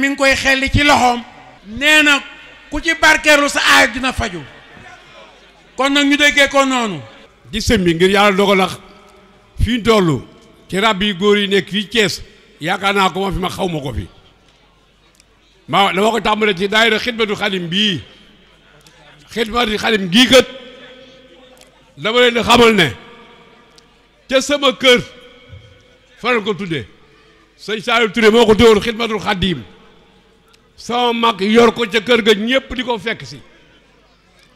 mi ngi koy xelli ci loxoom nee na ku ci barkeelu sa aay dina faju kon nag ñu déggee ko noonu di sëm bi ngir yàlla dogal na fi ñu toll ci rab yi góor yi nekk fii cees yaakaar naa ko ma fi ma xaw ma ko fi ma dama ko tàmbalee ci daayira xidmatu xadim bii xidmatu xadim gii kat dama leen di xamal ne ca sama kër faral ko tudde sëñ Saalum Touré moo ko tudde woon xidmatul xadim sama mag yor ko ca kër ga ñépp di ko fekk si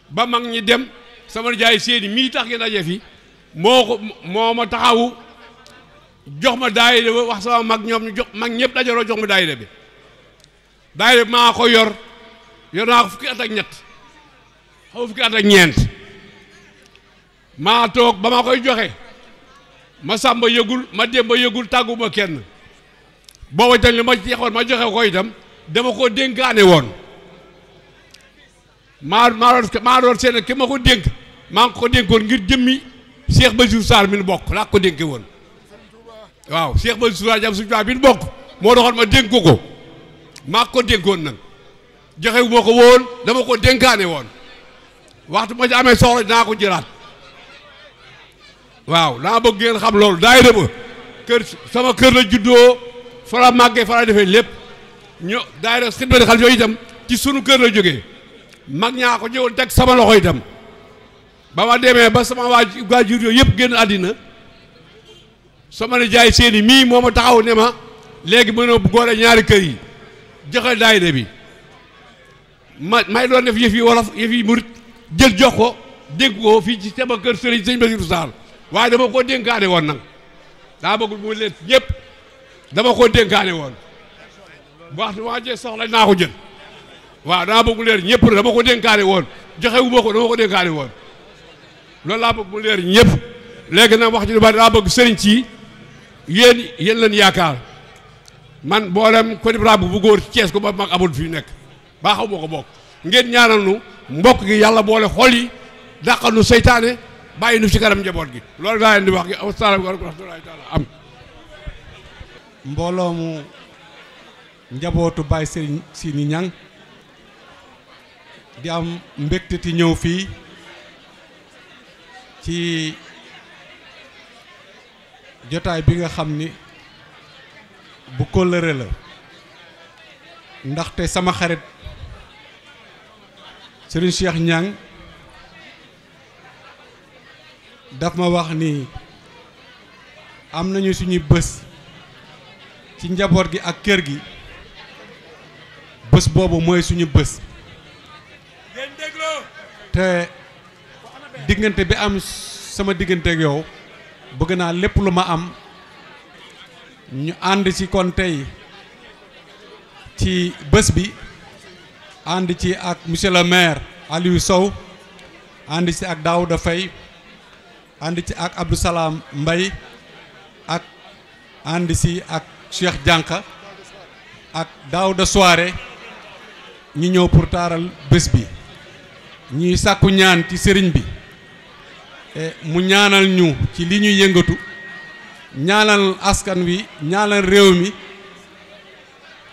ba mag ñi dem sama jaay seeni mii tax ngeen daje fi moo ko moo ma taxawu jox ma daayira ba wax sama mag ñoom ñu jox mag ñépp dajaroo jox ma daayira bi daayira bi maa ko yor yor naa ko fukki at ak ñett xaw fukki at ak ñeent maa toog ba ma koy joxe ma sàmba yëgul ma dem ba yëgul tàgguma kenn booba itam li ma jeexoon ma joxe ko itam dama ko dénkaane woon maa maa doon maa doon seen ki ma ko dénk maa ngi ko dénkoon ngir jëmmi Cheikh Bassirou Sarr mi nu bokk laa ko dénke woon waaw Cheikh Bassirou Sarr jam suñu bi bokk moo doxoon ma dénk ko maa ko dénkoon nag joxewu ko woon dama ko dénkaane woon waxtu ma ci amee soxla dinaa ko jëlaat waaw daa bëgg ngeen xam loolu daay dëba kër sama kër la juddoo fa la màggee fa la defee lépp ño daayira xidmati xal yooyu tam ci sunu kër la jógee mag ñaa ko ñëwoon teg sama loxo itam ba ma demee ba sama waa waajur yooyu yëpp génn àddina sama ne jaay seeni mii moo ma taxaw ne ma léegi mënoo góor ñaari kër yi joxe daayira bi ma may doon def yëf yi wolof yëf jël jox ko dégg ko fii ci sama kër sëriñ sëñ Basiru Saar waaye dama koo dénkaane woon nag daa bëggul mu leen ñëpp dama ko dénkaane woon waxtu waajee soxla naa ko jël waaw dama bëgg leer ñëpp dama ko dénkaane woon joxewu ko dama ko dénkaane woon loolu laa bëgg mu leer ñëpp léegi nag wax ji ba daa bëgg sëriñ ci yéen yéen lañ yaakaar man boolem ko dib bu góor Cees ko ba mag amul fii nekk baa xaw ma ko bokk ngeen ñaanal nu mbokk gi yàlla boole xol yi dàqal seytaane bàyyi nu ci kanam njaboot gi loolu daa leen di wax gi asalaamaaleykum wa rahmatullaahi taala am mbooloo njabootu Baye Serigne Sini Niang di am mbégte ñëw fii ci jotaay bi nga xam ni bu kóllëre la ndaxte sama xarit Serigne Cheikh Niang daf ma wax ni am nañu suñuy bés ci njaboot gi ak kër gi bës boobu mooy suñu bës te diggante bi am sama diggante yow bëgg naa lépp lu ma am ñu ànd ci kon tey ci bés bi ànd ci ak monsieur le maire Aliou Sow ànd ci ak Daouda Faye ànd ci ak Abdou Salam Mbaye ak ànd ci ak Cheikh jànq ak Daouda Soare ñu ñëw pour taaral bés bi ñuy sàkku ñaan ci sëriñ bi e, mu ñaanal ñu ci li ñuy yëngatu ñaanal askan wi ñaanal réew mi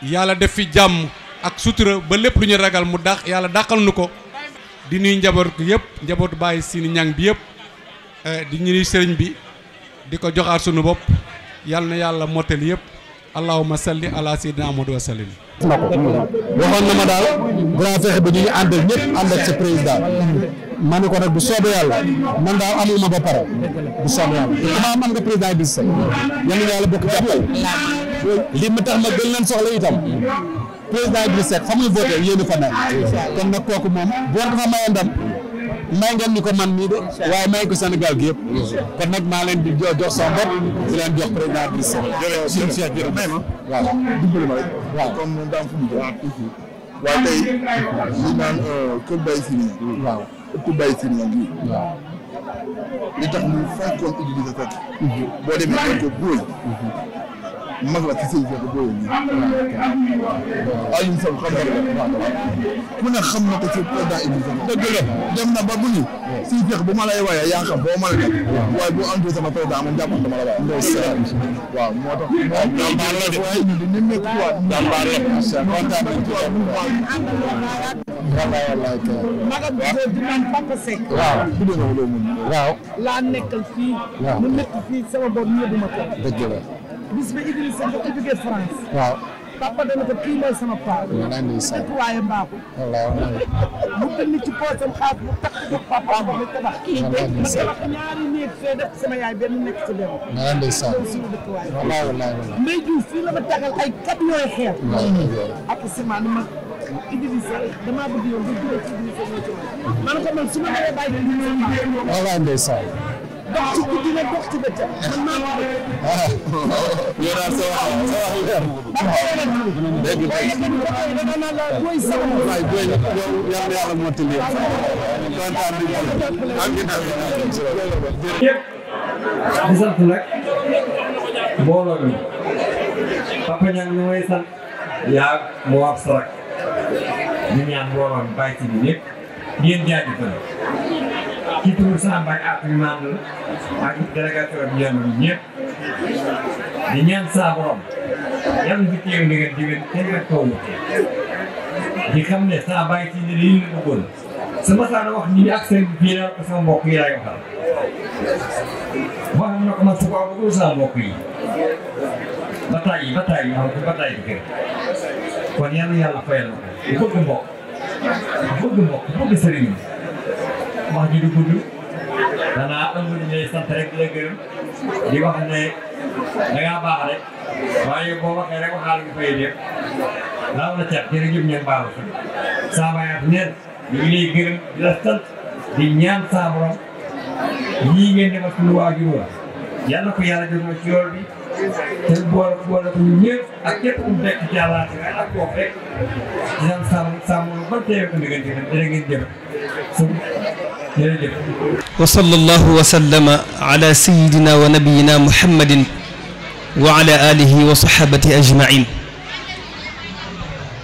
yàlla def fi jàmm ak sutura ba lépp lu ñu ragal mu dax yàlla dàqal nu ko di nuy njaboot yëpp njabootu bàyyi sini ñang bi yëpp e, di ñuy sëriñ bi di ko joxaat sunu bopp yàlla na yàlla mottali yëpp allahumma salli ala sayyidina Muhammad wa sallim na ko na ma daal dinaa fexe ba ñuy ànd ak ñëpp ànd ak sa président ma ne ko rek bu soobee yàlla man daal amul ma ba pare bu soobee yàlla te comment man nga président yi bis sa na yàlla bokk jàppal li mu tax ma gën leen soxla itam président Idrissa Seck fa muy voté yéen a fa nekk kon nag kooku moom bu war ko fa may ngeen ñu ko man mii de waaye may ko Sénégal gi yëpp kon nag maa leen di jox sama bopp di leen jox président Idriss Seck jërëjëf jërëjëf may ma waaw dimbali ma rek waaw comme moom fu mu waaw tey ñu naan euh, kër Baye Sini waaw kër Baye Sini gi waaw li tax ñu fonkoon Idrissa Seck boo demee ko góor mhm. mag la ci sëñ bi boobu yi. Alioune Sow xam nga ku ne xam na ko ci président émission bi. dëgg la dem na ba bu ñu. si fex bu ma lay waaye yaa xam boo ma la def. waaye bu andee sama président moom jàpp dama la waaye. ndeysaan waaw moo tax. moom daal la de waaye ñu di nim nekk quoi. daal la de macha allah kontaan nañ ci wallaay wallaay kay. magam gisee di naan Papa Seck. waaw bu dee na loolu moom. waaw. laa nekkal fii. waaw mu nekk fii sama bopp ñëwuma ko. dëgg la. bis ba Idrissa Seck France. waaw papa dana ko a dox ci guddi la dox ci bëccëg xam naa ko. yow daal sa wax sa wax lu leer. dégg nga tey waaye booy yow yal na yàlla mottali kontaan nañu am ñu dal. yëpp di sant nag mbooloo mi papa ña ñu may sant yaa mu wax sarak ñu ñaan mbooloo mi bàyyi ci bi ñëpp ngeen jaajëfal ci turu Samba ak àpp yu ma àndal ak délégation bi ñu amoon ñëpp di ñaan saa borom yàlla na fi teew ndigal di xam ne saa bàyyi ci ne lii la bëggoon sama saa wax ñu ak seen biir ak sama mbokk yi laay waxal waxam na ko man su ko bëggul sama yi ba tàyyi ba tàyyi xam nga ba tàyyi kër kon yàlla yàlla fayal na ko bëgg mbokk bëgg mbokk bëgg wax ji du gudd danaa am lu ñuy rek di la gërëm di wax ne da baax rek waaye boo waxee rek waxaal nga fay def laaw la cat jërëjëf ngeen baax la saa bayaat neen ñu ngi lay gërëm di la sant di waajur wa yàlla ko yàlla jox ci yool bi te boole boole ko ñëpp ak képp ku nekk ci ak koo fekk di naan sàmm sàmm ba teewee ko diggante ngeen jërë ngeen jëf jërëjëf wa sallallahu wa sallama ala sayidina wa nabiyina muhammadin wa ala alihi wa sahabati ajmain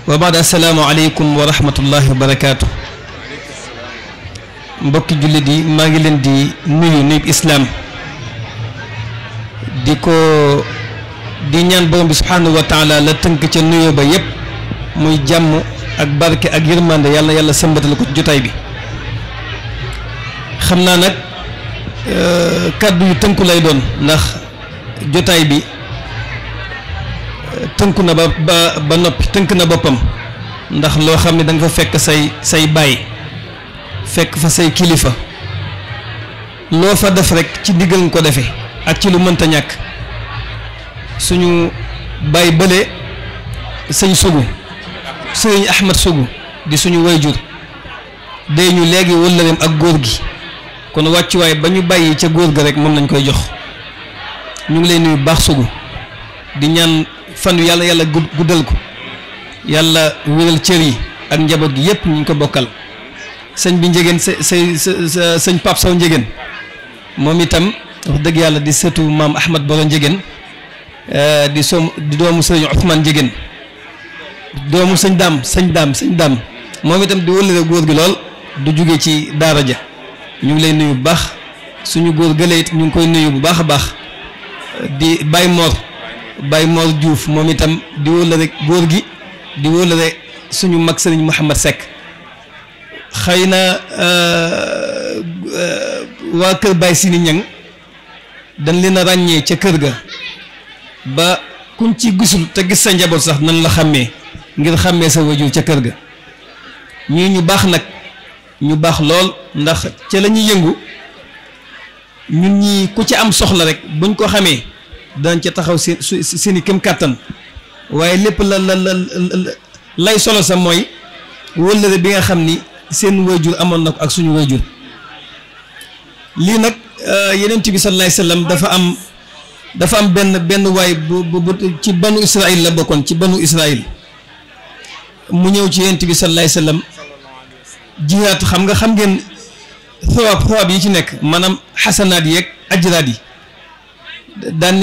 wa baad assalaamu aleykum wa rahmatullahi wa barakaatu mbokki jullit yi maa ngi leen di nuyu nuyub islaam di ko di ñaan borom bi subhaanahu wa taala la tënk ca nuyoo ba yépp muy jàmm ak barke ak yërmande yàlla yàlla sëmbatal ko jotaay bi xam naa nag euh, kàddu yu tënku lay doon ndax jotaay bi euh, tënku na ba ba ba noppi tënk na boppam ndax loo xam ne da nga fa fekk say say baay fekk fa say kilifa loo fa def rekk ci ndigal nga ko defe ak ci lu mënta ñàkk suñu baay bële sëñ sugu sëñ Ahmed sugu di suñu wayjur day ñu léegi wëllëreem ak góor gi kon wàccuwaay ba ñu bàyyi ca góor ga rek moom nañ koy jox ñu ngi leen nuyu baax sugu di ñaan fan yàlla yàlla guddal ko yàlla wéral cër yi ak njaboot gi yëpp ñu ngi ko bokkal sëñ bi njëgeen sa sa sëñ pap Sow njëgeen moom itam dëgg yàlla di sëtu maam Ahmad Boro njëgeen euh, di soom di doomu sëñ Ousmane njëgeen doomu sëñ daam sëñ daam sëñ daam moom itam di wëllëre góor gi lool du jóge ci daara ja ñu ngi lay nuyu bu baax suñu góor gële ñu ngi koy nuyu bu baax a baax di Baye Mor Baye Mor Diouf moom itam di wóolare góor gi di wóolare suñu mag sëriñ Mouhamad Seck xëy na euh, euh, waa kër Baye Sini Ñang dañ leen a ràññee ca kër ga ba kuñ ci gisul te gis sa njaboot sax nan la xàmmee ngir xàmmee sa wajur ca kër ga ñii ñu baax nag. ñu baax lool ndax ca lañuy yëngu ñun ñi ku ci am soxla rek buñ ko xamee danañ ca taxaw seen seen i këm kàttan waaye lépp la la la lay solo sa mooy wëllëre bi nga xam ni seen wayjur amoon na ko ak suñu wayjur lii nag euh, yeneen bi sallallahu alayhi wasallam dafa am dafa am benn benn waay bu bu ci banu Israël la bokkoon ci banu Israël mu ñëw ci yeneen bi sallallahu alayhi wasallam jihaat xam nga xam ngeen sawaab sawaab yi ci nekk maanaam xasanaat yeeg ajraat yi daan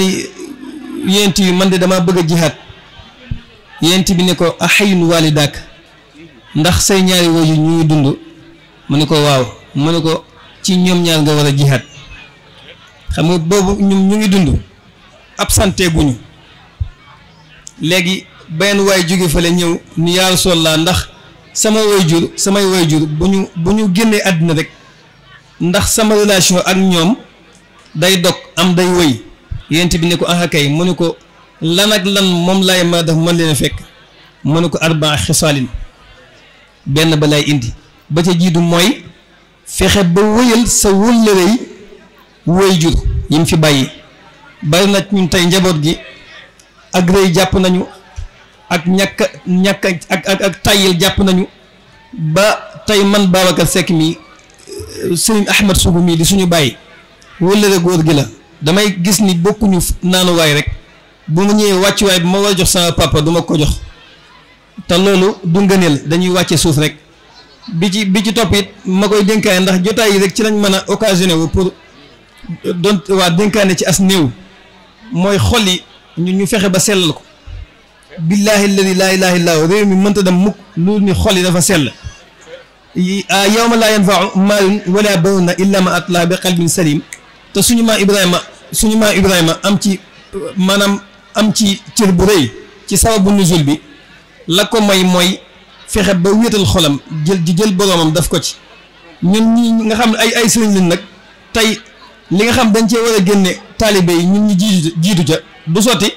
yent yi man de damaa bëgg a jihaat yent bi ne ko axayun dàkk ndax say ñaari waajur ñuy dund mu ni ko waaw mu ne ko ci ñoom ñaar nga war a jihaat xam nga boobu ñoom ñu ngi dund absenté guñu léegi benn waay jóge fale ñëw ni yaa Rasulallah ndax sama wayjur samay wayjur bu ñu bu ñu génnee àddina rek ndax sama relation ak ñoom day dog am day woy yent bi ne ko ah kay ne ko lan ak lan moom lay ma def mën leen fekk mu ne ko arbaa xisaalin benn ba lay indi ba ca jiitu mooy fexe ba wëyal sa wëllërey wayjur yi mu fi bàyyi bari na ñun tey njaboot gi ak rëy jàpp nañu ak ñàkk ñàkk ak ak ak tayil jàpp nañu ba tey man Babacar Seck mi euh, Serigne Ahmed Sougou mii di suñu bàyyi wëllëre góor gi la damay gis ni bokkuñu naanuwaay rek bu mu ñëwee wàccuwaay bi ma war a jox sama papa duma ko jox te loolu du ngëneel dañuy wàcce suuf rek bi ci bi ci topp it ma koy dénkaane ndax jotaay yi rek ci lañ mën a occasionné wu pour euh, doon waa dénkaane ci as néew mooy xolli ñu ñu fexe ba sellal ko billahi alladi laa ilaha illa hu réew mi mënta dem mukk lu ni xol yi dafa sell ah, yawma laa yanfau maalun wala banuuna illa ma atlaa bi qalbin salim te suñu maa ibrahima suñu maa ibrahima am ci maanaam am ci cër bu rëy ci sababu nuzul bi la ko may mooy fexe ba wéetal xolam jël di jël boroomam daf ko ci ñun ñi nga xam ne ay ay sëriñ lañ nag tey li nga xam dañ cee war a génne taalibe ñun ñu jiitu jiitu ca du sotti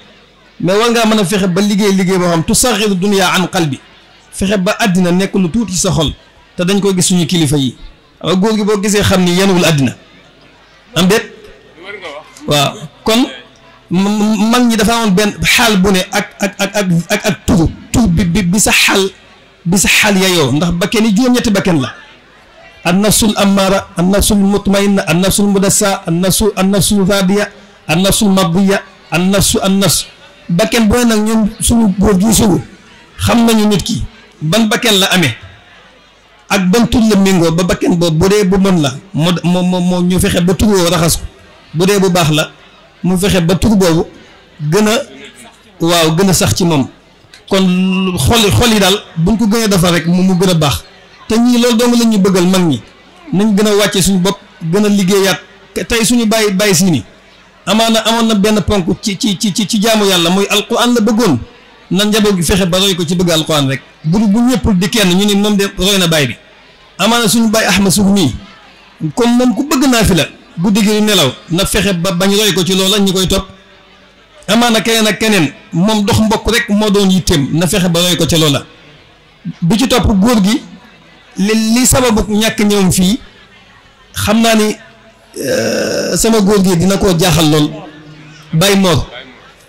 mais war ngaa mën a fexe ba liggéey liggéey boo xam tu saxiru dunya an qalbi fexe ba àddina nekk lu tuuti sa xol te dañ koo gis suñu kilifa yi waaw góor gi boo gisee xam ni yenuwul àddina am déet waaw kon mag ñi dafa amoon benn xaal bu ne ak ak ak ak ak ak tur tur bi bi bi sa xaal bi sa xaal yayoo ndax bakken yi juróom-ñetti bakken la an nafsul ammaara an nafsul mutmainna an nafsul mudassa an nafsu an nafsul radia an nafsul mardiya a nafsu an nafsu bakken booy nag ñun suñu góor gi sugu xam nañu nit ki ban bakken la amee ak ban tur la méngoo ba bakken boobu bu dee bu mën la mu moo moo ñu fexe ba tur woo raxas ko bu baax la mu fexe ba tur boobu gën a waaw gën a sax ci moom kon xol xol yi daal buñ ko gën defal rek mu mu gën a baax te ñii loolu dong la ñu bëggal mag ñi nañ gën a wàcce suñu bopp gën a liggéeyaat tey suñu bàyyi bàyyi si nii amaana amoon na benn ponk ci ci ci ci jaamu yàlla muy alquran la bëggoon nan njaboot gi fexe ba roy ko ci bëgg alquran rek bu bu ñëpp di kenn ñu ne moom de roy na baay bi amaana suñu baay ahmad suuf nii comme moom ku bëgg naa fi la guddi gi nelaw na fexe ba bañ roy ko ci loola ñu koy topp amaana keneen ak keneen moom dox mbokk rek moo doon yitteem na fexe ba roy ko ca loola bi ci topp góor gi li li sababu ñàkk ñëwam fii xam naa ni sama góor gi dina ko jaaxal lool bay moor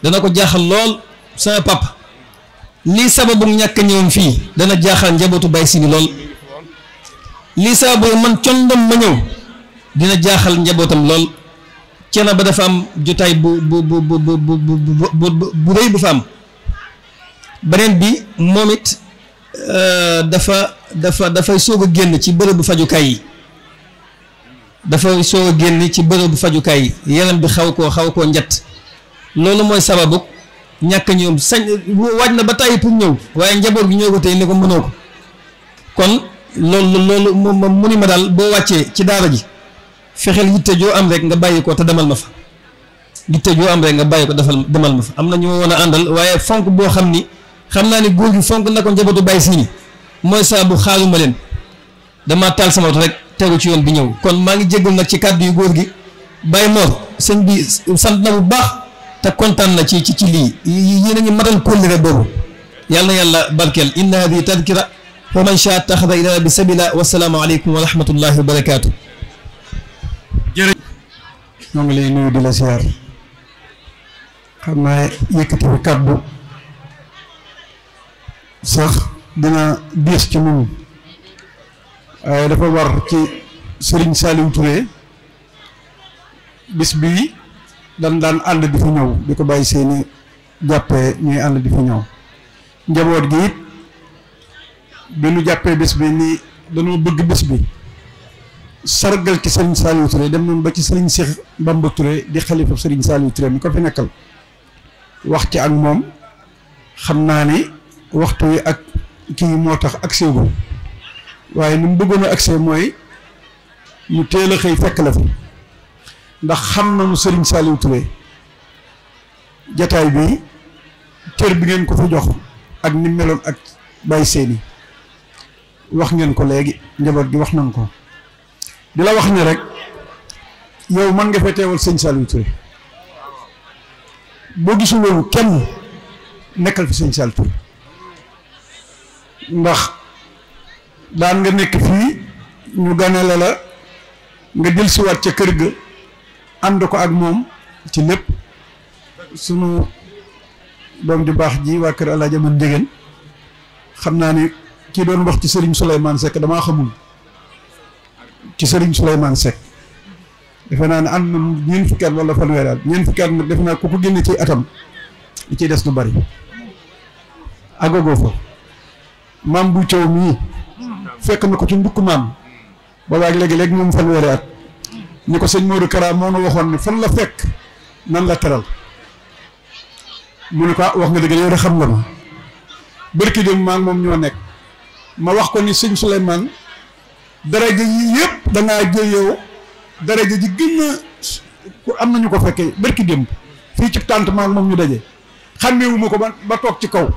dana ko jaaxal lool sama papa lii sababu ñàkk ñëwam fii dana jaaxal njabootu bay si ni lool lii sababu man condom ma ñëw dina jaaxal njabootam lool cena ba dafa am jotaay bu bu bu bu bu bu bu rëy bu fa am beneen bi moom it dafa dafa dafay soog a génn ci bërëbu fajukaay yi dafa soo génne génn ci bërëbu fajukaay yi yaram bi xaw koo xaw koo njett loolu mooy sababu ñàkk ñoom sañ waaj na ba tàyyi pour ñëw waaye njaboot gi ñoo ko tey ne ko mënoo ko kon loolu loolu mu ni ma daal boo wàccee ci daara ji fexeel yitte joo am rek nga bàyyi ko te demal ma fa yitte joo am nga bàyyi ko defal demal ma fa am na ñu ma a àndal waaye fonk boo xam ni xam naa ni góor gi fonk na ko njabootu bàyyi siini mooy saabu xaaluma leen damaa taal sama rek tegu ci yoon bi ñëw kon maa ngi jéggul nag ci kàddu yu góor gi Baye Mor sëñ bi na bu baax te kontaan na ci ci ci lii yéen a ngi matal kóllëre boobu yàlla na yàlla barkeel inna hadi tadkira wa man shaa taxada ilaa bi sabila wasalaamu aleykum wa rahmatullahi wa barakaatu jërëjëf ñoo ngi lay nuyu di la siyaar xam naa yëkkati fi kàddu sax dina diis ci moom waaye euh, dafa war ci Serigne Saliou Touré bis bii dan daan ànd di fa ñëw di ko bàyyi seeni jàppee ñuy ànd di fa ñëw njaboot gi it bi nu jàppee bis bi nii dañoo bëgg bis bi sargal ci Serigne Saliou Touré dem noonu ba ci Serigne Cheikh Bamba Touré di xalifa Serigne Saliou Touré mi ko fi nekkal wax ci ak moom xam naa ni waxtu wi ak kii moo tax ak séegul waaye ni mu bëggoon a accès mooy ñu teel a xëy fekk la fi ndax xam nañu Serigne Saliou Touré jataay bi cër bi ngeen ko fa jox ak ni meloon ak Baye Seyni wax ngeen ko léegi njaboot gi wax nañ ko di la wax ne rek yow man nga fa teewal sëñ Saliou Touré boo gisul kenn nekkal fi sëñ Saliou ndax daan nga nekk fii ñu ganale la nga jël siwaat ca kër ga ànd ko ak moom ci lépp sunu doom ju baax ji waa kër Alaaji man xam naa ne kii doon wax ci sëriñ Souleymane Seck damaa xamul ci Serigne Souleymane Seck defe naa ni ànd na ñeent fukki at wala fanweeri ñeent fukki nag defe naa ko ko génne ci atam li ciy des lu bari agogo fa maam bu coow mii fekk na ko ci ndukk maam boobaag léegi-léegi moom fanweeri at ñi ko sëñ Modou Kara moom nu waxoon ne fan la fekk nan la teral mu ne ko ah, wax nga dëgg yow de xam nga ma bërki dem maa moom ñoo nekk ma wax ko ni sëñ Souleymane daraja yi yëpp dangaa jël yow daraja ji gën a ku am nañu ko fekkee bërki dem fii ci tànt maa moom ñu daje xàmmeewuma ko ba ba toog ci kaw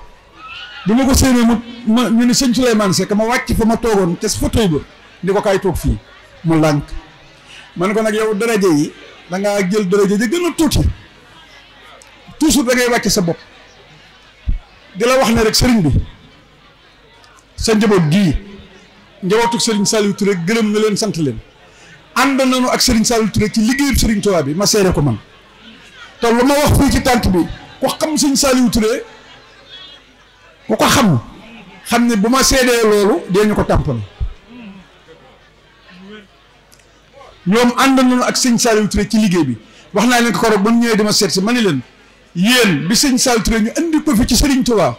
bi ma ko séenee mu ma ñu ne sëñ Souleymane Seck ma wàcc fa ma toogoon te fa tooy ba di ko kaay toog fii mu lànk man ko nag yow daraja yi da ngaa jël daraja ji gën a tuuti toujours da ngay wàcc sa bopp di la wax na rek sëriñ bi sa njaboot gii njabootuk sëriñ Saliou Touré gërëm na leen sant leen ànd nañu ak sëriñ Saliou Touré ci liggéeyub sëriñ towaa bi ma seere ko man te lu ma wax fii ci tànt bi ko xam sëñ Saliou Touré ku ko xam xam ne bu ma seedee loolu dee ñu ko tàmpal ñoom ànd nañu ak sëñ Saliou Touré ci liggéey bi wax naa leen ko korog ba mu ñëwee dama seet si man ni leen yéen bi sëñ Saliou Touré ñu andi ko fi ci Sëriñ Tuubaa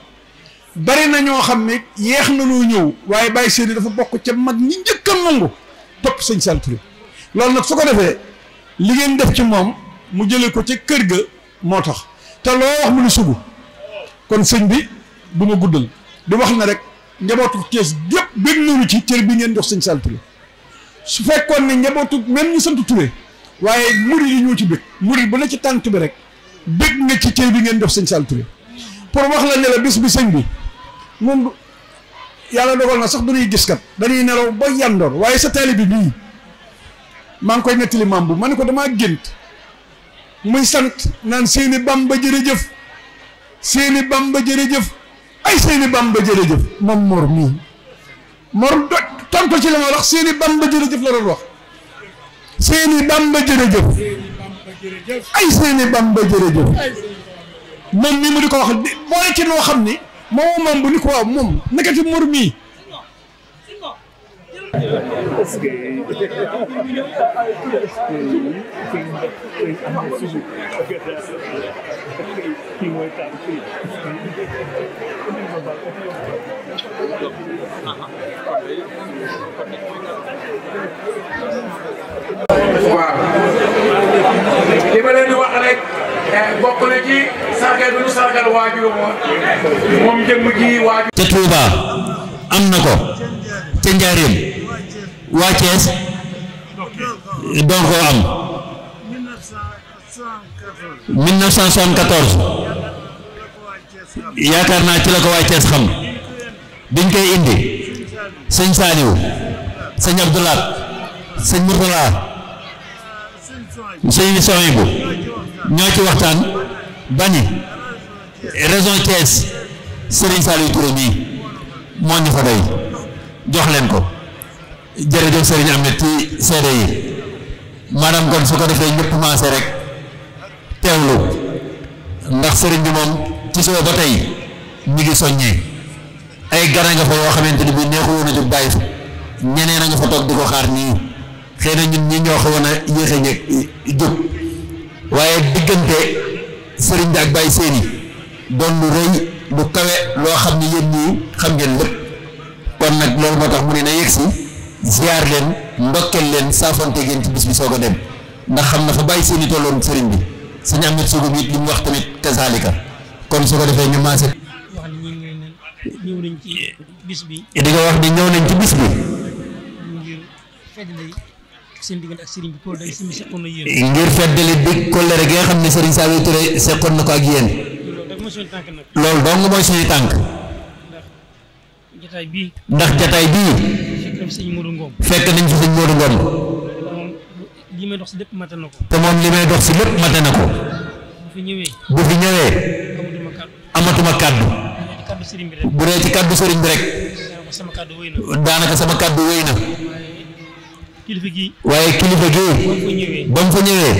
bari na ñoo xam ne yeex na noo ñëw waaye bàyyi seeni dafa bokk ca mag ñi njëkk a nangu topp sëñ Saliou Touré loolu nag su ko defee li ngeen def ci moom mu jëlee ko ci kër ga moo tax te loo wax mu ne sugu kon sëñ bi du ma guddal di wax na rek njabootu Thiès gépp bég nañu ci cër bi ngeen jox sañ Saliou Touré su fekkoon ne njabootu même ñu sant Touré waaye murid yi ñoo ci bég murid bu ne ci tànk bi rek bég nga ci cër bi ngeen jox sëñ Saliou Touré pour wax la ne la bis bi sañ bi moom yàlla dogal na sax dañuy gis kat dañuy nelaw ba yandoor waaye sa taalibe bi bii maa ngi koy nettali maam bu ma ne ko damaa gént muy sant naan seeni Bamba jërëjëf seeni Bamba jërëjëf ay seeni bamba jërëjëf moom mor mii mor tontu ci la ma wax seeni bamba jërëjëf la doon wax seeni bamba jërëjëf ay seeni bamba jërëjëf moom mii mu di ko wax boole ci noo xam ni moom moom bu ni ko waaw moom nekkati mor mii Eh, waaw ca Touba am na ko ca Njaaréem waa Thiès ko am yaakaar naa ci la ko waa xam biñ koy indi sëñ Saliou sëñ Abdoulaat sëñ Mourtala sëñ sooy bu ñoo ci waxtaan bani raison Thiès Serigne Saliou Touré mii moo ñu fa doy jox leen ko jërëjëf Serigne Ahmed ci seede yi maanaam kon su ko defee ñëpp commencé rek teewlu ndax sëriñ bi moom ci soo ba tey ñu ngi soññee ay gara nga fa yoo xamante ni bii neexu woon a jóg bàyyi ñeneen a nga fa toog di ko xaar nii. xëy na ñun ñi ñoo xawoon a yéex a ñëg jóg waaye diggante sëriñ bi ak Baye Seyni doon lu rëy lu kawe loo xam ne yéen ñii xam ngeen lépp kon nag loolu moo tax mu ne na si ziar leen ndokkeel leen saafonte ngeen ci bis bi soog a dem ndax xam na fa Baye Seyni tolloon sëriñ bi sëñ Ahmed Sougou it li mu wax tamit kazaalika kon su ko defee ñu maase. ñëw nañ ci bi. di wax ni ñëw nañ ci bis bi. seen diggante ak sëriñ bi Koldé ak sëriñ bi seqoon na yéen. xam ne sëriñ Saliou Touré sekoon na ko ak yéen. loolu dong mooy suñuy tànk. ndax jataay bii. ndax jataay bii. fekk nañ fi sëñ Modou Ngom. li may dox si lépp mate na ko. te moom li may dox si lépp mate na ko. bu fi ñëwee. bu fi amatuma kàddu. bu dee ci kàddu sëriñ bi rek. daanaka sama kàddu wéy na. gi waaye kilifa gi ba mu fa ñëwee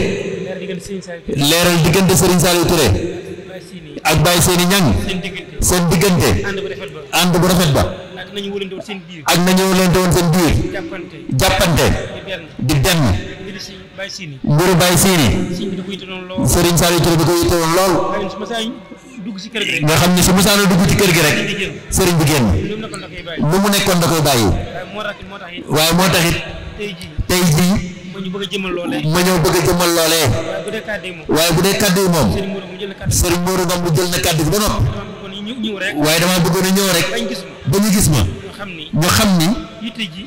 leeral diggante sëriñ Saliou Touré ak Baye Seyni Niang seen diggante ànd bu rafet ba ak nañu wëlante woon seen biir jàppante di dem mbiru Baye Seyni Serigne Saliou Touré da ko yitte woon lool nga xam ne su musaana dugg ci kër gi rek sëriñ bi génn lu mu nekkoon da koy bàyyi waaye moo taxit tey jii ma ñëw bëgg a jëmal loolee waaye bu dee kàddu yi moom sëriñ Mourou Ngom mu jël na kàddu bi ba noppi waaye damaa bëggoon a ñëw rek ba ñu gis ma. ñu xam ni yitte ji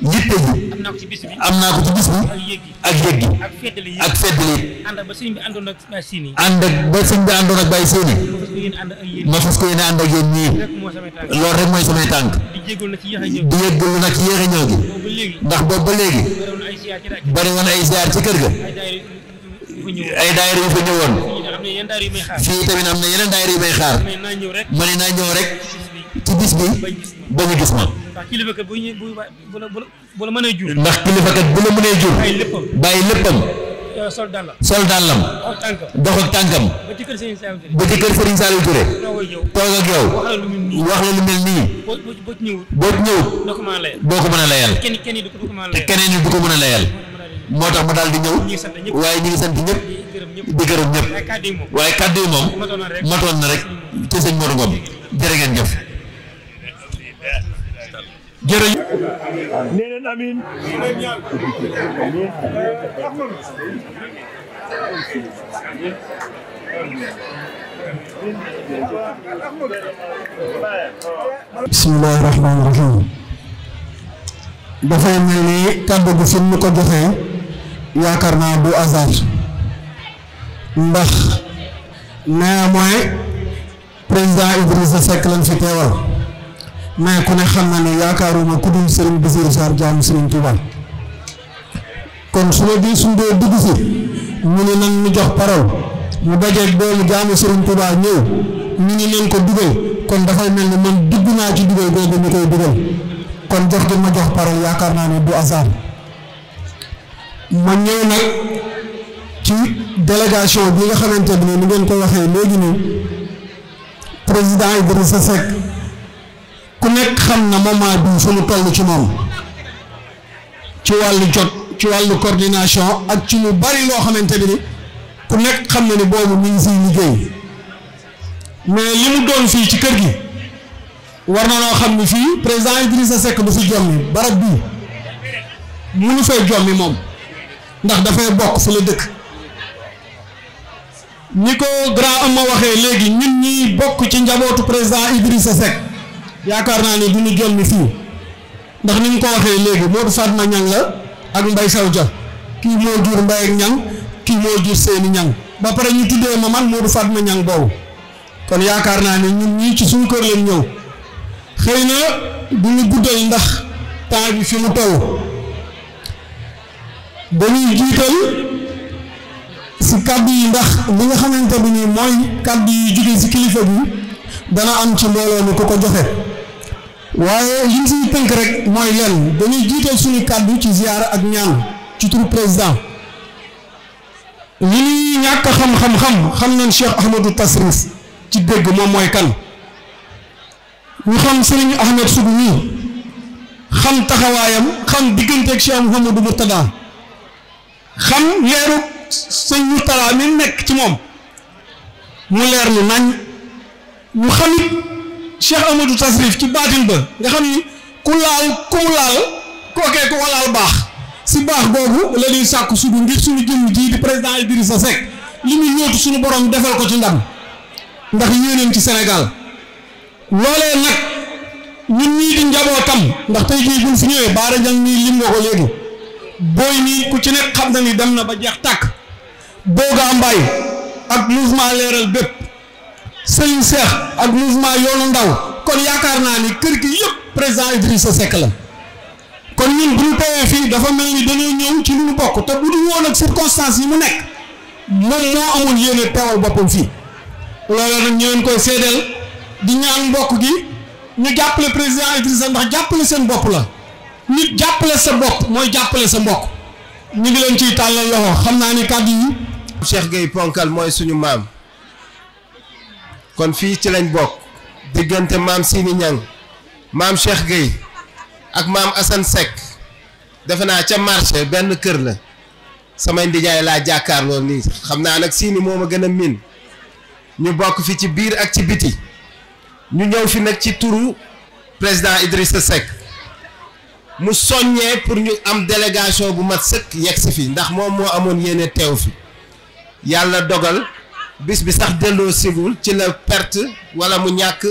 am naa ko ci bis bi ak yëg gi ak feddali it ànd ak ba sëñ bi àndoon ak Baye Séni ma fas ko yéene ànd ak yéen ñii loolu rek mooy samay tànk di yëgul nag ci yéex ñëw gi ndax boobu ba léegi bari woon ay ziar ci kër ga ay daayira yu fa ñëwoon fii tamit am na yeneen daayira may xaar ma ne naa ñëw rek ci gis bi ba ñu gis ma. ndax kilifa kat bu la mënee jur. ndax kilifa kat bu la mënee bàyyi léppam. Euh, sol dàllam. sol dàllam. dox ak tànkam. ba ci kër Serigne Saliou toog ak yow. wax la lu mel nii. boo ci ñëwut. ko mën a layal. te keneen du ko mën a layal. moo tax ma daal di ñëw. waaye ñu ngi sant ñëpp. di gërëm ñëpp. waaye kàddu yi moom. matoon na rek ci sëñ Modou Ngom jërë ngeen jëf. jërëjëf. nee leen amiin. bismillaahi rahmaani rahiim. dafay mel ni kàddu gi fi mu ko joxee yaakaar naa du hasard ndax néanmoins président Idrissa Seck lañ fi teewal. mais ku ne xam na ne yaakaaruma ku dul Serigne Bassirou Sarr jaamu Serigne Touba kon su ma di suñ dee dugg si mu ne nan mu jox parole mu dajeeg doomu jaamu sëriñ Touba ñëw ñu ngi ko dugal kon dafay mel ne man dugg naa ci dugal googu ñu koy dugal kon jox ma jox parole yaakaar naa ne du hasard ma ñëw nag ci délégation bi nga xamante ne ni ngeen ko waxee léegi nii président Idrissa Seck. ku nekk xam na ma moment bi fu mu toll ci moom ci wàllu jot ci wàllu coordination ak ci lu bari loo xamante ni ku nekk xam na ni boobu mi ngi siy liggéey mais li mu doon fii ci kër gi war na noo xam ni fii président Idrissa Seck du fi jommi barab bii mënu fee jommi moom ndax dafay bokk fu la dëkk ni ko grand am ma waxee léegi nit ñi bokk ci njabootu président Idrissa Seck yaakaar naa ne du ñu jël ni fii ndax ni ñu ko waxee léegi Modou Fatma Niang la ak Mbaye Sow Dia kii moo jur Mbaye ak Niang kii moo jur seeni ñaŋ ba pare ñu tuddee ma man Modou ma Niang boobu kon yaakaar naa ne ñu ñii ci suñ kër lañ ñëw xëy na du ñu guddal ndax temps bi fi mu toll dañuy jiital si kàddu yi ndax li nga xamante ne nii mooy kàddu yi jóge si kilifa bi. dana am ci mbooloo mi ku ko joxe waaye liñ siy tënk rek mooy leen dañuy jiital suñu kàddu ci ziyaara ak ñaan ci turu président li ñuy ñàkk xam-xam-xam xam nañ Cheikh Ahmadou Tasrif ci dégg moom mooy kan ñu xam Serigne Ahmed Sougou mii xam taxawaayam xam digganteeg Cheikh Mouhamadou Mourtada xam leeru sëñ Mourtada mi nekk ci moom mu leer ni nañ ñu xamit Cheikh Amadou Tasrif ci baatin ba nga xam ni ku laal ku mu laal kookee ku ko baax si baax googu la ñuy sàkku suñu ngir suñu jëm jii di président Idrissa Seck li muy yóotu suñu borom defal ko ci ndam ndax yéeneen ci Sénégal loolee nag ñun ñii di njabootam ndax tey jii su fi baa baara jang nii lim nga ko léegi booy nii ku ci nekk xam na ni dem na ba jeex tàkk boogaa mbaay ak mouvement leeral bépp sëñ Cheikh ak mouvement yoonu ndaw kon yaakaar naa ni kër gi yëpp président sa Seck la kon ñun bu ñu tawee fii dafa mel ni dañoo ñëw ci lu ñu bokk te bu dul woon ak circonstances yi mu nekk moom moo amul yéene teewal boppam fii loolu nag ñu leen koy seedeel di ñaan mbokk gi ñu jàppale président Idrissa ndax jàppale seen bopp la nit jàppale sa bopp mooy jàppale sa mbokk ñu ngi leen ciy tàllal loxo xam naa ni kàddu yi. Cheikh gay Ponkal mooy suñu maam. kon fii ci lañ bokk diggante maam Sini Niang maam Cheikh Gueye ak maam Assane Seck defe naa ca marché benn kër la samay ndijaay laa jàkkaarloo nii xam naa nag Sini moo ma gën a miin ñu bokk fi ci biir ak ci biti ñu ñëw fi nag ci turu président Idrissa Seck mu soññee pour ñu am délégation bu mat sëkk yegg si fi ndax moom moo amoon yéene teew fi yàlla dogal bis bi sax delloo sigul ci la perte wala mu ñàkk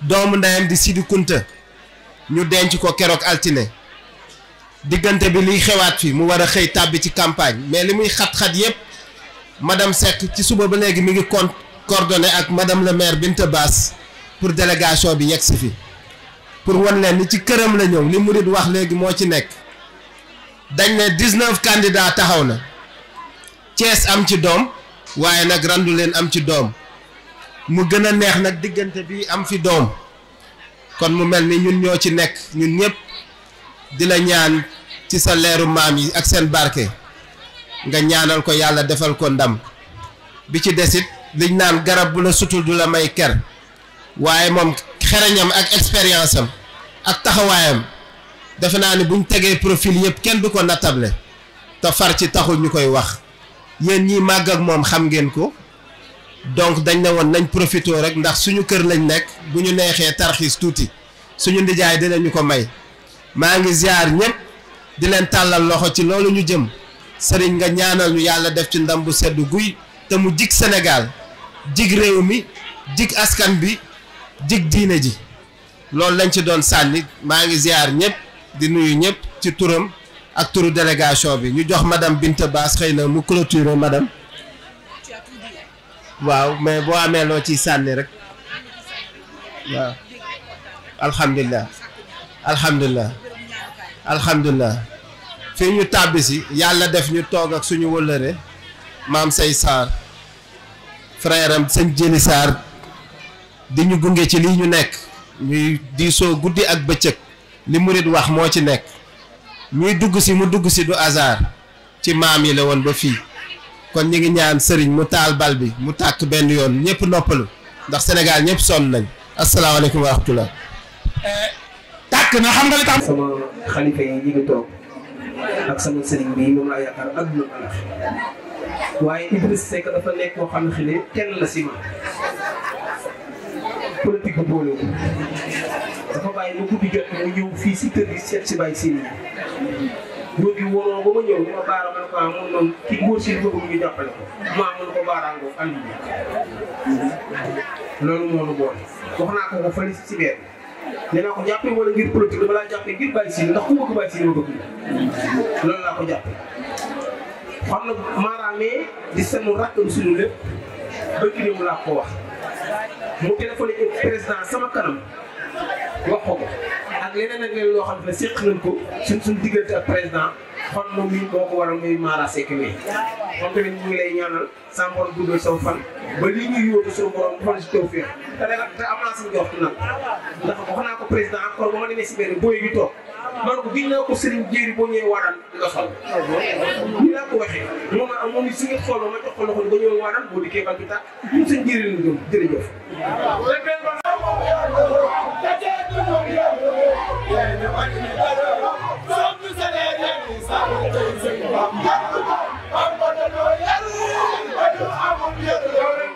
doomu ndeyam di Sidi ñu denc ko keroog altine diggante bi liy xewaat fi mu war a xëy tàbbi ci campagne mais li muy xat-xat yépp madame Seck ci suba ba léegi mi ngi con coordonné ak madame le maire Binta baas pour délégation bi yegg si fi pour wan leen ni ci këram la ñëw li murid wax léegi moo ci nekk dañ ne 19 candidats taxaw na Thiès am ci doom waaye nag randu leen am ci doom mu gën a neex nag diggante bi am fi doom kon mu mel ni ñun ñoo ci nekk ñun ñëpp di la ñaan ci sa leeru maam yi ak seen barke nga ñaanal ko yàlla defal ko ndam bi ci desit liñ naan garab bu la sutul du la may ker waaye moom xereñam ak expérience am ak taxawaayam defe naa ni buñ tegee profil yëpp kenn du ko nattable te far ci taxul ñu koy wax yéen ñi màgg ak moom xam ngeen ko donc dañ ne woon nañ profité rek ndax suñu kër lañ nekk bu ñu neexee tarxiis tuuti suñu ndijaay dinañu ko may maa ngi ziar ñëpp di leen tàllal loxo ci loolu ñu jëm sëriñ nga ñaanal ñu yàlla def ci ndam bu sedd guy te mu jig senegal jig réew mi jig askan bi jig diine ji loolu lañ ci doon sànni maa ngi ziar ñëpp di nuyu ñëpp ci turam ak turu délégation bi ñu jox madam Binta Baas xëy na mu clôturer madam waaw mais boo amee loo ciy sànni rek waaw alhamdulilah alhamdulilah alhamdulilah fii ñu tàbbi si yàlla def ñu toog ak suñu wëllëre maam say Sarr frère am sëñ Jëli Sarr di ñu gunge ci lii ñu nekk ñuy diisoo guddi ak bëccëg li murit wax moo ci nekk ñuy dugg si mu dugg si du hasard ci maam yi la woon ba fii kon ñu ngi ñaan sëriñ mu taal bal bi mu tàkk benn yoon ñëpp noppalu ndax Sénégal ñëpp sonn nañ asalaamaaleykum wa rahmatullah eh, tàkk na xam nga li dafa nekk xam ne xile kenn la si ma dafa bàyyi lu guddi jot mu ñëw fii si kër gi seet si Baye Sine góor gi wóoroon ba ma ñëw ma baara ma ne ko ah man man kii góor si bëgg mu ñu jàppale ko maa mun ko ko nga si ngir politique dama laa jàppee ngir Baye Sine ndax ku bëgg Baye Sine ma bëgg loolu laa ko jàppee. xam na maaraamee di sanu rakk suñu lépp bëgg mu laa wax mu téléphoné président sama kanam. wax a ko ak leneen ak loo xam ne séq nañ ko suñ suñ diggante ak président kon moom mii moo ko waral muy Mara Seck mii moom tamit ñu ngi lay ñaanal sa borom guddal saw fan ba lii ñuy yóotu suñu borom xool si tawfeex te nag te am naa suñu nag ndax wax naa ko président encore ba ma demee si benn booy bi toog man ko giñ naa ko Serigne Jéeri boo ñëwee Waadane di nga fal. ñu laa ko waxee. moom a moom it su ngeen xooloo ma jox ko loxo ba ñëw Waadane boo dikkee bal bi tàkk ñun seen jéeri lañu jëm jërëjëf. Thank you.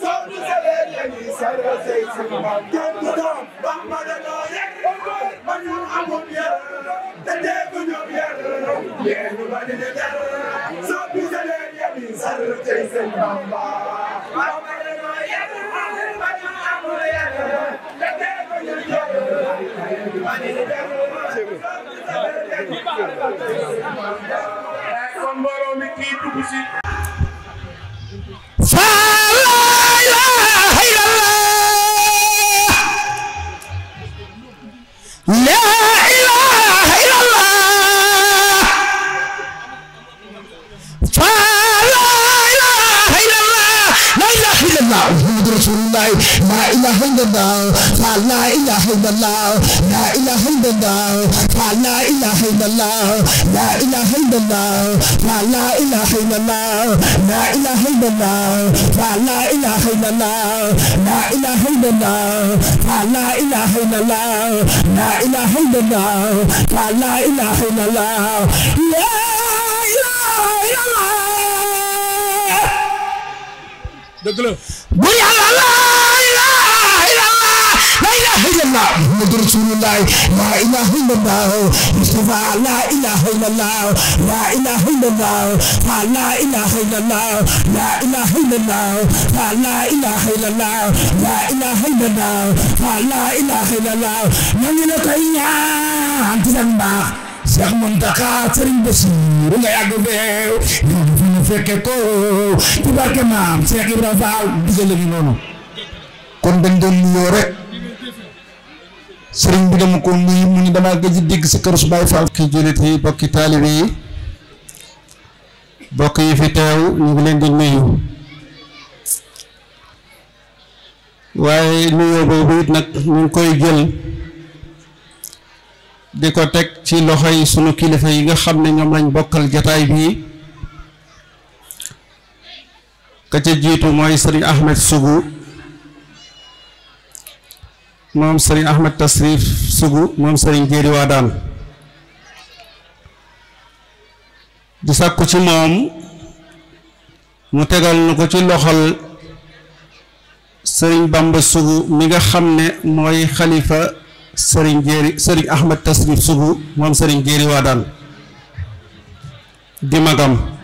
Something is a lady, he said, I'll say it's a man. Come to town, back by the door, yeah, but you have one year. The devil, you're here. Yeah, everybody, the devil. Something is a lady, he said, I'll say it's a man. Back by the door, yeah, but you have one year. The devil, you're here. Everybody, the devil. Something is a lady, he said, I'll say it's a man. Kon borom bi kii dugg si. Faa. light. La ilaha illallah. Fa la ilaha illallah. La ilaha illallah. Fa la ilaha illallah. La ilaha illallah. Fa la ilaha illallah. La ilaha illallah. Fa la ilaha illallah. La ilaha illallah. Fa la ilaha illallah. La ilaha illallah. Fa la ilaha illallah. dëgg la bur yàlla laa ilaaha illallah laa ilaaha illallah muhammadu rasulullah laa ilaaha illallah mustafa laa ilaaha illallah laa ilaaha illallah fa laa ilaaha illallah laa ilaaha illallah fa laa ilaaha illallah laa ilaaha illallah fa laa ilaaha illallah ñu ngi la koy ñaan ci seen mbaax Cheikh Mountakha Serigne Bassirou nga yàgg beew fekke ci barke maam Cheikh Ibra Fall digal la ñu noonu kon dañ doon nuyoo rek sëriñ bi dama ko nuyu mu ni damaa gëj dégg sa kër su Baay Fall ki jullit yi bokki taalibe yi bokk yi fi teew ñu ngi leen di nuyu waaye nuyoo boobu it nag ñu koy jël di ko teg ci loxo yi sunu kilifa yi nga xam ne ñoom lañ bokkal jataay bii ka ca jiitu mooy sëriñ Ahmed Sougou moom sëriñ Ahmed Tasrif Sougou moom sëriñ Jéeri Waadaan di sàkku ci moom mu tegal nu ko ci loxol sëriñ Bamba Sougou mi nga xam ne mooy xalifa sëriñ Jéeri sëriñ Ahmed Tasrif Sougou moom sëriñ Jéeri Waadaan di magam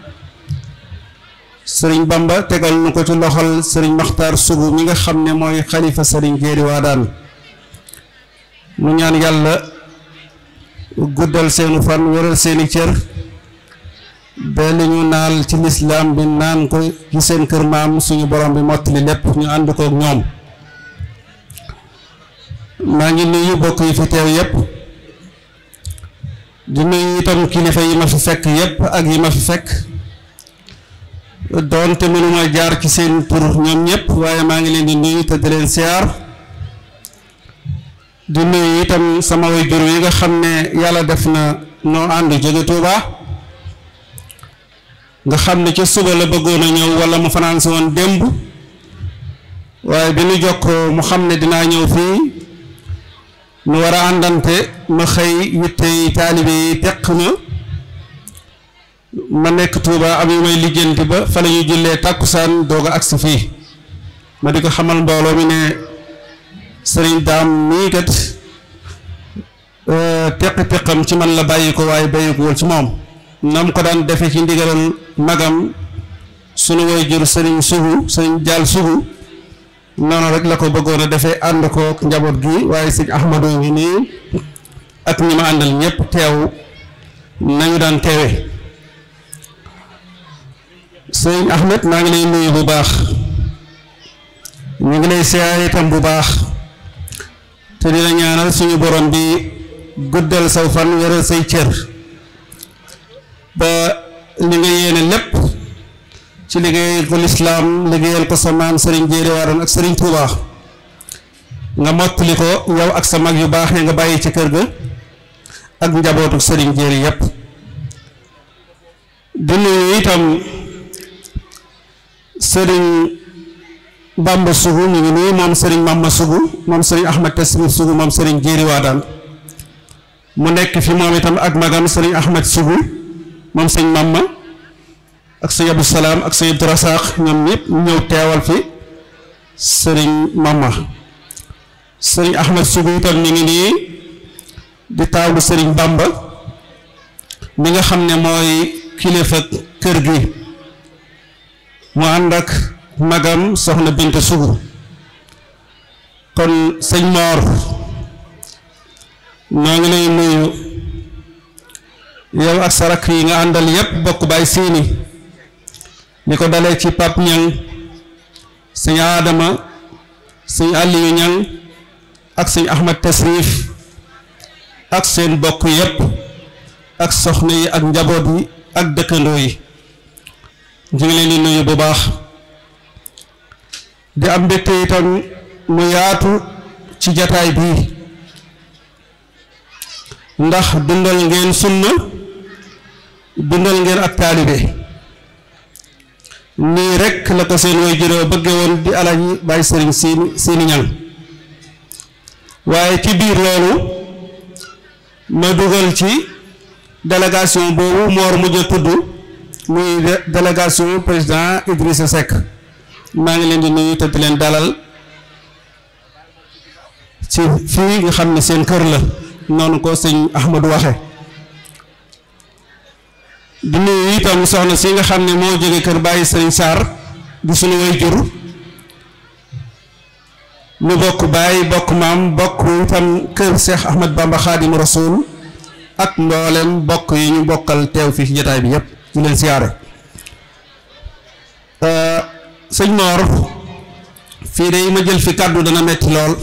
sëriñ Bamba tegal na ko ci loxol sëriñ Maxtaar Sugu mi nga xam ne mooy xalifa sëriñ Géeri Waadaan mu ñaan yàlla guddal seenu fan wëral seeni cër ba li ñu naal ci lislaam bi naan ko ci seen kër maam suñu borom bi mottali lépp ñu ànd kook ñoom maa ngi nuyu bokk yi fi teew yépp di nuyu itam kilifa yi ma fi fekk yépp ak yi ma fi fekk doonte mënuma jaar ci seen pour ñoom ñëpp waaye maa ngi leen di nuyu te di leen siyaar itam sama waajur yi nga xam ne yàlla def na noo ànd jóge Tuuba nga xam ne ca suba la bëggoon a ñëw wala mu fanaan si woon démb waaye bi ñu jokkoo mu xam ne dinaa ñëw fii nu war a àndante ma xëy yitte yi yi teq na ma nekk tuubaa am yu may lijjanti ba fa la ñuy jullee tàkkusaan doog a agsi fii ma di ko xamal mbooloo mi ne sëriñ daam mii kat euh, teq-teqam ci man la bàyyi ko waaye bàyyikuwul ci moom ko daan defe ci ndigalal magam sunu way jur sëriñ sugu sëriñ jaal sugu noonu rek la ko bëggoon a defee ànd ko njaboot gi waaye sëñ Ahmadou ngi nii ak ñi ma àndal ñëpp teew nañu daan teewe sëñ Ahmed maa ngi lay nuyu bu baax ñu ngi lay siyaare itam bu baax te di la ñaanal suñu borom bi guddal saw fan wéral say cër ba li nga yéene lépp ci liggéeyal ko lislaam liggéeyal ko sa sëriñ Jéeri Waaroon ak sëriñ Tuubaa nga mottali ko yow ak sa mag yu baax ya nga bàyyi ci kër gi ak njabootu sëriñ Jéeri yépp di nuyu itam sëriñ Bamba Sougou ñu ngi nii moom sëriñ Bamba Sougou moom sëriñ Ahmed Tasmir Sougou moom sëriñ Jéeri Waadaan mu nekk fi moom itam ak magam sëriñ Ahmed Sougou moom sëriñ Bamba ak sëriñ Abdou Salaam ak sëriñ Abdou Rassakh ñoom ñëpp ñëw teewal fi sëriñ Bamba sëriñ Ahmed Sougou itam ñu ngi nii di taawu sëriñ Bamba mi nga xam ne mooy kilifa kër gi mu ànd ak magam soxna bint sugu kon sëñ moor noo ngi lay nuyu yow ak sarak yi nga àndal yépp bokk baay siini li ko dalee ci pap ñang sëñ aadama sëñ aliyu ñang ak sëñ ahmad tasrif ak seen bokk yépp ak soxna yi ak njaboot yi ak dëkkandoo yi ñu ngi bu baax di am mbégte mu yaatu ci jataay bii ndax dundal ngeen sunna dundal ngeen ak taalibe nii rekk la ko seen way juroo bëgge woon di alaji bàyyi siini siini ñan waaye ci biir loolu ma dugal ci délégation boobu moor mujj tudd de délégation président Idrissa Seck maa ngi leen di nuyu te di leen dalal si fii nga xam ne seen kër la noonu ko sëñ Ahmadou waxe di nuyu itam soxna si nga xam ne moo jóge kër bàyyi sëñ saar di suñu way jur mu bokk bàyyi bokk maam bokk itam kër seex Ahmad Bamba Khadim Rasoul ak mboolem bokk yi ñu bokkal teew fii ci jotaay bi yépp ñu leen siyaare euh, sëñ Mor fii de ma jël fi kàddu dana metti lool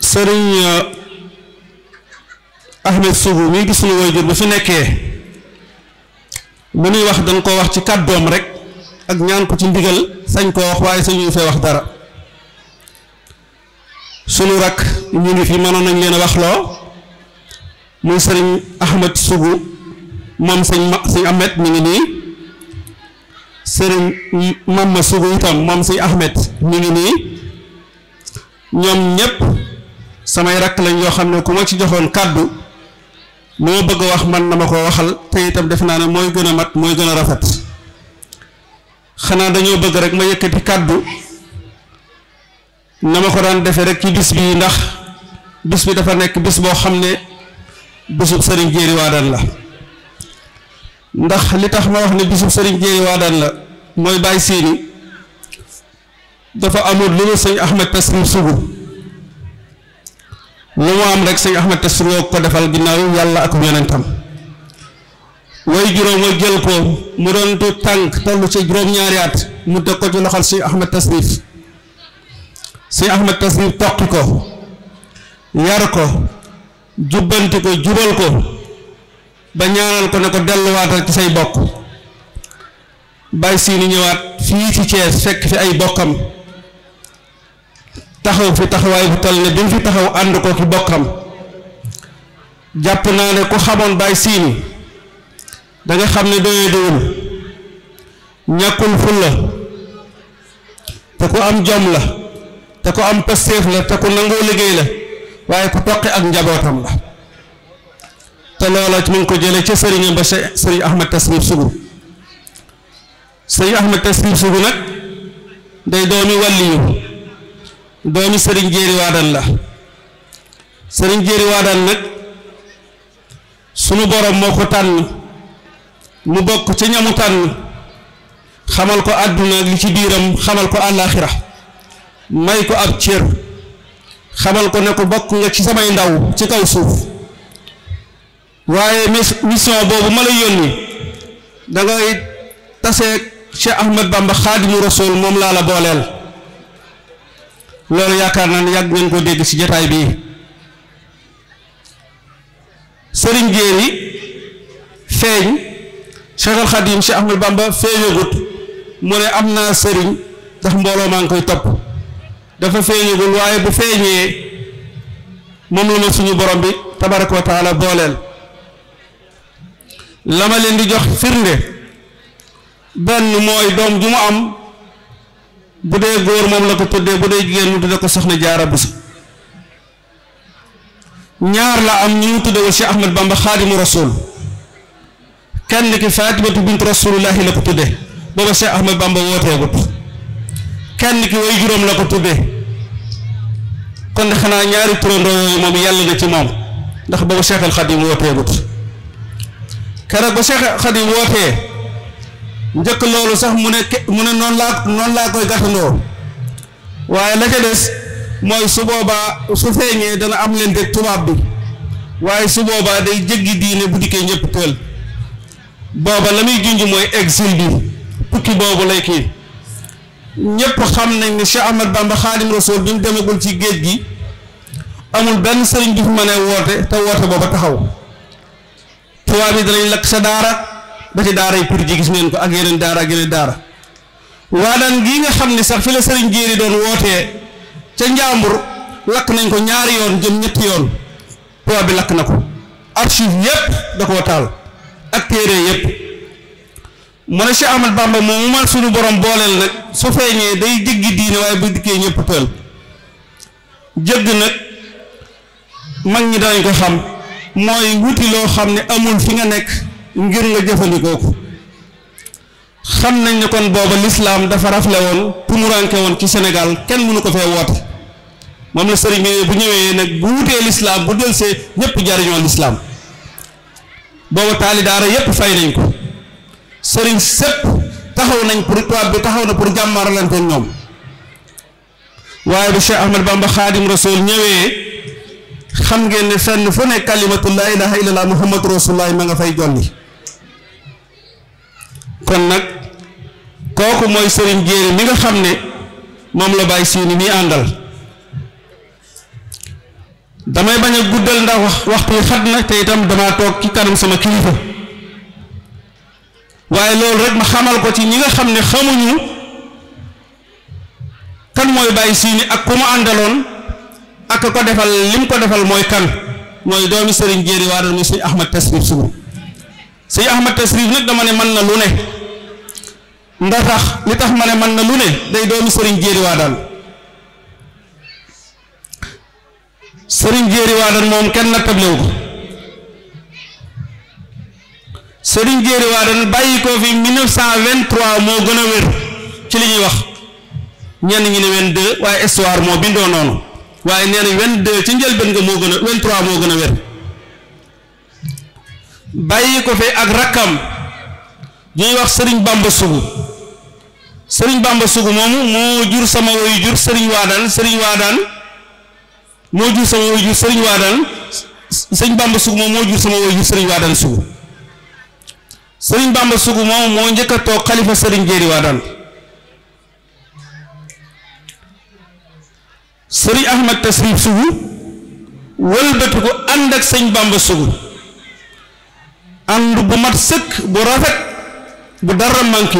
sëriñ euh, Ahmed Sougou mii gis suñu waajur bu fi nekkee bu nuy wax dañ koo wax ci kàddoom rek ak ñaan ko ci ndigal sañ koo wax waaye sañu fee wax dara sunu rak ñu ngi fi mënoon nañ leen waxloo muy sëriñ Ahmed Sougou moom sëñ ma sëñ Ahmed mi ngi nii sëriñ ma Sougou itam moom sëñ Ahmed mi ngi nii ñoom ñépp samay rakk lañ yoo xam ne ku ma ci joxoon kàddu moo bëgg a wax man na ma ko waxal te itam def naa ne mooy gën a mat mooy gën a rafet xanaa dañoo bëgg rek ma yëkkati kàddu na ma ko daan defee rek ci bis bi ndax bis bi dafa nekk bis boo xam ne bisub sëriñ jéeri waadaan la ndax li tax ma wax ne bisub sëriñ jéeri waadaan la mooy bàyyi siini dafa amul lu mu sëñ Ahmed Tafsir sugu lu mu am rek sëñ Ahmed Tafsir woo ko defal ginnaaw yàlla ak yonentam way juróom wa jël ko mu doon tu tànk toll ci juróom-ñaari at mu teg ko ci loxol sëñ Ahmed Tafsir sëñ Ahmed Tafsir toqi ko yar ko jubbanti ko jubal ko ba ñaanal ko ne ko delluwaatal ci say bokk bàyyi siini ñëwaat fii ci Thiès fekk fi ay bokkam taxaw fi taxawaay bu tal ne bi fi taxaw ànd ko ki bokkam jàpp naa ne ku xamoon bàyyi siinu danga xam ne doyee diwul ñàkkul fulla te ku am jom la te ku am pasteef la te ku nangoo liggéey la waaye ku toqi ak njabootam la te loola ci ngi ko jëlee ci sëriñam ba sëriñ Ahmad Tasrif Sougou sëriñ Ahmad Tasrif Sougou nag day doomi wàlliyu doomi sëriñ Jéeri Waadaan la sëriñ Jéeri Waadaan nag sunu borom moo ko tànn mu bokk ci ñamu tànn xamal ko àdduna li ci biiram xamal ko àllaaxira may ko ab cër xamal ko ne ko bokk nga ci samay ndaw ci kaw suuf waaye mission boobu ma la yónni da ngay taseeg Cheikh Ahmed Bamba xaadimu rasul moom laa la booleel loolu yaakaar na ni yàgg ngeen ko dégg ci jataay bii sëriñ Jéeri feeñ Cheikh al Xadim Cheikh Ahmed Bamba feeñagut mu ne am naa sëriñ ndax mbooloo maa ngi koy topp dafa feeñagul waaye bu feeñee moom la ma suñu borom bi tabaraka wa taala booleel la ma leen di jox firnde benn mooy doom ju mu am bu dee góor moom la ko tuddee bu dee jigéen mu tudde ko soxna jaara busu ñaar la am ñu tuddee wa Cheikh Ahmad Bamba xaadimu rasul kenn ki Fatimatu bint rasulullahi la ko tudde booba Cheikh Ahmad Bamba wooteegut kenn ki way juróom la ko tuddee kon de xanaa ñaari turandoo yooyu moom yàlla na ci moom ndax boobu Cheikh al Xadim wooteegut keroog ba Cheikh al Xadim wootee njëkk loolu sax mu ne mu ne noon laa noonu laa koy gàttandoo waaye la ca des mooy su boobaa su feeñee dana am leen de tubaab bi waaye su boobaa day jéggi diine bu dikkee ñëpp teel booba la muy junj mooy exil bi tukki boobu lay kii ñëpp xam nañ ne Cheikh Ahmad Bamba Xaadim Rasul bi demagul ci géej gi amul benn sëriñ bi fi mën a woote te woote booba taxaw tubaab yi danañ lakk sa daara ba daara yi pour ji gis ngeen ko ak yeneen daara ak yeneen daara waa daan gi nga xam ne sax fi la sëriñ jéeri doon wootee ca njàmbur lakk nañ ko ñaari yoon jëm ñetti yoon tubaab bi lakk na ko archive yépp da koo taal ak téere yépp mu ne Cheikh Ahmad Bamba moom mu man suñu borom booleel nag su feeñee day jéggi diine waaye bu dikkee ñëpp tël jëgg nag mag ñi danañ ko xam mooy wuti loo xam ne amul fi nga nekk ngir nga jëfandikoo ko xam nañ ne kon booba lislaam dafa rafle woon tumuranke woon ci senegal kenn mënu ko fee woote moom la sëriñ bu ñëwee nag bu wutee lislaam bu delsee ñëpp jariñoo lislaam booba taali daara yépp fay nañ ko sëriñ sëpp taxaw nañ pour tubaab bi taxaw na pour jàmmarlante ñoom waaye bi Cheikh Ahmed Bamba Xaadim Rasul ñëwee xam ngeen ne fenn fu ne kalimatu laa ilaha illallah muhammadu rasulullah ma nga fay jolli kon nag kooku mooy sëriñ jéeri mi nga xam ne moom la bàyyi siini mi àndal damay bañ a guddal ndax wax waxtu xat na te itam damaa toog ci kanam sama kilifa waaye loolu rek ma xamal ko ci ñi nga xam ne xamuñu kan mooy bàyyi siini ak ku mu àndaloon ak ko defal lim ko defal mooy kan mooy doomi sëriñ jéeri waa doon muy sëñ ahmad tasrif sugu sëñ ahmad tasrif nag dama ne mën na lu ne ndax tax li ma ne mën na lu ne day doomi sëriñ jéeri waa daal sëriñ jéeri waa daal moom kenn nattable ko Serigne waa Wadane bàyyi ko fi 1923 moo gën a wér ci li ñuy wax ñenn ñi ne 22 waaye histoire moo bindoo noonu waaye nee na 22 ci njëlbéen nga moo gën a moo gën a wér bàyyi ko fi ak rakkam ñuy wax Serigne Bamba Sugu sëriñ Bamba Sugu moomu moo jur sama woyu jur Serigne Wadane Serigne Wadane moo jur sama woyu jur Serigne Wadane Serigne moom moo jur sama woyu jur Serigne Wadane Sugu. sëriñ Bamba Sougou moom moo njëkk a toog xalifa sëriñ Jéeri Wadane sëriñ Ahmad Tasrif Sougou wëlbati ko ànd ak sëñ Bamba Sougou ànd bu mat sëkk bu rafet bu dara manqué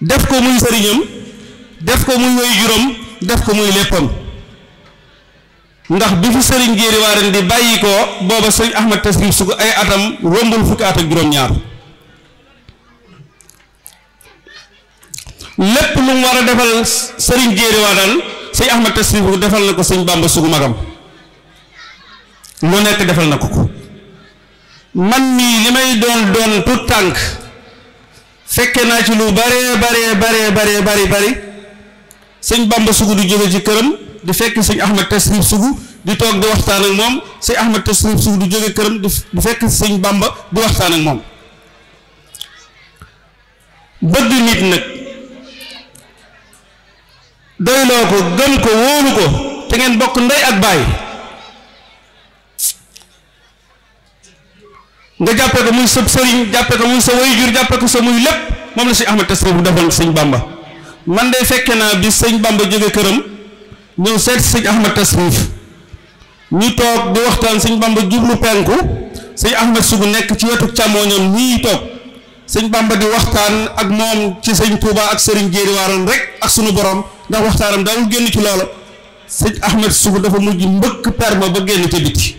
def ko muy sëriñam def ko muy woy juróom def ko muy léppam ndax bi fi sëriñ Jéeri di bàyyi ko booba sëriñ Ahmad Tasrif su ay atam rombul fukki at ak juróom-ñaar lépp lu mu war a defal sëriñ Ahmad Tasrif defal na ko sëriñ Bàmba sugu magam lu nekk defal na ko ko man nii li may doon doon tout tànk fekke naa ci lu bare bare bare bare bari bari Bàmba sugu du jóge ci këram di fekk sëñ Ahmad Tasrif Sougou di toog di waxtaan ak moom sëñ Ahmad Tasrif Sougou di jóge këram di fekk sëñ Bamba di waxtaan ak moom bëgg nit nag doyloo ko gëm ko wóolu ko te ngeen bokk ndey ak baay nga jàppe ko muy sa sëriñ jàppe ko muy sa waajur jàppe ko sa muy lépp moom la sëñ Ahmad Tasrif bu defoon sëñ bàmba man de fekke naa bi sëñ bàmba jóge këram ñëw seet sëñ Ahmed Tasrif ñu toog di waxtaan sëñ Bamba jublu penku sëñ Ahmed sugu nekk ci wetu càmmooñam ñii toog sëñ Bamba di waxtaan ak moom ci sëñ Touba ak sëriñ Jéeri waaroon rek ak sunu borom ndax waxtaanam daawul génn ci loola sëñ Ahmed sugu dafa mujj mbëkk perma ba génn ca biti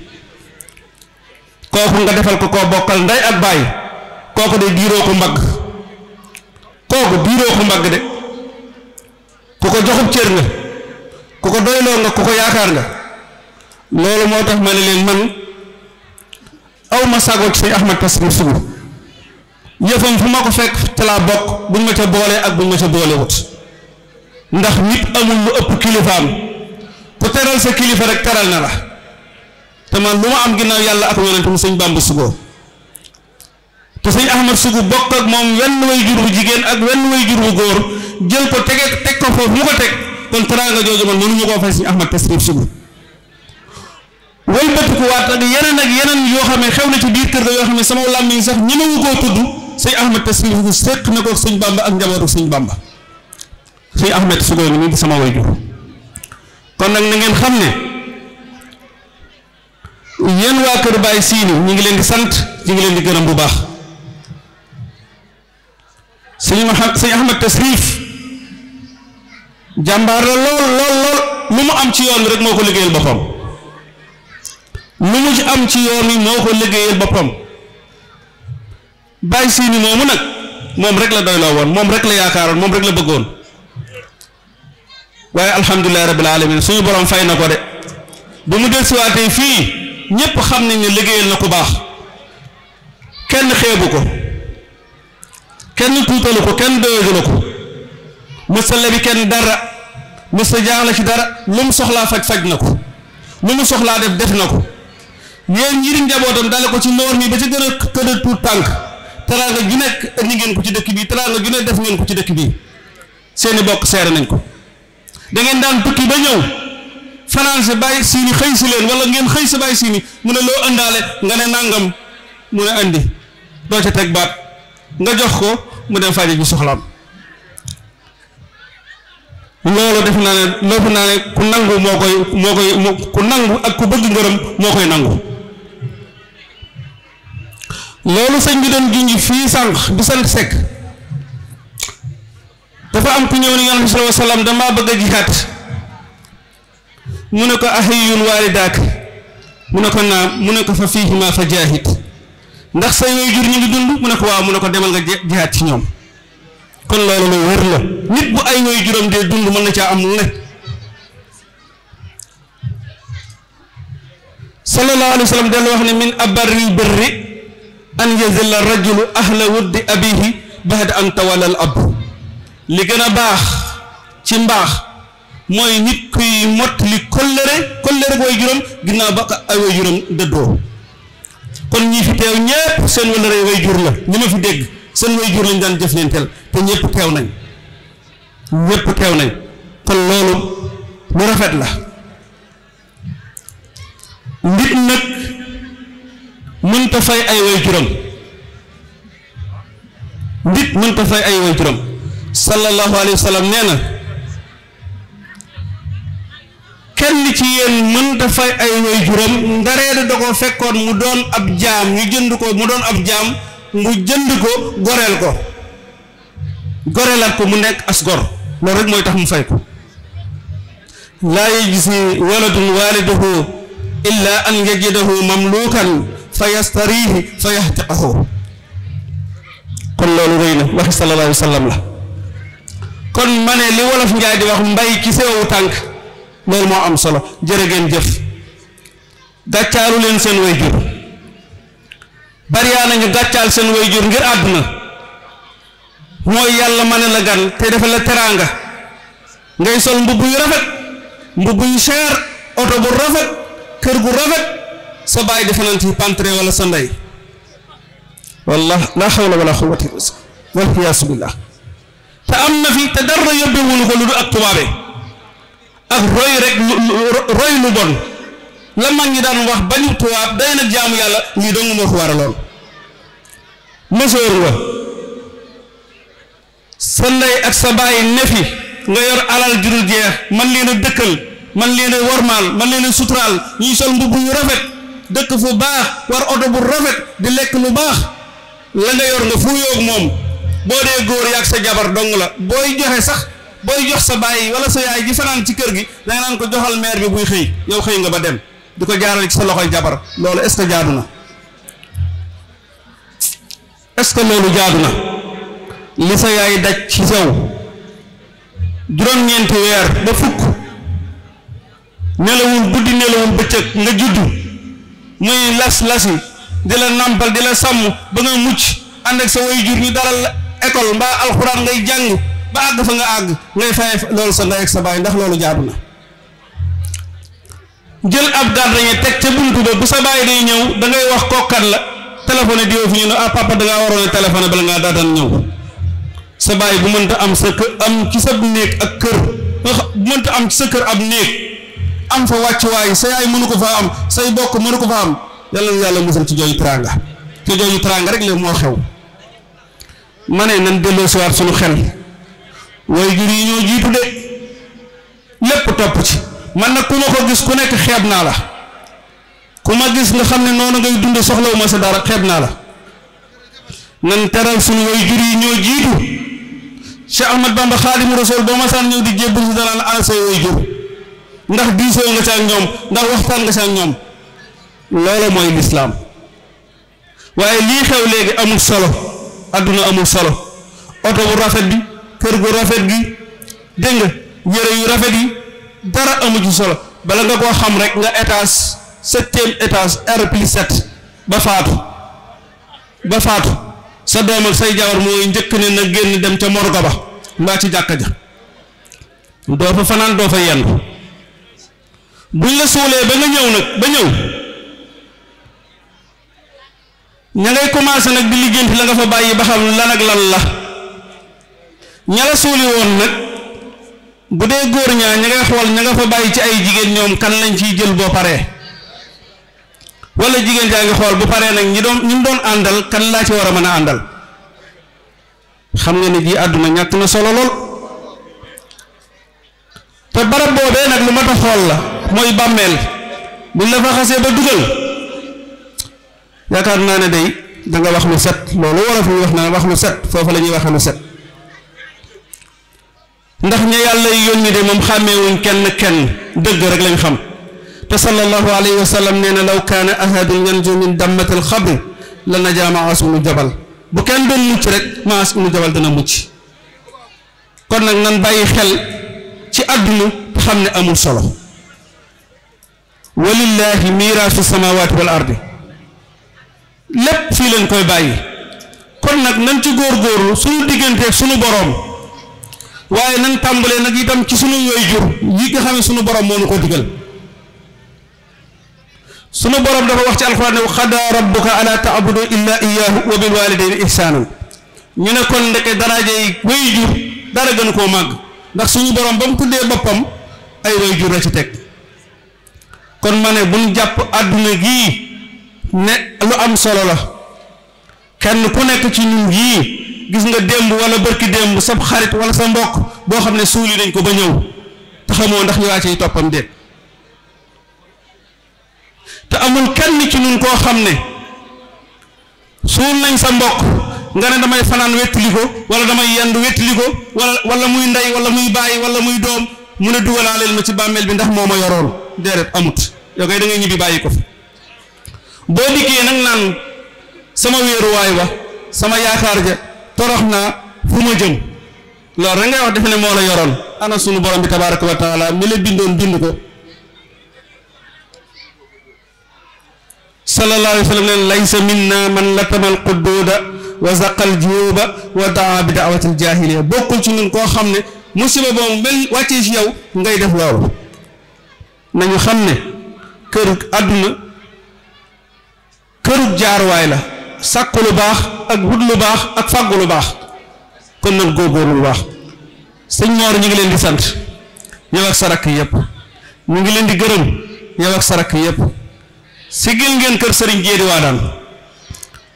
kooku nga defal ko koo bokkal ndey ak baay kooku de diiroo ko mbàgg kooku diiroo ko mbagg de ku ko joxub cër nga ku ko doyloo nga ku ko yaakaar nga loolu moo tax ma ne leen man awma sago sagoog Cheikh Ahmad Tafsir Sougou yëfam fu ma ko fekk ca laa bokk buñ ma ca boolee ak buñ ma ca boole wut ndax nit amul lu ëpp kilifaam ku teral sa kilifa rek teral na la te man lu ma am ginnaaw yàlla ak yonente mu sëñ Bamba Sougou te sëñ Ahmad Sougou bokk ak moom wenn way jur bu jigéen ak wenn way jur bu góor jël ko tege teg ko foofu mu ko teg kon teraanga jooju man mënu ma koo fay suñu Ahmad Tasrif Sougou wëlbatikuwaat ak yeneen ak yeneen yoo xam ne xew na ci biir kër ga yoo xam ne sama làmmiñ sax ñi ma wu koo tudd sëñ Ahmad Tasrif Sougou séq na ko sëñ Bamba ak njabootu sëñ Bamba sëñ Ahmad Sougou ni di sama kon nag na ngeen xam ne yéen waa kër Baye ñu ngi leen sant ñu ngi leen di gërëm bu baax sëñ Ahmad jàmbaar la lool lool lu mu am ci yoon bi rek moo ko liggéeyal boppam lu mu ci am ci yoon yi moo ko liggéeyal boppam bàyyi siini moomu nag moom rek la doyloo woon moom rek la yaakaaroon moom rek la bëggoon waaye alhamdulilahi rabbil alamin suñu borom fay na ko de bu mu delsiwaatee fii ñépp xam nañ ne liggéeyal na ku baax kenn xeebu ko kenn tuutalu ko kenn doyagula ko mësa bi kenn dara mësa la ci dara lu mu soxlaa faj faj na ko lu mu soxlaa def def na ko yéen njëriñ njabootam dale ko ci noor mi ba ci gën a kër pour tuut tànk teraanga ju nekk indi ngeen ko ci dëkk bi teraanga ju nekk def ngeen ko ci dëkk bi seeni bokk seere nañ ko da ngeen daan tukki ba ñëw fanaanse bàyyi siini xëy si leen wala ngeen xëy si bàyyi siini mu ne loo ëndaale nga ne nàngam mu ne andi doo ca teg baat nga jox ko mu dem faje ji soxlaam loolu def naa ne loolu naa ne ku nangu moo koy moo koy ku nangu ak ku bëgg ngërëm moo koy nangu loolu sëñ bi doon junj fii sànq di sant sekk dafa am ku ñëw ni yonent bi sallallahu alayhi wa sallam damaa bëgg jihaat mu ne ko ahiyun waalidaak mu ne ko naam mu ne ko fa fiihima fa jaahid ndax say waajur ñu ngi dund mu ne ko waaw mu ne ko demal nga jihaat ci ñoom kon loolu lu la nit bu ay woy juróom dee dund mën na caa am lu ne sallallahu alayhi wa sallam dellu wax ne min abaril birri an yazilla rajulu ahla wuddi abihi bahda an tawalal ab li gën a baax ci mbaax mooy nit kuy mot li kollëre kollëre woy juróom ginnaaw ba ay woy juróom dëddoo kon ñi fi teew ñépp seen wëllëre way jur la ñu ma fi dégg seen way jur lañ daan jëflanteel te ñëpp teew nañ ñëpp teew nañ kon loolu lu rafet la nit nag mënta fay ay way juram nit mënta fay ay way juram sallallahu alayhi wa sallam nee na kenn ci yéen mënta fay ay way juram ndareeda da ko fekkoon mu doon ab jaam yu jënd ko mu doon ab jaam mu jënd ko goreel ko goreelaat ko mu nekk as gor loolu rek mooy tax mu fay ko laa yajzi waladun waaliduhu illa an yajidahu mamlukan fa yastarihi fa yahtiqahu kon loolu rëy na waxi sallallahu alayhi wa sallam la kon ma ne li wolof njaay di wax mbay ci sewu tànk loolu moo am solo jërë ngeen jëf gàccaaru leen seen way jur bariyaa nañu gàccaal seen wayjur ngir àdduna mooy yàlla ma ne la gan te dafa la teraanga ngay sol mbubb yu rafet mbubb yu cher kër gu rafet sa bàyyi di fanaan ci pantre wala sa ndey wallah laa xawla wala quwwata wal iyaasu billah te am na fi te dara yóbbewuñu ko lu du ak tubaabe ak roy lu bon la mag ñi daan wax bañu tubaab day nag jaamu yàlla ñuy dong moo ko waraloon mësoor nga sa ndey ak sa bàyyi nefi nga yor alal jurul jeex man leen a dëkkal man leen a wormaal man leen ne suturaal ñuy sol mbubb yu rafet dëkk fu baax war oto bu rafet di lekk lu baax la nga yor nga fu yoog moom boo dee góor ak sa jabar dong la booy joxe sax booy jox sa bàyyi wala sa yaay ji fanaan ci kër gi danga naan ko joxal meer bi buy xëy yow xëy nga ba dem di ko jaarale ci sa loxoy jabar loolu est-ce que na est-ce que loolu jaadu na li sa yaay daj ci sew juróom-ñeenti weer ba fukk nelawul guddi nelawul bëccëg nga judd muy las lasi di la nàmpal di la sàmm ba nga mucc ànd ak sa way jur ñu dalal école mbaa alxuraan ngay jàng ba àgg fa nga àgg ngay fay loolu sa ndey ak sa baay ndax loolu jaadu na jël ab gardien teg ca buntu ba bu sa bàyyi day ñëw da ngay wax kokkat la téléphoné diwoo fi ñu ne ah papa da waroon a téléphoné bala ngaa daataan ñëw sa bàyyi bu mënta am sa kër am ci sa néeg ak kër bu mënta am ci sa kër ab néeg am fa wàccuwaay sa yaay mënu ko fa am say bokk mënu ko fa am yàlla na yàlla musal ci jooju teraanga ci jooju teraanga rek la moo xew ma ne nan si siwaat suñu xel way jur yi ñoo jiitu de lépp topp ci man nag ku ma ko gis ku nekk xeeb naa la ku ma gis nga xam ne noonu ngay dunde soxlawu ma sa dara xeeb naa la nan teral suñu way jur yi ñoo jiitu Cheikh Ahmad Bamba Xaadimu Rasuul ma masaan ñëw di jébbal si danaan ana say way jur ndax diisoo nga ak ñoom ndax waxtaan nga ak ñoom loolu mooy lislaam waaye lii xew léegi amul solo adduna amul solo oto bu rafet bi kër gu rafet gi dégg nga yére yu rafet yi dara amu ci solo bala nga koo xam rek nga étage septième étage R plus sept ba faatu ba faatu sa doom ak say jabar mooy njëkk ne na génn dem ca morgo ba mbaa ci jàkka ja doo fa fanaan doo fa yendu buñ la soolee ba nga ñëw nag ba ñëw ña ngay commencé nag di liggéeyanti la nga fa bàyyi ba xam lan ak lan la ña la suuli woon nag bu dee góor ñaa ña ngay xool ña nga fa bàyyi ci ay jigéen ñoom kan lañ ciy jël boo paree walla jigéen jaa ngi xool bu paree nag ñi doon ñi mu doon àndal kan laa ci war a mën a àndal xam nga ne ji àdduna ñàkk na solo lool te barab nag lu mat a xool la mooy bàmmeel buñ la fa xasee ba dugal yaakaar naa ne day da nga wax lu set loolu war a fi wax na wax lu set foofu la ñuy waxee lu set ndax ña yàlla yónni de moom xàmmeewuñ kenn kenn dëgg rek lañ xam te sallallahu alayhi wa sallam nee na law kaana ahadun yanju min dammat al xabri la najaa maas ibnu jabal bu kenn doon mucc rek maas ibnu jabal dana mucc kon nag nan bàyyi xel ci àdduna xam ne amul solo walillahi miraasu samawaati wal ardi lépp fii lañ koy bàyyi kon nag nan ci góorgóorlu suñu digganteeg suñu boroom waaye nan tàmbalee nag tam ci suñu way jur yi nga xam ne borom moo nu ko digal sunu borom dafa wax ci alxuraan ne wa qadaa rabbuka alaa taabudu illaa iyyaahu wa bil waalidayni ihsaanan ñu ne kon ndeke daraajey way dara gën koo màgg ndax suñu borom ba mu tuddee boppam ay way jur ci teg kon mane bu buñ jàpp àdduna gi ne lu am solo la kenn ku nekk ci ñun yii gis nga démb wala bërki démb sab xarit wala sa mbokk boo xam ne suuli nañ ko ba ñëw te xamoo ndax ñu ci ciy toppam déet te amul kenn ci ñun koo xam ne suul nañ sa mbokk nga ne damay fanaan wettali ko wala damay yendu wettali ko wala wala muy ndey wala muy bàyyi wala muy doom mu ne dugalaaleel ma ci bàmmeel bi ndax moo ma yoroon déedéet amut yow kay da ngay ñibbi bàyyi ko fi boo dikkee nag naan sama wéeruwaay ba sama yaakaar ja torox naa fu ma jëm loolu rek ngay wax defe ne moo la yoroon ana sunu borom bi tabaaraka wa taala mi la bindoon bind ko sallallahu alayhi wa sallam leen laysa minna man latamal qudduuda wa zaqal juuba wa daa bi daawatil jaahiliya bokkul ci ñun koo xam ne musiba boobu mel wàccee ci yow ngay def loolu nañu xam ne kër àdduna kërug jaaruwaay la sàkku lu baax ak wut lu baax ak fàggu lu baax kon nag góorgóorlu bu baax sëñ Mor ñu ngi leen di sant ñëw ak sarak yëpp mu ngi leen di gërëm ñëw ak sarak yëpp siggil ngeen kër sëriñ Jéeri Waadaan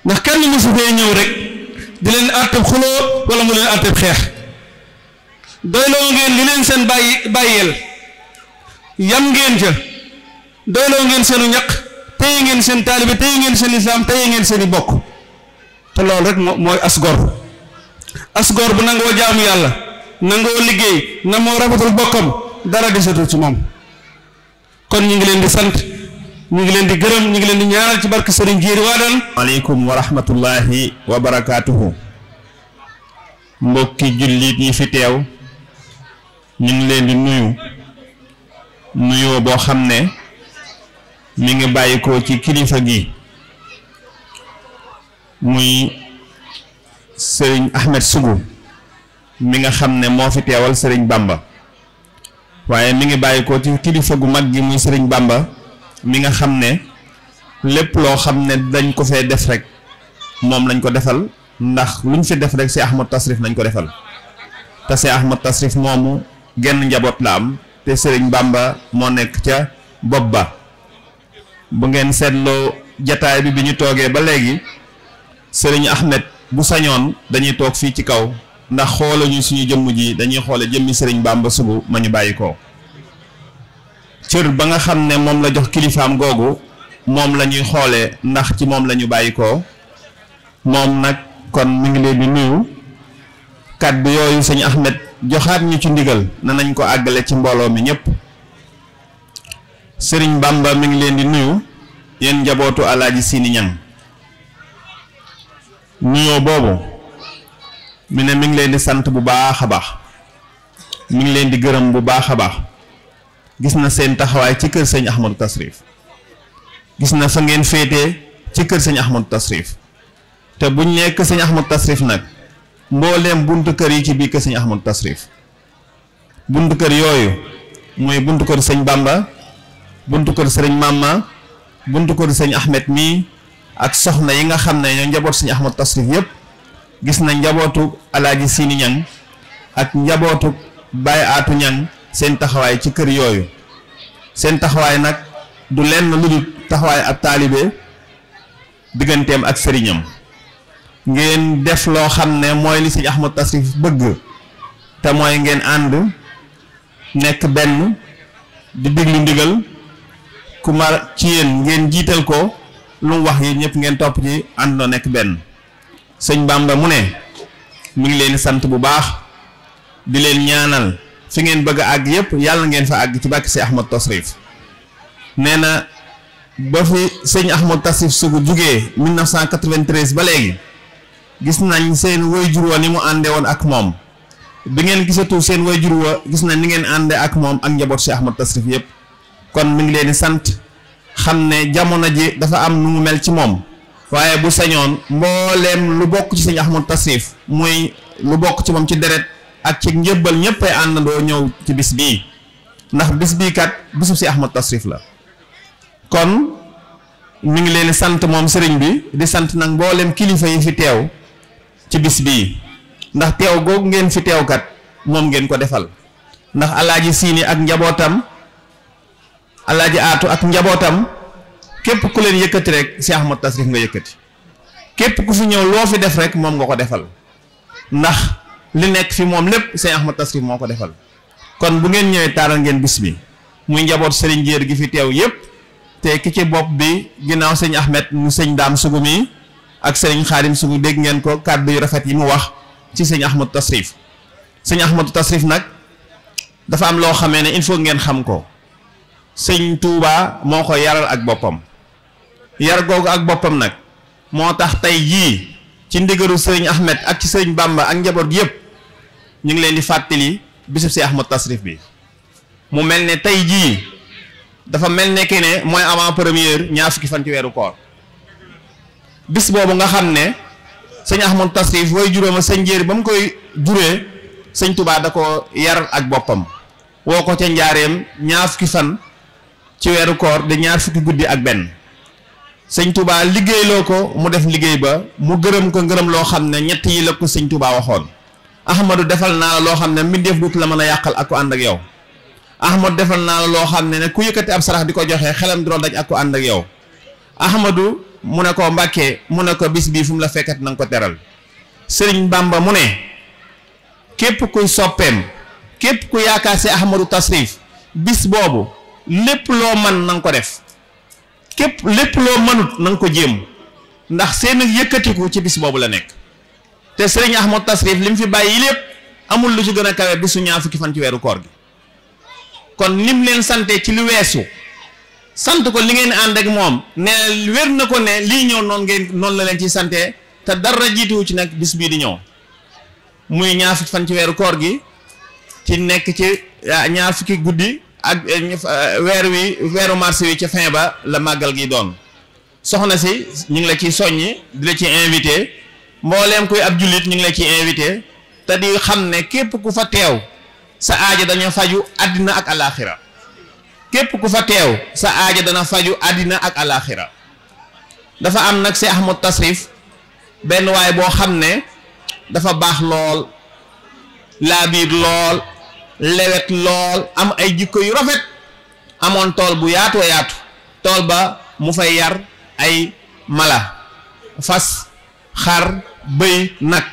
ndax kenn mësu fee ñëw rek di leen àttab xuloo wala mu leen àttab xeex doyloo ngeen li leen seen bàyyi bàyyeel yam ngeen ca doyloo ngeen seenu ñaq tey ngeen seen taalibe tey ngeen seen islam tey ngeen seen i bokk te loolu rek mooy asgor asgor bu nangoo jaamu yàlla nangoo liggéey na moo rafetul bokkam dara desatul ci moom kon ñu ngi leen di sant ñu ngi leen di gërëm ñu ngi leen di ñaanal ci barke Serigne Jéeri Wadane. maaleykum wa rahmatullahi wa barakaatuhu. mbokki jullit yi fi teew. ñu ngi leen di nuyu. nuyoo boo xam ne. mi ngi bàyyi ko ci kilifa gi muy sëriñ Ahmed Sougou mi nga xam ne moo fi teewal sëriñ Bamba waaye mi ngi bàyyi ko ci kilifa gu mag gi muy sëriñ Bamba mi nga xam ne lépp loo xam ne dañ ko fee def rek moom lañ ko defal ndax luñ fi def rek si Ahmad Tasrif lañ ko defal te si Ahmad Tasrif moomu genn njaboot la am te sëriñ bàmba moo nekk ca bopp ba bu ngeen seetloo jataay bi bi ñu toogee ba léegi sëriñ Ahmed bu sañoon dañuy toog fii ci kaw ndax xoolañu suñu jëmm ji dañuy xoole jëmmi sëriñ Bamba sugu ma ñu bàyyi ko cër ba nga xam ne moom la jox kilifaam googu moom lañuy ñuy xoolee ndax ci moom la ñu bàyyi ko moom nag kon mu ngi leen di nuyu kàddu yooyu sëñ Ahmed joxaat ñu ci ndigal na nañ ko àggale ci mbooloo mi ñëpp. sëriñ Bamba mi ngi leen di nuyu yéen njabootu ji Sini ñan nuyoo boobu mu ne mi ngi leen di sant bu baax a baax mu ngi leen di gërëm bu baax a baax gis na seen taxawaay ci kër sëñ Ahmadou Tasrif gis na fa ngeen féetee ci kër sëñ Ahmadou Tasrif te buñ nekk kër sëñ Ahmadou Tasrif nag mbooleem buntu kër yi ci biir kër sëñ Ahmadou Tasrif buntu kër yooyu mooy buntu kër sëñ Bamba buntu kër sëriñ Mama buntu kër sëriñ Ahmed mii ak soxna yi nga xam ne njaboot sëriñ Ahmed Tasrif yëpp gis na njabootu alaaji Sini Ñang ak njabootu Baye Aatu Ñang seen taxawaay ci kër yooyu seen taxawaay nag du lenn lu taxawaay ab taalibe digganteem ak sëriñam ngeen def loo xam ne mooy li sëñ Ahmed Tasrif bëgg te mooy ngeen ànd nekk benn di diglu ndigal ku ma ci yéen ngeen jiital ko lu mu wax yéen ñëpp ngeen topp ci àndandoo nekk benn sëñ Bamba mu ne mu ngi leen sant bu baax di leen ñaanal fi ngeen bëgg a àgg yëpp yàlla ngeen fa àgg ci bàkki si Ahmad Tasrif nee na ba fi sëñ Ahmad Tasrif su ko jugee 1993 ba léegi gis nañ seen jur wa ni mu àndee woon ak moom bi ngeen gisatul seen wayjur wa gis nañ ni ngeen àndee ak moom ak njaboot si Ahmad Tasrif yëpp. kon mu ngi leen di sant xam ne jamono ji dafa am nu mu mel ci moom waaye bu sañoon mbooleem lu bokk ci sëñ Ahmadu Tasrif muy lu bokk ci moom ci deret ak ci njëbbal ñëpp ay àndandoo ñëw ci bis bii ndax bis bii kat bisub si Ahmadu Tasrif la kon mi ngi leen sant moom sëriñ bi di sant nag mbooleem kilifa yi fi teew ci bis bii ndax teew googu ngeen fi teewkat moom ngeen ko defal ndax alaaji siini ak njabootam alaaji aatu ak njabootam képp ku leen yëkkati rek si Ahmad Tasrif nga yëkkati képp ku fi ñëw loo fi def rek moom nga ko defal ndax li nekk fi moom lépp sëñ Ahmad Tasrif moo ko defal kon bu ngeen ñëwee taaral ngeen bis bi muy njaboot sëriñ Jéer gi fi teew yépp te ki ci bopp bi ginnaaw sëñ mu sëñ Daam Sugu mi ak sëriñ Xaadim dégg ngeen ko kàddu yu rafet yi mu wax ci sëñ Ahmad Tasrif sëñ Ahmad Tasrif nag dafa am loo xamee ne il faut ngeen xam ko sëñ tuubaa moo ko yaral ak boppam yar googu ak boppam nag moo tax tey jii ci ndigalu sëñ Ahmed ak ci sëñ Bamba ak njaboot yëpp ñu ngi leen di fàttali bisub si Ahmad Tasrif bi mu mel ne tey jii dafa mel ne que ne mooy avant première ñaar fukki fan ci weeru koor bis boobu nga xam ne sëñ Ahmad Tasrif way juróom a sëñ Jéeri ba mu koy juree sëñ Touba da ko yar ak boppam woo ko ca njaareem ñaar fukki fan. ci weeru koor di ñaar fukki guddi ak benn sëñ Touba liggéeyloo ko mu def liggéey ba mu gërëm ko ngërëm loo xam ne ñett yi la ko sëñ Touba waxoon Ahmadou defal naa la loo xam ne mbindeef dut la mën a yàqal ak ko ànd ak yow Ahmadou defal naa loo xam ne ne ku yëkkati ab sarax di ko joxe xelam doo daj ak ko ak yow Ahmadou mu ne ko Mbàkke mu ne ko bis bii fu mu la fekkat na nga ko teral Sëriñ ba mu ne képp kuy soppeem képp ku yaakaar si Ahmadou tasrif bis boobu lépp loo man nanga ko def képp lépp loo manut nanga ko jéem ndax seen yëkkatiku ci bis boobu la nekk te sëriñ Ahmad Tasrif li mu fi bàyyi lépp amul lu ci gën a kawe bisu ñaar fukki fan ci weeru koor gi kon nim leen sante ci lu sant ko li ngeen ànd ak moom nee wér na ko ne lii ñëw noonu ngeen noonu la leen ci sante te dara jiituwu ci nag bis bii di ñëw muy ñaar fukki fan ci weeru koor gi ci nekk ci ah, ñaar fukki guddi ak eh, eh, weer wi weeru mars wi ca fin ba la màggal gi doon soxna si ñu ngi la ciy soññi di la ci invité mbooleem kuy ab jullit ñu ngi la ciy invité te di xam ne képp ku fa teew sa aaja dañu faju àddina ak alaaxira képp ku fa teew sa aaja dana faju àddina ak alaaxira dafa am nag si Ahmad Tasrif benn waay boo xam ne dafa baax lool laa biir lool lewet lool am ay jikko yu rafet amoon tool bu yaatoo yaatu tool ba mu fay yar ay mala fas xar bëy nag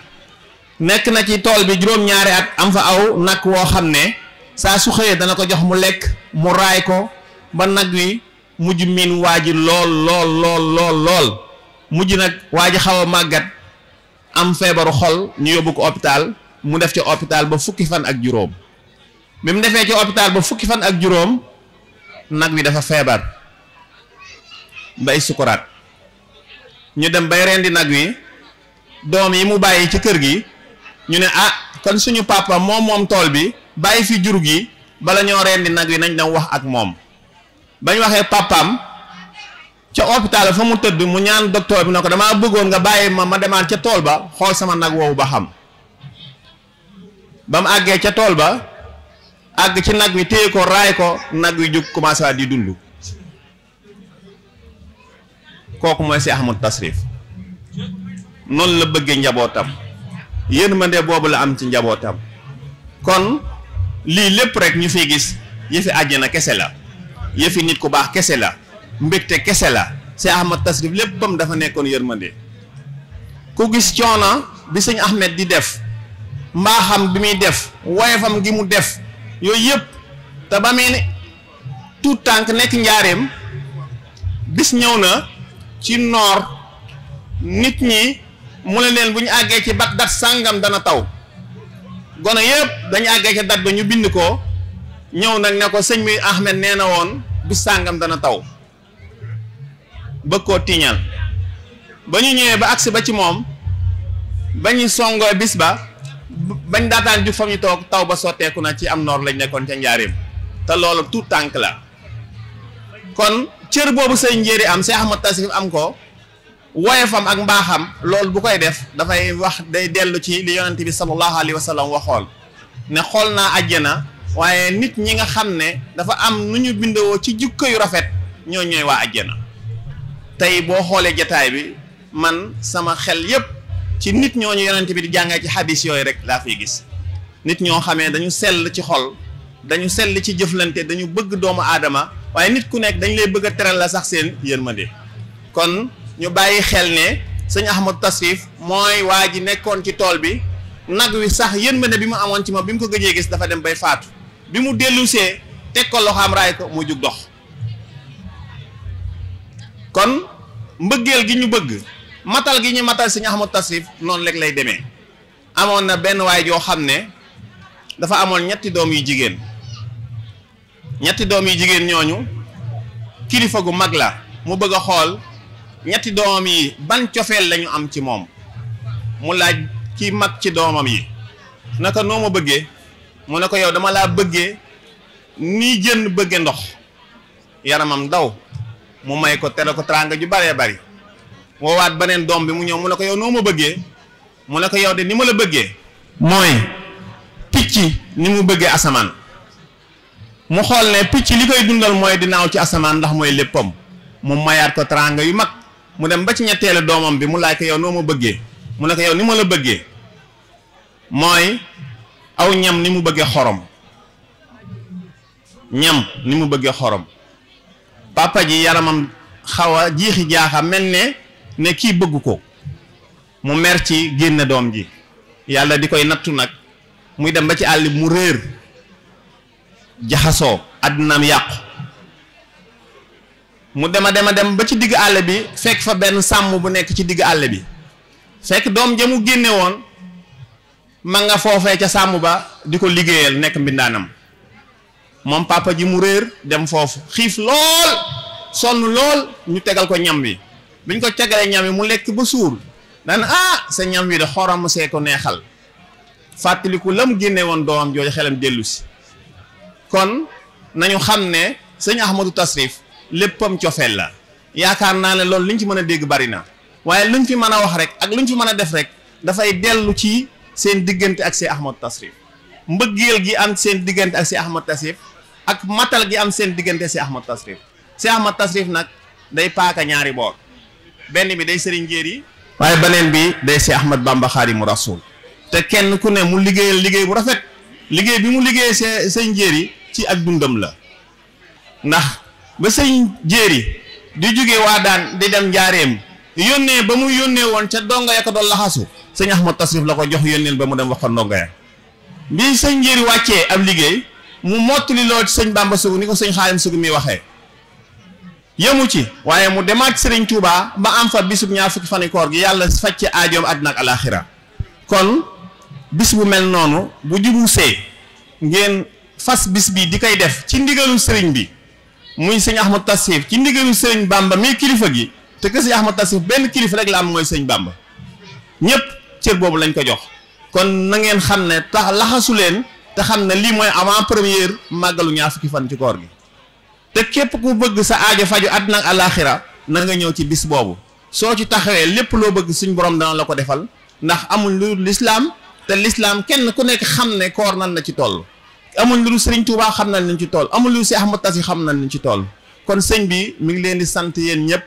nekk na ci tool bi juróom-ñaari at am fa aw nag woo xam ne saa su xëyee dana ko jox mu lekk mu raay ko ba nag wi mujj miin waa ji lool lool lool mujj nag waa ji xaw a màggat am feebaru xol ñu yóbbu ko hôpital mu def ci hôpital ba fukki fan ak juróom bi mu defee ci hôpital ba fukki fan ak juróom nag wi dafa feebar bay sukuraat ñu dem bay rendi nag wi doom yi mu bàyyi ci kër gi ñu ne ah kon suñu papa moom moom tool bi bàyyi fi jur gi bala ñoo rendi nag wi nañ dem wax ak moom bañ waxee papaam ca hôpital fa mu tëdd mu ñaan docteur bi na ko damaa bëggoon nga bàyyi ma ma demaan ca tool ba xool sama nag woowu ba xam ba àggee ca tool ba àgg ci nag wi téye ko raay ko nag wi jóg commencé di dund kooku mooy si Ahmad Tasrif noonu la bëggee njabootam yërmande boobu la am ci njabootam kon lii lépp rek ñu fi gis yëfi àjjana kese la yëfi nit ku baax kese la mbégte kese la si Ahmad Tasrif léppam dafa nekkoon yërmande ku gis coono bi sëñ Ahmed di def mbaaxam bi muy def woyefam gi mu def yooyu yëpp te ba muy ne tuut tànk nekk njaareem bis ñëw na ci noor nit ñi mu ne leen bu ñu àggee ci bat dat sàngam dana taw gone yëpp dañu àggee ci dat ba ñu bind ko ñëw nag ne ko sëñ bi Ahmed nee na woon bis sàngam dana taw bëgg koo tiiñal ba ñu ñëwee ba agsi ba ci moom ba ñu songoo bis ba bañ daataan ju fa ñu toog taw ba sotteeku na ci am noor lañ nekkoon ca njaareem te loolu tout tànk la kon cër boobu sëñ njéeri am Seex Ahmad Tasrif am ko woye fam ak mbaaxam loolu bu koy def dafay wax day dellu ci li yonent bi sallallahu alayhi wa sallam waxool ne xool naa àjjana waaye nit ñi nga xam ne dafa am nu ñu bindoo ci jukko yu rafet ñoo ñooy waa àjjana tey boo xoolee jataay bi man sama xel yépp ci nit ñooñu yonent bi di jàngaay ci xadis yooyu rek laa fiy gis nit ñoo xamee dañu sell ci xol dañu sell ci jëflante dañu bëgg doomu aadama waaye nit ku nekk dañu lay bëgg a teral la sax seen yërmande kon ñu bàyyi xel ne sëñ Ahmad Tasrif mooy waa ji nekkoon ci tool bi nag wi sax yërmande bi mu amoon ci ma bi mu ko gëjee gis dafa dem bay faatu bi mu dellusee teg koloxo loxo am raay ko mu jug dox kon mbëggeel gi ñu bëgg matal gi ñu matal sëñ Ahmadu Tasrif noonu rek lay demee amoon na benn waay joo xam ne dafa amoon ñetti doom yu jigéen ñetti doom yu jigéen ñooñu kilifa gu mag la mu bëgg a xool ñetti doomam yi ban cofeel lañu am ci moom mu laaj ki mag ci doomam yi naka noo ma bëggee mu ne ko yow dama laa bëggee nii jën bëgge ndox yaramam daw mu may ko tere ko teraanga ju baree bari woowaat beneen doom bi mu ñëw mu ne ko yow noo ma bëggee mu ne ko yow de ni ma la bëggee mooy picc ni mu bëggee asamaan mu xool ne picc li koy dundal mooy di naaw ci asamaan ndax mooy léppam mu mayaat ko teraanga yu mag mu dem ba ci ñetteelu doomam bi mu laaj ko yow noo ma bëggee mu ne ko yow ni ma la bëggee mooy aw ñam ni mu bëggee xorom ñam ni mu bëggee xorom papa ji yaramam xaw a jiixi jaaxa mel ne ne kii bëgg ko mu mer ci génne doom ji yàlla di koy nattu nag muy dem ba ci àll bi mu réer jaxasoo àddinaam yàqu mu dema dema dem ba ci digg àll bi fekk fa benn sàmm bu nekk ci digg àll bi fekk doom ja mu génne woon ma nga foofee ca sàmm ba di ko liggéeyal nekk mbindaanam moom papa ji mu réer dem foofu xiif lool sonn lool ñu tegal ko ñam wi biñ ko cagalee ñam yi mu lekk ba suur daan ah sa ñam wi de xorom see ko neexal fàttaliku la mu génne woon doomam jooju xelam dellu si kon nañu xam ne sëñ Ahmadou Tasrif léppam cofeel la yaakaar naa ne loolu liñ ci mën a dégg bari na waaye luñ fi mën a wax rek ak luñ fi mën a def rek dafay dellu ci seen diggante ak sëñ Ahmadou Tasrif mbëggeel gi am seen diggante ak sëñ Ahmadou Tasrif ak matal gi am seen diggante sëñ Ahmadou Tasrif sëñ Ahmadou Tasrif nag day paaka ñaari boor benn bi day sëriñ njéer yi waaye beneen bi day si Ahmad Bamba mu Rasuul te kenn ku ne mu liggéeyal liggéey bu rafet liggéey bi mu liggéey see sëñ njéer ci ak dundam la ndax ba sëñ njéer di jóge waa daan di dem njaareem yónnee ba mu yónnee woon ca donga ya doon laxasu sëñ Ahmad Tasrif la ko jox yónneel ba mu dem wax ko ndonga ya bi sëñ njéer yi wàccee ab liggéey mu mottali loo sëñ Bamba Sougou ni ko sëñ Xaadim Sougou muy waxee yëmu ci waaye mu demaat sëriñ Touba ba am fa bisub ñaar fukki fani gi yàlla faj ci aajoom àddina ak alaaxira kon bis bu mel noonu bu jubu see ngeen fas bis bi di kay def ci ndigalu sëriñ bi muy sëñ Ahmad Tasif ci ndigalu sëriñ Bamba mi kilifa gi te que sëñ Ahmad Tasif benn kilifa rek la am mooy sëñ bàmba ñëpp cër boobu lañ ko jox kon na ngeen xam ne tax laxasu leen te xam ne lii mooy avant première màggalu ñaar fukki fan ci koor gi te képp ku bëgg sa aajo faju àddina ak alaaxira na ñëw ci bis boobu soo ci taxawee lépp loo bëgg suñ borom dana la ko defal ndax amuñ lu lislaam te lislaam kenn ku nekk xam ne koor nan la ci tool amuñ lu sëriñ Tuubaa xam nañ lañ ci tool amuñ lu si Ahmad Tasi xam nañ lañ ci toll kon sëñ bi mi ngi leen di sant yéen ñëpp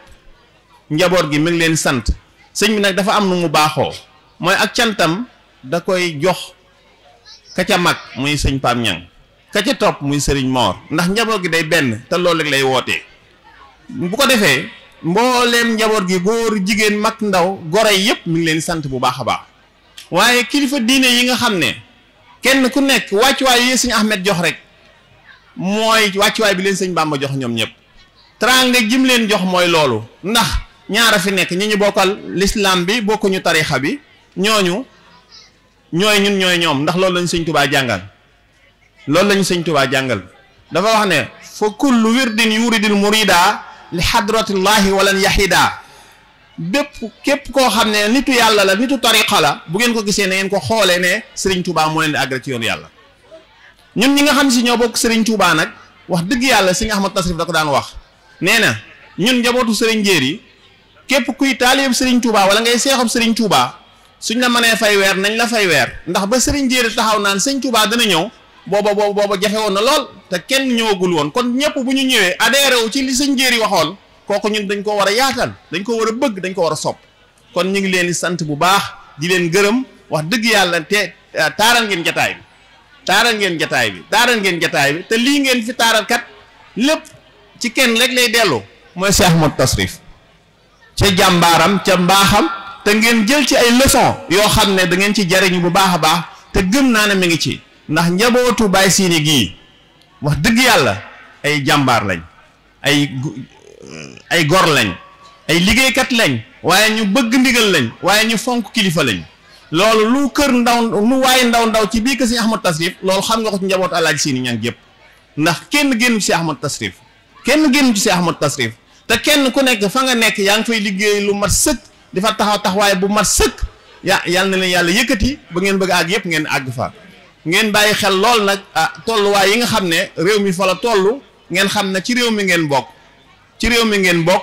njaboot gi mi ngi leen di sant sëñ bi nag dafa am na mu baaxoo mooy ak cantam da koy jox ka ca mag muy sëñ Pape Niang ka ca topp muy sëriñ moor ndax njaboot gi day benn te loolu rek lay wootee bu ko defee mbooleem njaboot gi góor jigéen mag ndaw gore yëpp mi ngi leen sant bu baax a baax waaye kilifa diine yi nga xam ne kenn ku nekk wàccuwaay yi sëñ Ahmed jox rek mooy wàccuwaay bi leen sëñ mbaam ma jox ñoom ñëpp teraanga jim leen jox mooy loolu ndax ñaara fi nekk ñi ñu bokkal lislaam bi bokkuñu tariixa bi ñoo ñooñu ñooy ñun ñooy ñoom ndax loolu lañ sëñ Tubaa jàngal loolu lañu sëñ tubaa jàngal dafa wax ne fa kullu wirdin yuridil murida li xadratillahi walan yahida bépp képp koo xam ne nitu yàlla la nitu tariqa la bu ngeen ko gisee na ngeen ko xoolee ne sëriñ tubaa moo leen di àggal ci yoonu yàlla ñun ñi nga xam si ñoo bokk sëriñ tubaa nag wax dëgg yàlla si sëñ ahmad tasrif da ko daan wax nee na ñun njabootu sëriñ jéer yi képp kuy taaliyeeb sëriñ tubaa wala ngay seexob sëriñ tubaa suñ la mënee fay weer nañ la fay weer ndax ba sëriñ jéeri taxaw naan sëñ tubaa dana ñëw booba booba booba jafe na lool te kenn ñëwagul woon kon ñëpp bu ñu ñëwee adhéré wu ci li njéer yi waxoon kooku ñun dañ ko war a yaatal dañ ko war a bëgg dañ ko war a sob kon ñu ngi leen di sant bu baax di leen gërëm wax dëgg yàlla te euh, taaral ngeen jataay bi taaral ngeen jataay bi taaral ngeen jataay bi te lii ngeen fi taaral kat lépp ci kenn rek lay dellu mooy Cheikh Ahmad Tasrif ca jàmbaaram ca mbaaxam te ngeen jël ci ay leçon yoo xam ne da ngeen ci jariñu bu baax a baax te gëm naa ne mi ngi ci ndax njabootu baay siini gii wax dëgg yàlla ay jàmbaar lañ ay ay gor lañ ay liggéeykat lañ waaye ñu bëgg ndigal lañ waaye ñu fonk kilifa lañ loolu lu kër ndaw lu waaye ndaw ndaw ci bii kër si Ahmad Tasrif loolu xam nga ko ci njabootu Alaaji Siini Ñaŋ gépp ndax kenn génn ci si Ahmad Tasrif kenn génn ci si Ahmad Tasrif te kenn ku nekk fa nga nekk yaa ngi fay liggéey lu mat sëkk di fa taxaw waaye bu mat sëkk ya yal na leen yàlla yëkkati ba ngeen bëgg yëpp ngeen àgg fa ngeen bàyyi xel lool nag ah tolluwaay yi nga xam ne réew mi fa la toll ngeen xam ne ci réew mi ngeen bokk ci réew mi ngeen bokk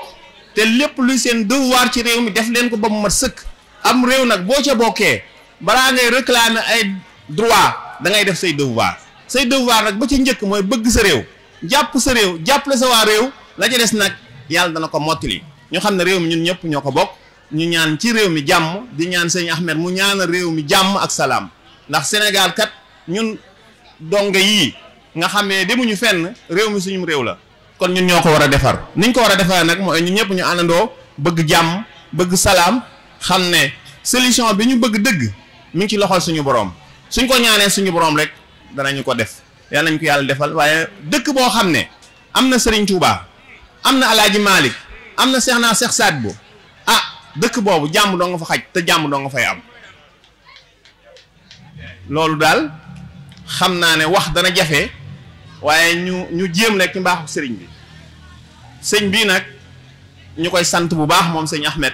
te lépp luy seen devoir ci réew mi def leen ko ba mu mat sëkk am réew nag boo ca bokkee balaa ngay réclamer ay droit da ngay def say devoir say devoir nag ba ci njëkk mooy bëgg sa réew jàpp sa réew jàppale sa waa réew la ca des nag yàlla dana ko mottali ñu xam ne réew mi ñun ñëpp ñoo ko bokk ñu ñaan ci réew mi jàmm di ñaan sëñ Ahmed mu ñaan réew mi jàmm ak salaam ndax Sénégal ñun donga yii nga xam ne demuñu fenn réew mi suñu réew la kon ñun ñoo ko war a defar niñ ko war a defar nag mooy ñun ñëpp ñu àndandoo bëgg jàmm bëgg salaam xam ne solution bi ñu bëgg dëgg mu ngi ci loxol suñu borom suñ ko ñaanee suñu boroom rek danañu ko def yal nañ ko yàlla defal waaye dëkk boo xam ne am na Serigne tuubaa am na El Hadj am na Cheikh naa Cheikh Saad Bou ah dëkk boobu jàmm doo nga fa xaj te jàmm doo nga fay am loolu daal. xam naa ne wax dana jafe waaye ñu ñu jéem nag ci sëriñ bi sëñ bii nag ñu koy sant bu baax moom sëñ Ahmed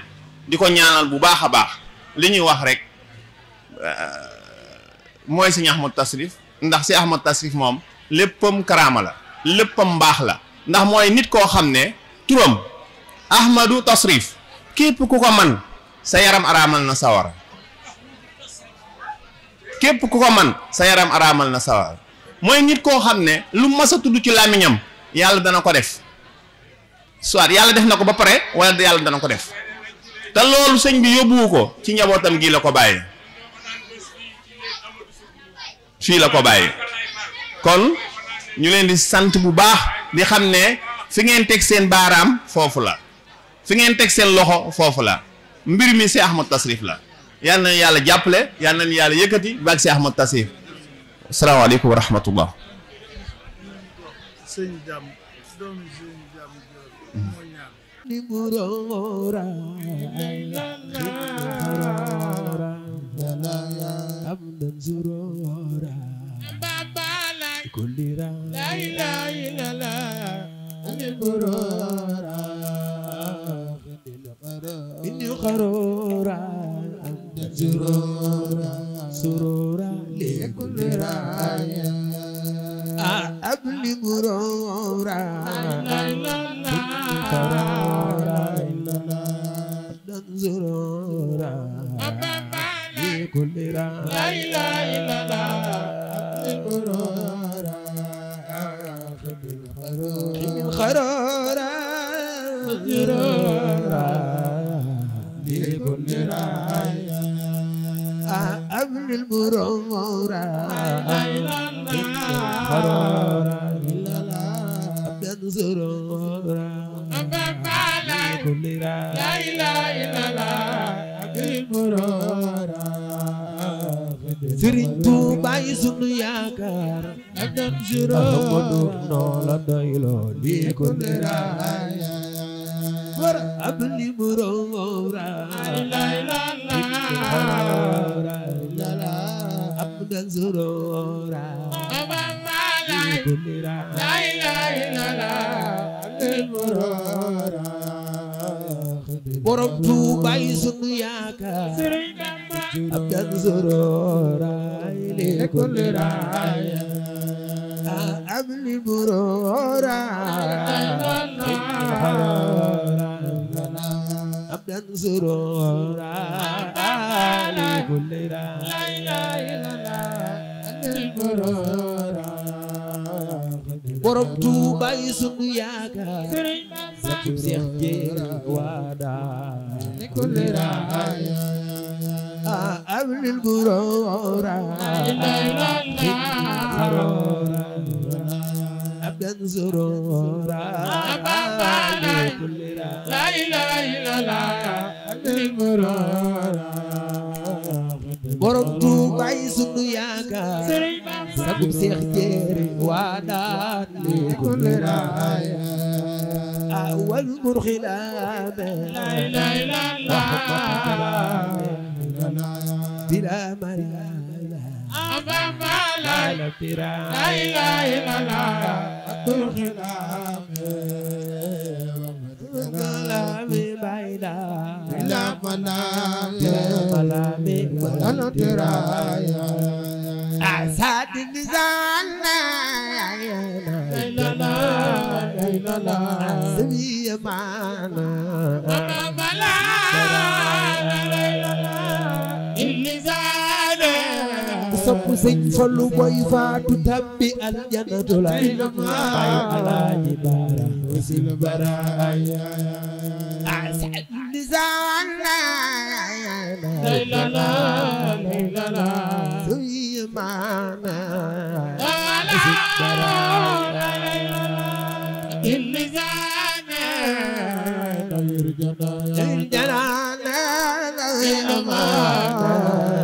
di ko ñaanal bu baax a baax li ñuy wax rek euh, mooy sëñ Ahmad Tasrif ndax si Ahmad Tasrif moom léppam karaama la léppam mbaax la ndax mooy nit koo xam ne turam Ahmadu Tasrif képp ku ko man sa yaram araamal na sawara képp ku ko man sa yaram araamal na sawar mooy nit koo xam ne lu mas a tudd ci làmmiñam yàlla dana ko def soit yàlla def na ko ba pare wala yàlla dana ko def te loolu sëñ bi yóbbuwu ko ci njabootam gii la ko bàyyi fii la ko bàyyi kon ñu leen di sant bu baax di xam ne fi ngeen teg seen baaraam foofu la fi ngeen teg seen loxo foofu la mbir mi si Ahmad Tasrif la yal na yàlla jàppale yal na yàlla yëkkati baag si Ahmad Tasiir asalaamaaleykum wa rahmatullah sëñ jàmm doomi sëñ jàmm mooy ñaan di buróora am dan suróora kullira la ilaha illallah di buróora indi xaroora جرورا سرورا لكل رايا أبلي مرورا لا لا لا قرارا زرورا لكل رايا لا إله إلا الله مرورا من خرورا زرورا حبل المرورة كل را لا إله إلا الله حبل المرورة Sëriñ Tuubaa yi sunu yaakaar ak dem juróom noo la doyloo di ko nderaay أكبر أبلي مرورا لا لا لا أبدا زرورا كل لا لا لا لا أبلي مرورا borom Tuuba yi sunu yaakaar abdan zurora ay li kulli raaya أبل برورا أبدا سرورا لكل را لا إله إلا الله برورا borom Tuuba زرورا لا إله إلا الله borom Tuubaa sunu yaakaar sagub Seex Jéeri waa daan li kulli raaya awal murxilaame la ilaha illa Allah dila mariya بما لا يبرا لا إله إلا الله أطرق الأمر ومدنا ببعيدا إلى منام ونطرا أعساد نزالنا إلا لا إلا لا سبي معنا وما بلا sëñ Fallu boy faatu tabbi aljanatu lay bay alaaji baara wasil bara asad nisaana laylala laylala suymaana wasil bara illisaana layrjana layrjana layrjana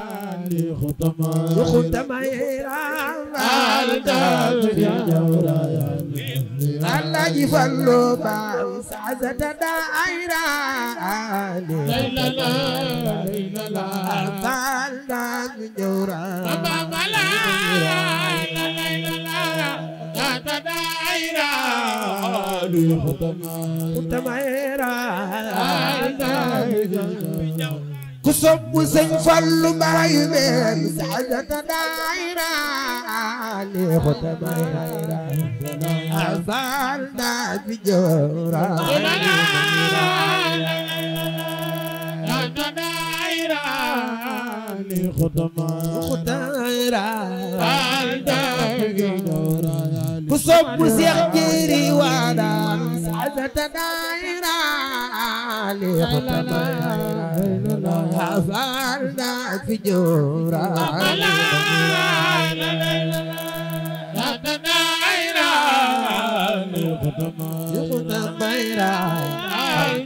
يختم إيران الله يفلو بان سعزة دائرة ليلة لا ليلة لا أبال لا جورا أبا لا ليلة لا دائرة يختم إيران الله يفلو بان سعزة دائرة ku sopp sëñ Fallu baay meen saajata daayira leexu ta daayira asaal daa ji joora daayira leexu ta ku sopp Seex Jéeri waada saadata daayira li xutama xafaar naa fi joora li xutama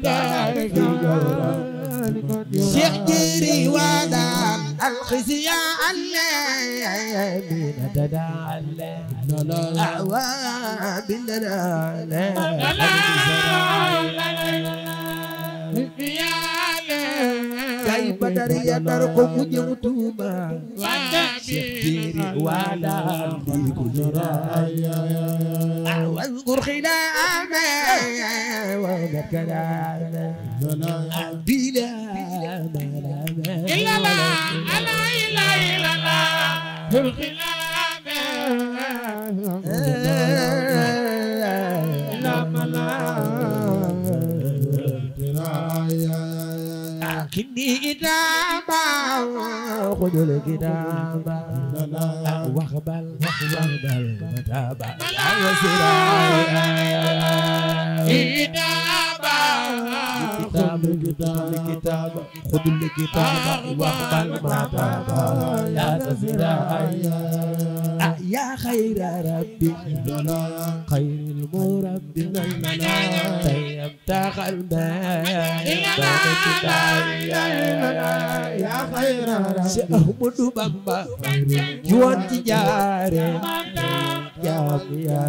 daayira شيخ جيري ودان الخزي علي بندنا علي أعوى بندنا علي يا tay badariya nar ko mu jëm Tuuba شهدير وعلى الدرايا واذكر خلاما وذكرانا بلا ملامة إلا لا ألا إلا إلا لا الخلاما إلا ملامة kini idamba khudul kidamba wakhbal wakhbal mataba awasira idamba الكتاب الكتاب خذ الكتاب واقبل ما تاب يا تزرع يا خير ربي خير المربي المنام تيمت خلبا يا خير ربي سي احمد بابا جوان تجاري يا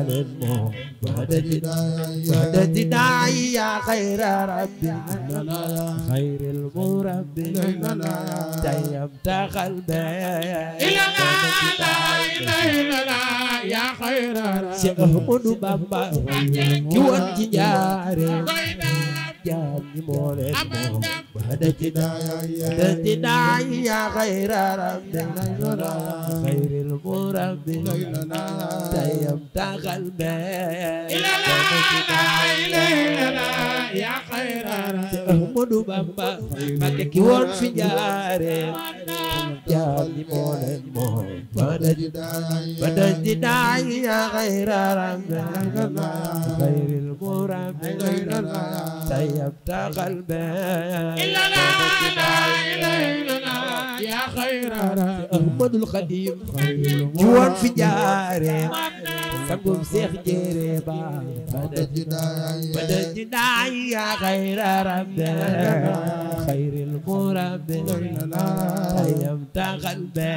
للمهتدنا يا خير ربنا خير المربي لنا تيمت قلبي إلى لا يا خير ربنا سيهمد بابا كيوان جاري jaami moo leen moom bada jidaay ya xayra rabbi xayril murabbi tayam taxal be ilala ilala ya xayra rabbi Ahmadu Bamba Mbakke ki woon fi jaare jaami moo leen moom bada jidaay ya xayra rabbi xayril murabbi يبتغى قلبي إلا لا لا إلا يا خير أحمد القديم جوان في جاري سبب سيخ جريبا بدت جناي يا خير ربي خير المربي يبتغى قلبي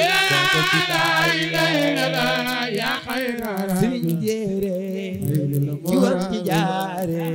إلا لا إلا يا خير سيخ جري جوان في جاري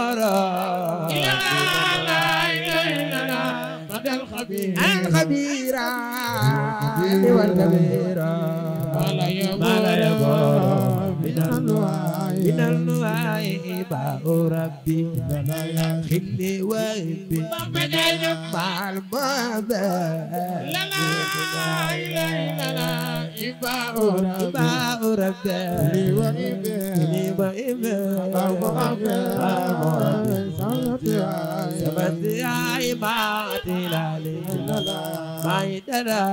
الورى لا إله إلا الخبير الخبير والكبير ولا يبور من النوائب ربي خلي وابي مع المبا لا لا إله إلا الله إبا ربي إبا ربي سمت يا إبا تلالي mai da da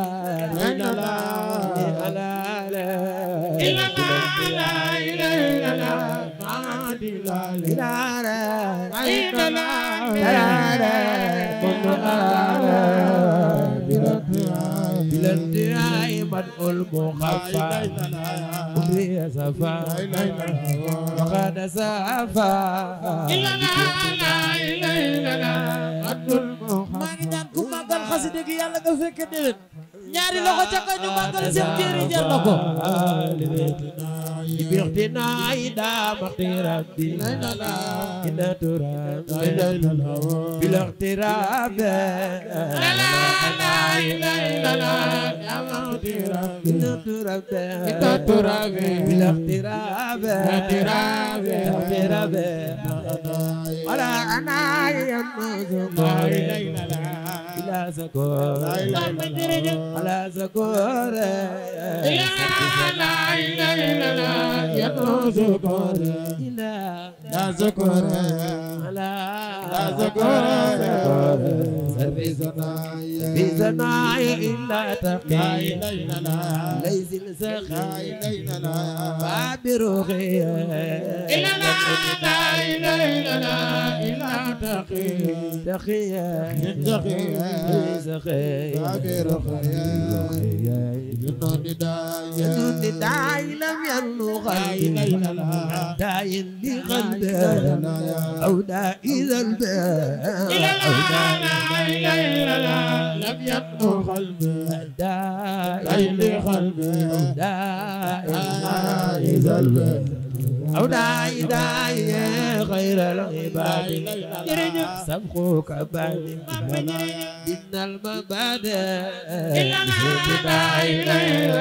la la la la la ila la la ila la la ma di la la la ila la la la la la مدعو المخفى أمري سفا وقد سافا إلنا لا إلنا مدعو المخفى maa ngi ñaan ku màggal xasida gi yàlla nga fekk déwén ñaari loxo ca kañ ñu màggal seen jéeri jël na ko بيختنا إذا مختير الدين إن ترى بلا اختراب لا لا لا لا لا لا لا ولا أنا يا إلى زكورة على زكورة يا لا إله إلا الله يا زكورة إلى لا زكورة على لا زكورة في زنايا في زنايا إلا تقي ليس الزخي فابروغي إلا لا لا إله إلا الله إلا تقي تقي تقي باقر خياي جنون داي جنون داي لم يرلو غاي داي بقلب أو داي ذنب أو داي لم يرلو قلب داي بقلب داي ذنب أو داعي داعي غير العباد سبقوك بعد إن المبادئ إلا داعي غير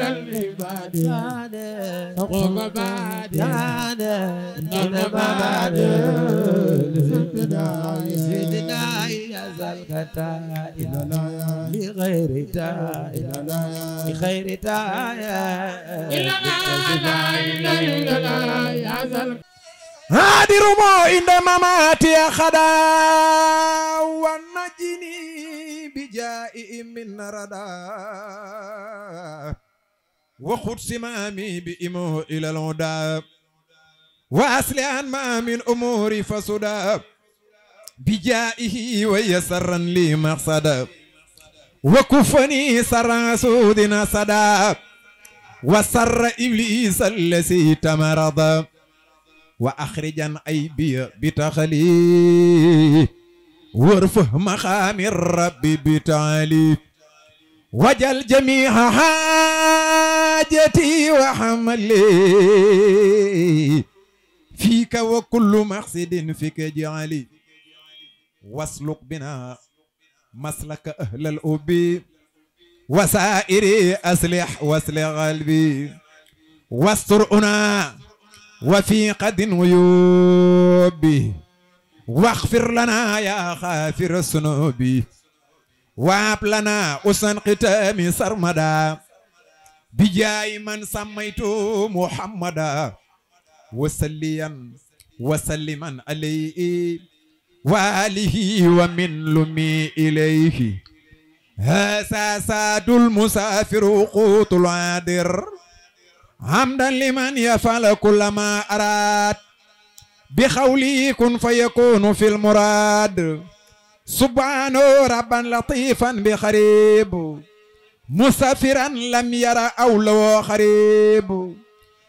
العباد سبقوك بعد إن المبادئ الغداء لغير داء لغير داء هادر ما عند مماتي خدا ونجني بجائي من ردا وخد سمامي بإمو إلى الهدى وأصلي عن ما من أموري فسدى بجائه ويسرا لي مقصدا وكفني سرا سودنا صدا وسر إبليس الذي تمرض وأخرجا أيبي بتخلي وارفه مقام الرب بتعلي وجل جميع حاجتي وحملي فيك وكل مقصد فيك جعلي wasluk bina maslaka ahlal ubbi wasaa'iri aslih waslih qalbi wastur una wa fi qadin wuyubbi واغفر لنا يا غافر الذنوب وهب لنا حسن ختام سرمدا بجاي من سميت محمدا وسليا وسلما عليه waalihi wa min lumi ilayhi hasa saadul musaafiru quutul aadir hamdan liman yafala kulla ma araad bi xawli fa yakunu fil muraad subhaanahu rabban latifan bi xarib musafiran lam yara aw lawoo xarib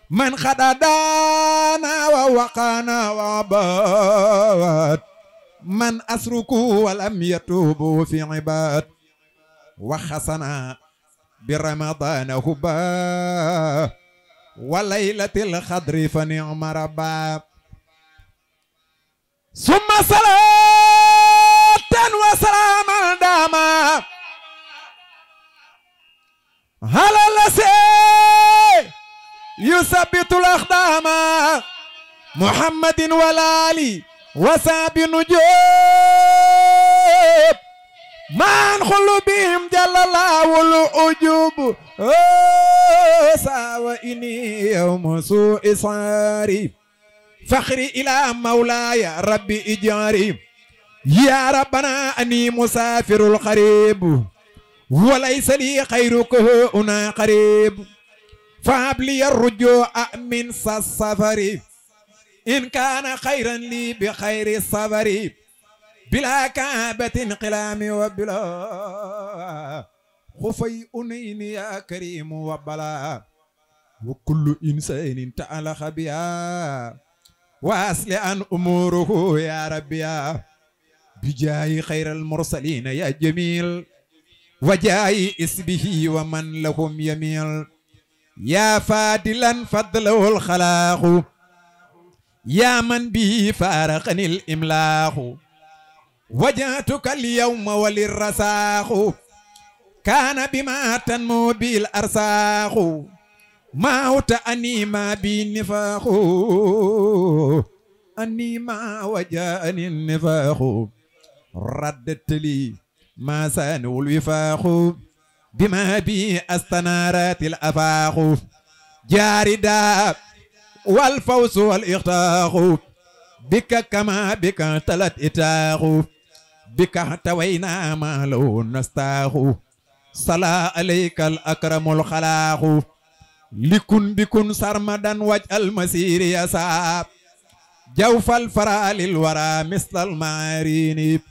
man xada wa waqaana wa abaat man asruku walam yatubu fi ibad wa xasana bi ramadana huba wa laylatil xadri fa ni'ma rabba summa salatan wa salaaman daama ala lase yusabbitul axdaama muhammadin walaali wasaabi nu jóob maan xulu biim jalla laawul ujub saawa ini yawma suu isaari faxri ila mawlaaya rabbi ijaari yaa rabbana ani musaafirul xarib walaysa li xayrukahu una xarib faab liya rujoo min sa safari in kaana xayran lii bi xayri sabari bila kaabati inqilaami wa bila xufay unayni ya karimu wa bala wa kullu insanin taalaxa biya wa asli an umuruhu ya rabbiya bi jaayi xayral mursalina ya jamil wa jaayi isbihi wa man lahum yamil ya faadilan fadlawul xalaaqu yaa man bii faaraxani l imlaaxu wajaatuka l yawma wali rasaaxu kaana bi ma tan moo bil arsaaxu maawta anima bi nifaaxu anima wajaani nifaaxu raddatali maa saaniwul wifaaxu bi ma bi astanaratil afaaxu jaari daa wal fawsu wal ixtaaru bika kama bika talat itaaru bika tawayna ma law nastaaru sala alayka al akramul xalaaxu likun bikun sarmadan waj al masiri yasaab jawfal faraalil wara mislal maarini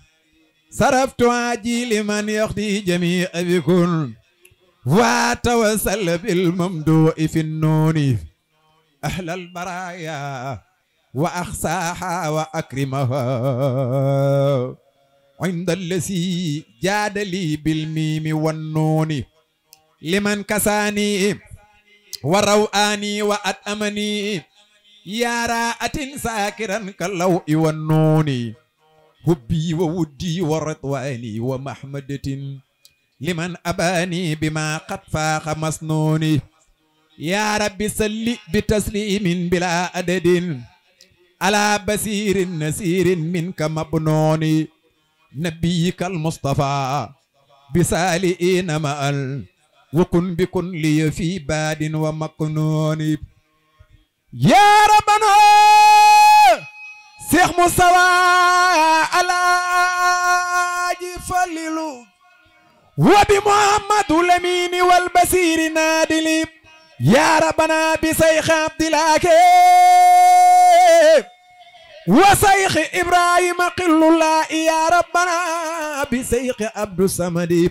saraftu aji liman yaxdi jami abikun waa tawasal bil mamduu fi nnooni أهل البرايا وأخساها وأكرمها عند الذي جاد لي بالميم والنون لمن كساني وروآني وأتأمني يا راءة ساكرا كاللوء والنون حبي وودي ورضواني ومحمدة لمن أباني بما قد فاق مسنوني yaa rabbi salli bi taslimin bila adadin ala basirin nasirin minka mabnooni nabiyika almustafa bisaali inama al wakun bikun liya fi baadin wa maknooni yaa rabbana seex mustafa alaaji falilu wa bi muhammadu lamini wal basiri naadilib yaa rabbana bi sayxi abdilaake wa sayxi ibrahima xillulaahi yaa rabbana bi sayxi abdu samadi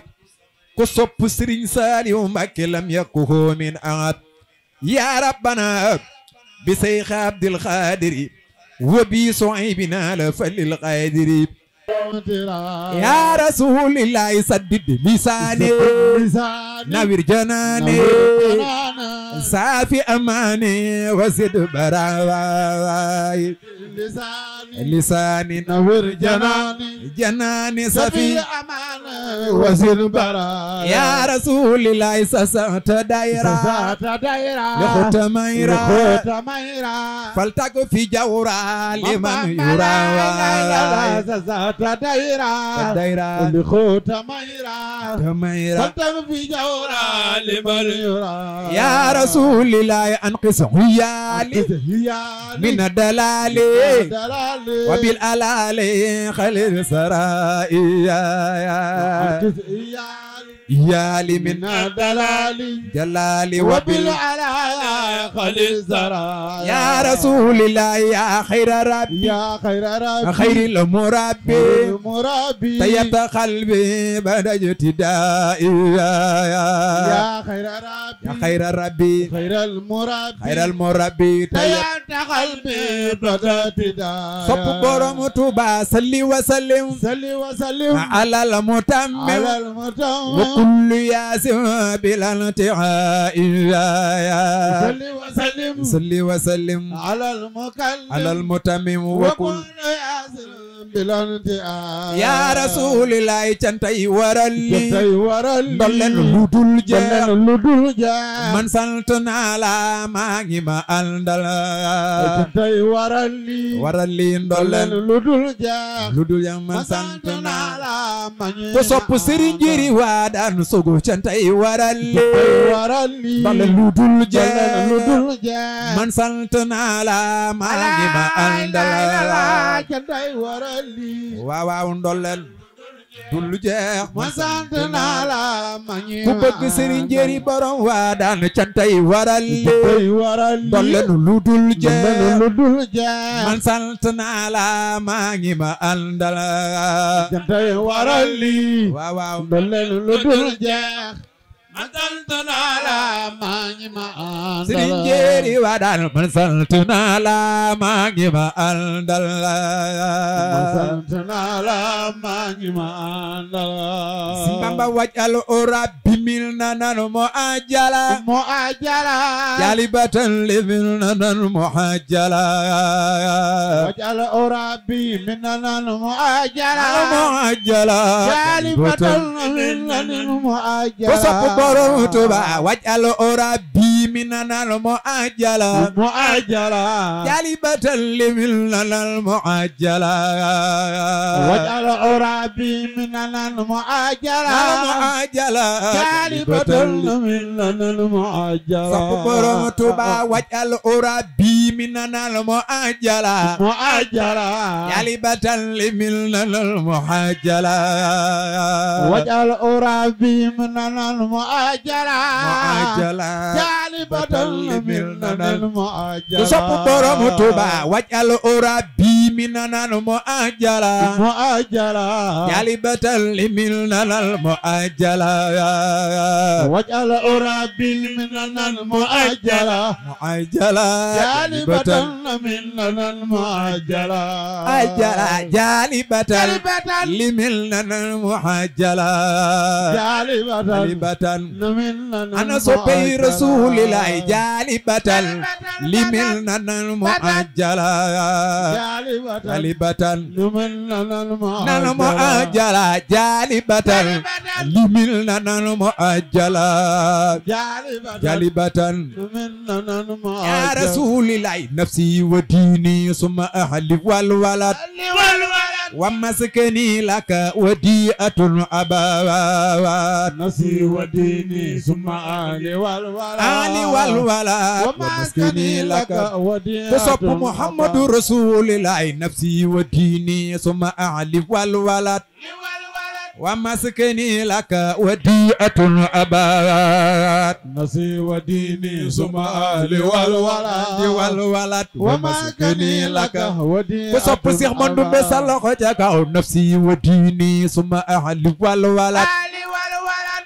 ku sopp sëriñ saaliw mbàkke lam yakkuhu min ahad yaa rabbana bi sayxi abdil xaadiri wa bi soxibina la falil xaadiri يا رسول الله سدد لساني نوير جناني صافي أماني وزد براواي lisaani nawir janaani janaani safi amaana wasir bara ya rasulillahi sasata daira sasata daira lixuta mayra lixuta mayra faltaku fi jawra liman yura sasata daira daira lixuta mayra tamayra faltaku fi jawra liman yura ya rasulillahi anqis hiya min dalali وبالألال خليل سرائي يا لمن دلال جلال وبالعلا خلي الزرا يا رسول الله يا خير ربي يا خير ربي خير المربي المربي طيب قلبي بدا ابتدائي يا خير ربي يا خير ربي خير المربي خير المربي طيب قلبي بدا ابتدائي صب برم توبا صلي وسلم صلي وسلم على المتمم على المتمم قل يا سما بلا انتهاء إلا صلي وسلم صلي وسلم على المكلم على المتمم وكل yaa rasulilaay cantay waral lii cantay waral lii mbaleen lu dul jeex lu dul jeex man sant naa la maa ngi ma àndal cantay waral lii waral lii ndoleen lu dul jeex lu dul jeex man sant naa la maa ngi ma àndal ku sopp Serigne Djily Wada an sogo cantay e waral waral bala ludul jaay man sant naa maa ngi ma àndal waaw waaw ndolleen dul jeex ma sant naa la ma ñi ma ngi ma àndal cantay waral li waaw waaw dollenu lu dul jeex sëriñ si Bamba wajal ora bimil na nanu mo ajala ajala jali batan limil na nanu mo ajala borom Tuuba wajal orabi minanal muajjala muajjala jalibatan liminanal muajjala wajal orabi minanal muajjala muajjala jalibatan liminanal muajjala sax borom Tuuba wajal orabi minanal muajjala muajjala jalibatan liminanal muajjala wajal orabi minanal muajjala muajjala muajjala jalibatan minana al muajjala sopp borom Tuuba wajal ora bi minana al muajjala muajjala jalibatan minana al muajjala wajal ora bi minana al muajjala muajjala jalibatan minana al muajjala ajjala jalibatan minana al muajjala jalibatan أنا صبي رسول الله جالبة لملنا المؤجلة جالبة لملنا المؤجلة جالبة لملنا المؤجلة جالبة يا رسول الله نفسي وديني ثم أهلي والولد والولد ومسكني لك وديئة أبا نصي وديني ثم آلي والولا آلي والولا ومسكني لك وديئة تصب محمد رسول الله نفسي وديني ثم آلي والولا ومسكني لك وديعة أبات نسي وديني ثم أهلي والولد والولد ومسكني لك وديعة كسب سيخ من دون بسالة نفسي وديني ثم أهلي والولد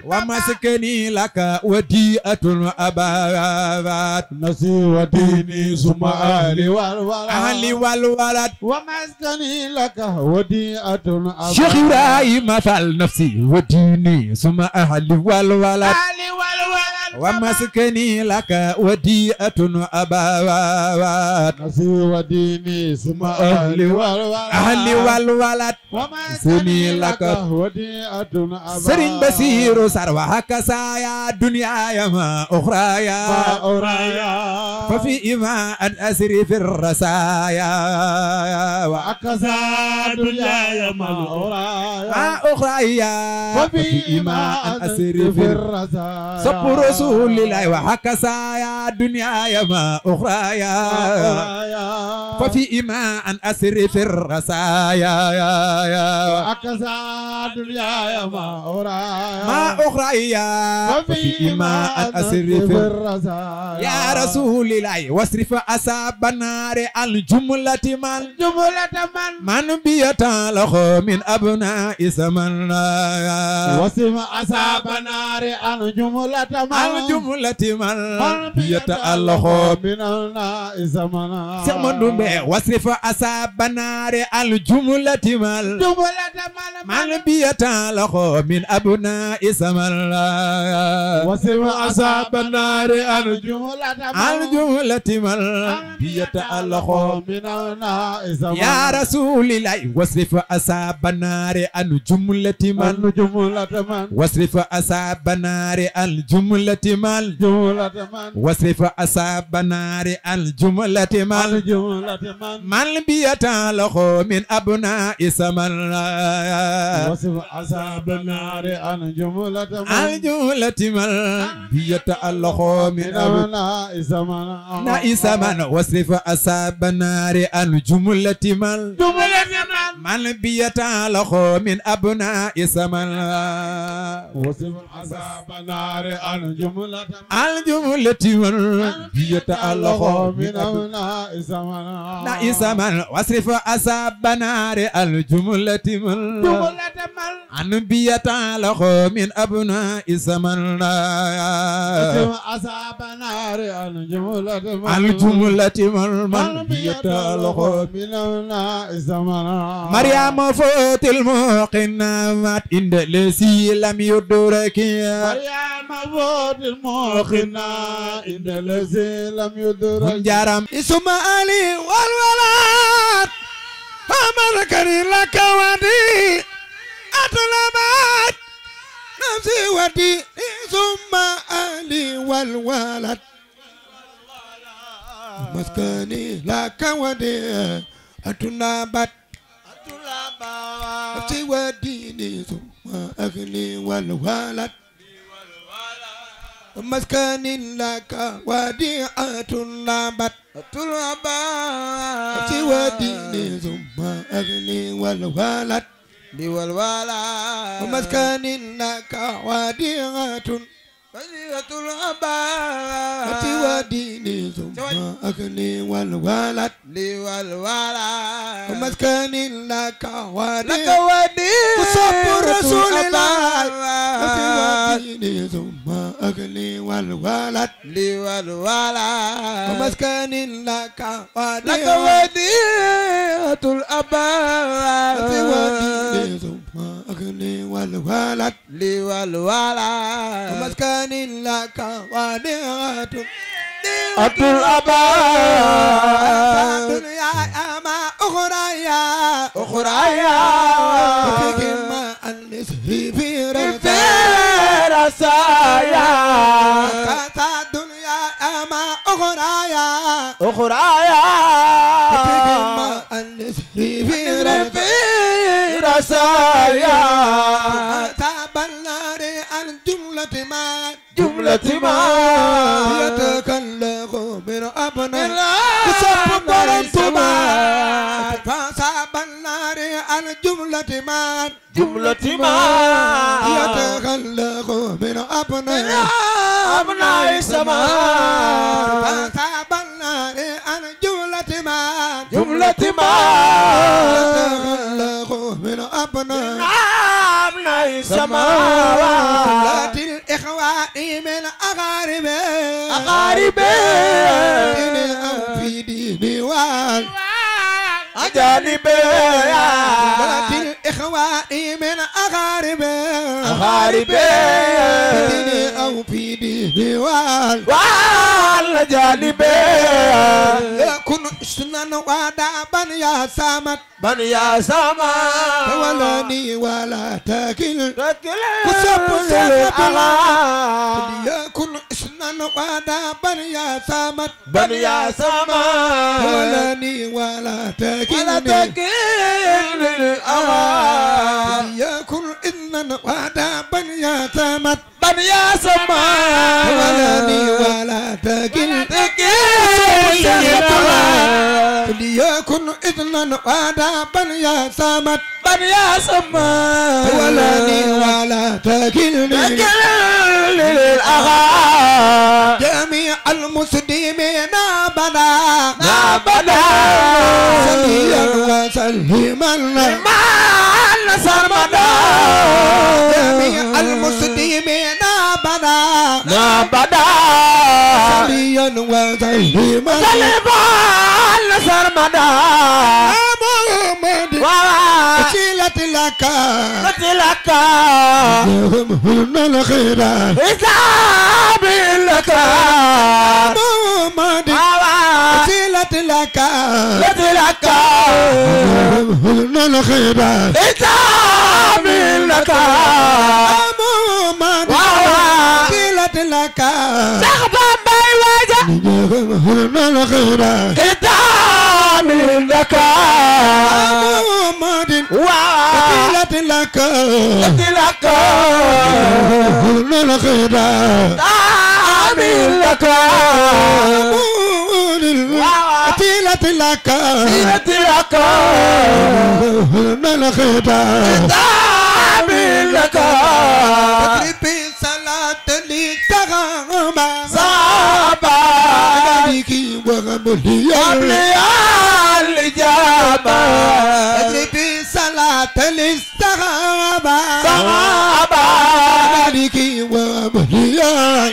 ومسكني لك وديئة أبات نصير وديني ثم أهلي والولد أهلي والولد ومسكني لك وديئة أبات شيخ إبراهيم مثل نفسي وديني ثم أهلي والولد أهلي والولد ومسكني لك وديئة أباوات نسي وديني ثم أهلي والولد أهلي والولد ومسكني لك وديئة أباوات سرين بسير سروحك سايا دنيا يما أخرايا أخرايا ففي إماء أسري في الرسايا وأكسا دنيا يما أخرايا أخرايا ففي إماء أسري في الرسايا رسول الله وعكسا يا دنيا يا ما أخرايا ففي إما أن أسر في الرسايا يا يا وعكسا دنيا يا ما أخرايا ما أخرايا ففي إما أن أسر في الرسايا يا رسول الله واصرف أصاب نار الجملة من جملة من من بيتا له من أبناء زمن واصرف أصاب نار الجملة من الجملة من يتألخ من الزمن سمن به وصرف أصاب نار الجملة من من بيتألخ من أبناء سمن وصرف أصاب نار الجملة الجملة من بيتألخ من أبناء سمن يا رسول الله وصرف أصاب نار الجملة من وصرف أصاب نار الجملة الجملة مال جملة مال واصرف أصاب نار الجملة مال الجملة مال مال بيتالخ من أبناء سمر واصرف أصاب نار الجملة مال الجملة مال بيتالخ من أبناء سمر نائس من واصرف أصاب نار الجملة مال جملة مال مال بيتالخ من أبناء سمر واصرف أصاب نار الجملة الجملة من يتألق من أبناء زمان لا زمان واصرف أصاب نار الجملة من جملة من عن بيتألق من أبناء زمان أصاب نار الجملة من الجملة من من بيتألق من أبناء زمان مريم فوت الموقنات إن لسي لم يدرك مريم فوت الموقنا إن الذي لم يدرك جرم اسم علي والولد فمن كريم لك ودي أطلبت نفسي ودي ثم علي والولد مسكني لك ودي أطلبت أطلبت نفسي وديني ثم أغني والولد مسكن لك وديعة لابت ترابا في ودين ثم أغني والولد بولولا مسكن لك وديعة فجرة الأباء وديني ثم أغني والولد لي والولد ومسكن لك ودين لك ودين وصبر رسول الله وديني ثم أغني والولد لي والولد ومسكن لك ودين لك ودية الأباء وديني ثم ما أغني والولد لي والولد ومسكن لك وديعة أبو الأباء دنيا أما أخرى يا أخرى يا فيك ما أنس في فيرسا فيرسا يا دنيا أما أخرى يا أخرى يا فيك ما أنس المسايا تابلنا عن جملة ما جملة ما يتكلم من أبناء كسب برمتما فسابلنا عن جملة ما جملة ما يتكلم من أبناء أبناء السماء فسابلنا عن جملة ما جملة ما يتكلم من لنا نعم سماوات الإخوان من أغارب أغارب دين أم في دين وان أجانب سماوات الإخوان من أغارب أغارب دين أم في دين وان وان أجانب حسنا ودعبا يا سامت بن يا سامت تولني ولا تكل تكل وسب على ليكن حسنا ودعبا يا سامت بن يا سامت تولني ولا تكل ولا تكل للأوى ليكن إذنا ودعبا يا سامت بن يا سامت تولني ولا تكل ليكن إذنا وعدا بل يا سامت بل يا سما ولاني ولا تكلني للأغا جميع المسلمين بنا بنا سليا وسلما لمن سرمدا جميع المسلمين بدا نبدا سبيا وتسليما سليما سرمدا محمد وسيلة لك لك لهم هن الخيرات إذا بلك محمد التي لت لك لت لك نال خيبة إذا منك أموما التي لت لك سخبا باي واجا نال خيبة إذا منك أموما لت لك لت لك نال خيبة آمين لك تيلة لك تيلة لك من خطاب خطاب لك تقرب صلاة لي تغامى صعبة عليك وغملي أملي الإجابة تقرب صلاة لي تغامى صعبة عليك وغملي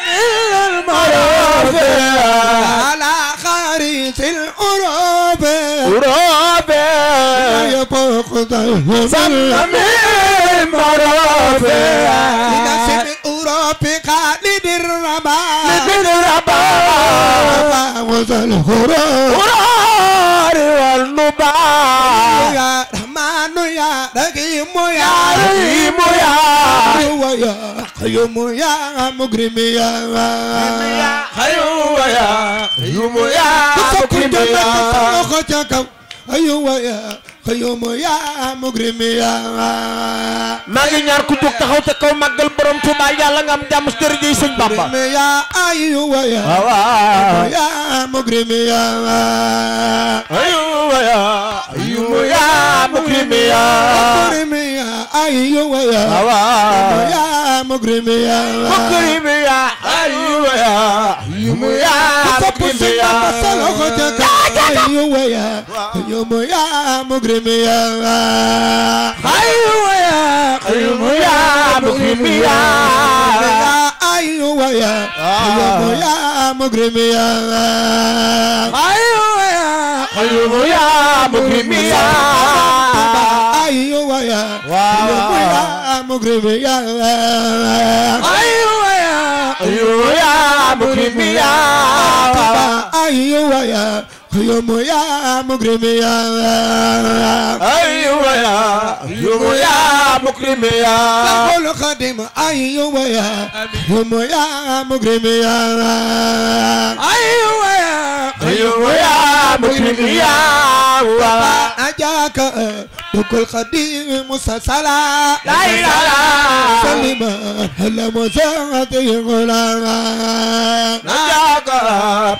العرب على خريط العرب عرب يبوق ضيهم صمم عرب لنسم العرب خالد الربا خالد الربا وفاوز الغرور غرار والنبا يا رحمن يا رحيم يا رحيم يا خيوم يا مجرم يا خيوم يا خيوم يا مجرم يا xëyooma yaa mugrimi yaa maa ñaar ku jóg taxaw te kaw màggal borom Tuubaa yàlla nga ayuwa yaa ayuwa yaa ayuwa yaa ويا يوم يا مجرم يا يوم يا مجرم يا أيوة يا يوم يا مجرم يا أيوة يا يوم يا مجرم يا أيوة يا يوم يا مجرم يا أيوة يا يوم يا مجرم يا أيوة أيوة يا مجرم يا أيوة يا يوم يا مجرم يا أيوة يا يوم يا مجرم يا قول خادم أيوة يا يوم يا مجرم يا أيوة يا يوم يا مجرم يا أجاك دق القديم مسلسلا لا إله سلم هل مزاده غلاما نجاك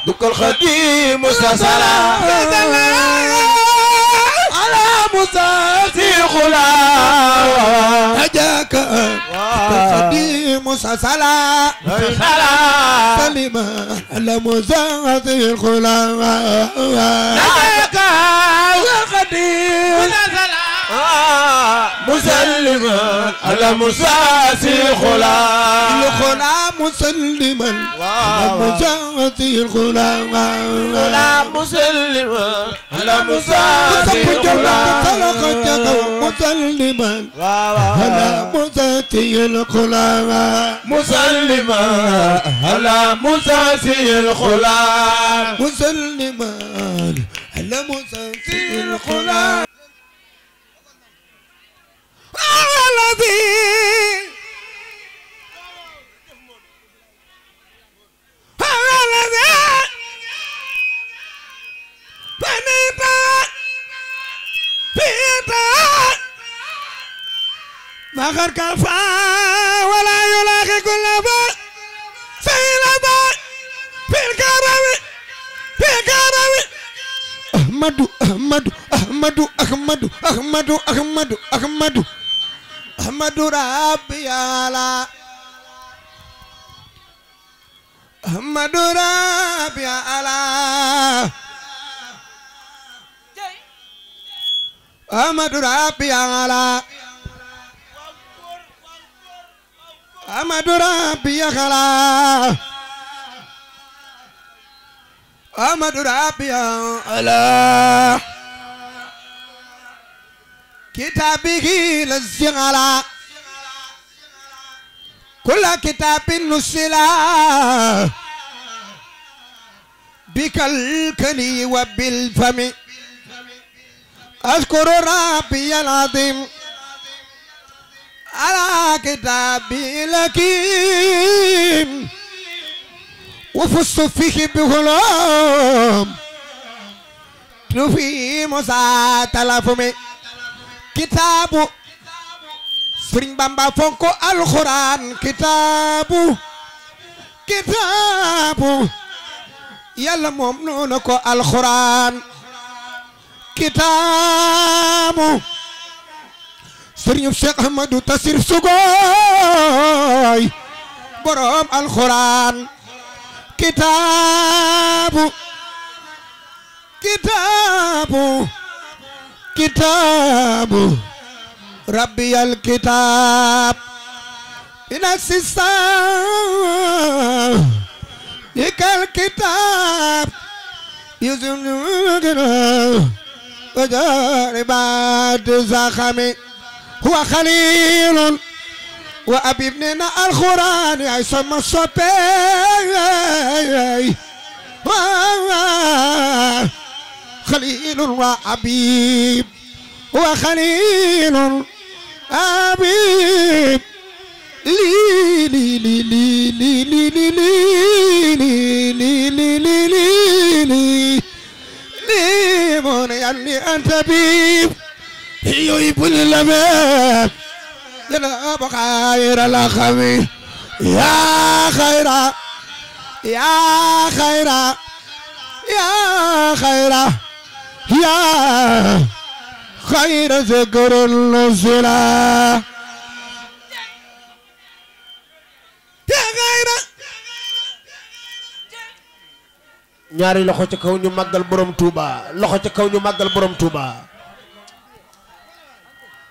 دق القديم مسلسلا على مساسي غلاما نجاك دق القديم مسلسلا سلم هل مزاده غلاما نجاك دق القديم مسلسلا مسلما على مساسي الخلا الخلا مسلما على مساسي الخلا الخلا مسلما على مساسي الخلا مسلما على مساسي الخلا مسلما على مساسي الخلا مسلما على مساسي الخلا فخر كفى ولا يلاقي كل بر سيل بر في الكرم في الكرم أحمد أحمد أحمد أحمد أحمد أحمد أحمد أحمد ربي على أحمد ربي على أحمد ربي على Amadu Rabbi Yaqala Amadu Rabbi Yaqala كتابه للزغلا كل كتاب نسلا بك الكلي وبالفم أذكر ربي العظيم على كتابي لكيم وفزت فيه بغلام تنفي موسى تلافمي كتابو سرين بامبا فونكو القرآن كتابو كتابو يلا مومنونكو القرآن كتابو sëriñub Cheikh Ahmadou Tafsir Sugooy boroom alxuraan kitaabu kitaabu rabbi al kitaab inaksistaa dikal kitaab yusum nu gëna wajaari baat huwa xaliilun wa abib nee na alxuraan yaay sama soppeey xaliilun wa abib huwa xaliilun abib lii lii lii lii lii lii lii lii lii lii lii lii يحب اللمام ينهب خير الأخم يا خيرا يا خيرا يا خيرا يا خير ذكر النزلا يا خيرا ñaari loxo ca kaw ñu màggal borom Touba loxo ca kaw ñu màggal borom Touba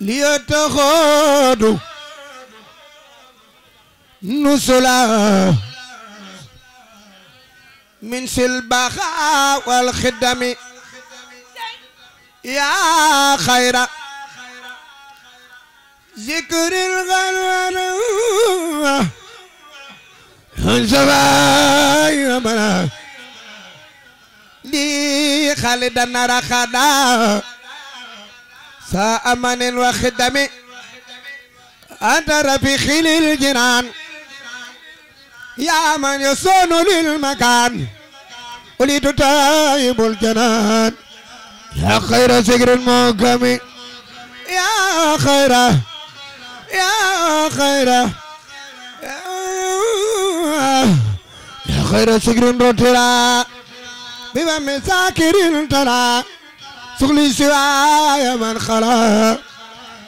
ليتخادوا نسلا من سلبخاء والخدم يا خير ذكر الغنم هنزبايا منا لي خالد النار خدا saa amanin wa xidami anta rabi xilil jinaan yaa man yasoonu lil makaan ulitu taayibul janaan yaa xayra sigrin mookami yaa xayra yaa xayra yaa xayra sigrin rotira bi ba mi saakirin talaa سغلي سواي من خلا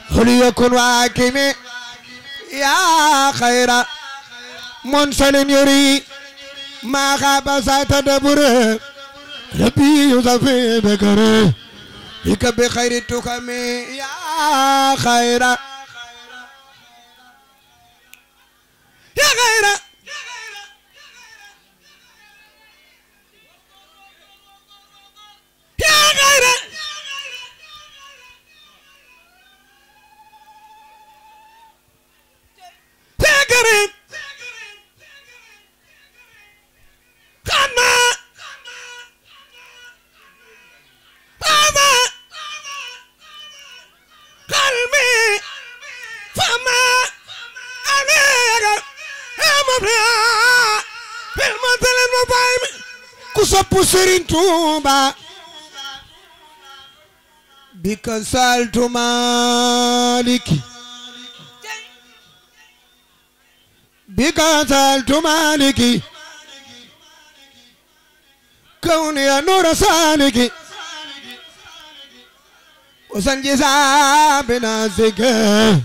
فليكن واكمي يا خير منسل يري ما غاب ستدبر ربي يصفي بكره بك بخير التكم يا خير يا خير يا غيره Sékéré xama xama xalmi fama aneega ama bla pelma telen ma baay mi ku sopp Sëriñ Tuuba bi ka saltu Maaliki بك سألت مالكي كوني نور سالكي وسنجي سابنا زكا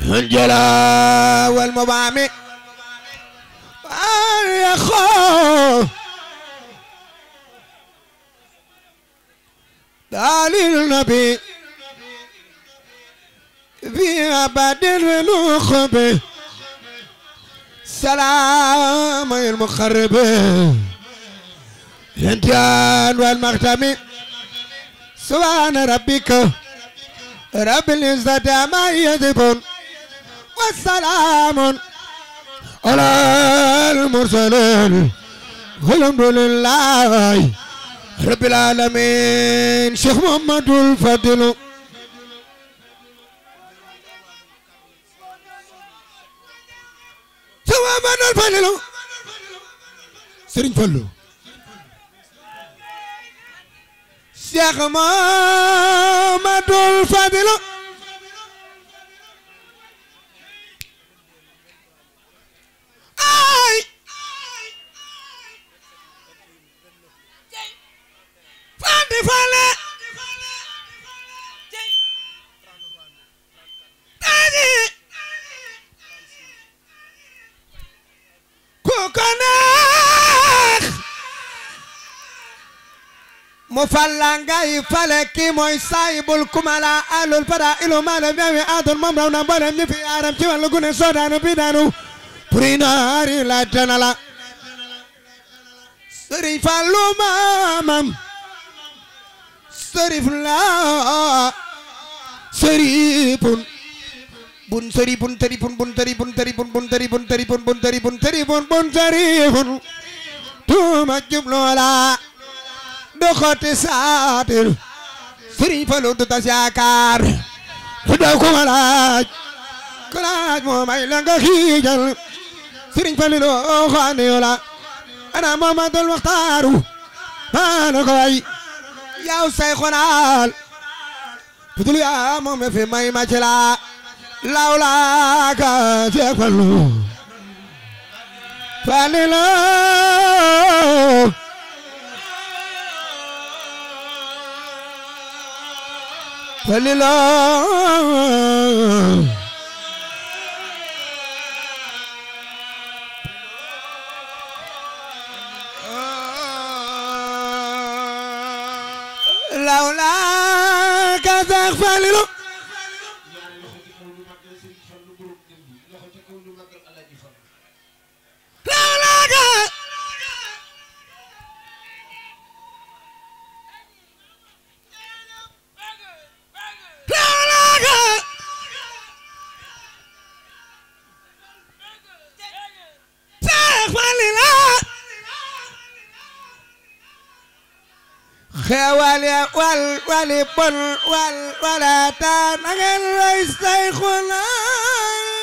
الجلا والمبامي يا خو دالي النبي في أبد الخبي السلام المخرب الانتيان والمختم سبحان ربك رب العزة ما يذبون والسلام على المرسلين والحمد لله رب العالمين شيخ محمد الفضل ma doon falilu Serigne Fallou Cheikh Mamadou Fadilou ay fadi fale taji ku ko neex mu falla ngay fale ki mooy saayibul kumala alul fada ilu malam yawi adul moom raw na mboolem ñi fi aram ci wàllu gune soodaanu bidaanu purinaari la dana la sëriñ Fallu maamam sërif la sërifun bun sari bun tari bun bun tari bun tari bun bun tari bun tari bun bun tari bun tari bun bun tari bun tuuma jubloola doxoti saatir sëriñ Fallu du tas yaakaar fu daw ko ma laaj ko laaj moo may la nga xiijal sëriñ Fallu loo xaane yola ana Muhammadul Muxtaaru maana ko way yaw say xonaal tudul yaa moom fi may ma ci laa لولاك تقبلوا فلله فلله لولاك تقبلوا xewal ya wal wal walaata na ngeen roy say xulaay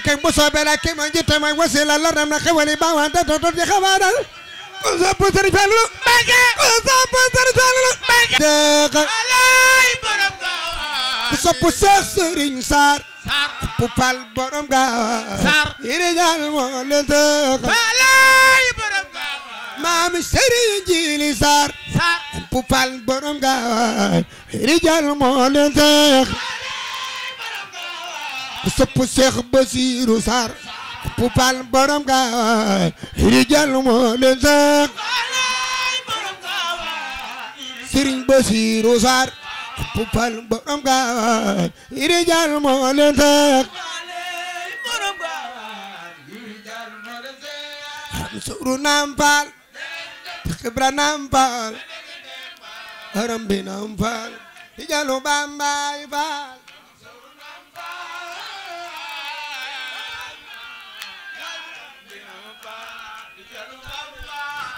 kay bu soobee la kay mooy njiite mooy wasila lor na xewali ba waan te toot ji xabaaral ku sopp Sëriñ Fallu Mbàkke Seex Sëriñ Saar Saar ku borom gaawaar Saar iriñal moo leen deexa alay borom gaawaar maam Sëriñ Saar Saar ku pal borom gaawaar iriñal moo leen deexa bu sëpp Seex Basiiru Saar bu baal borom gaawaay xiri jàll moo leen sax Sëriñ Basiiru Saar bu baal borom gaawaay xiri jàll moo leen sax suru nampal xibra nampal aram bi nampal di jàllu bambaay faal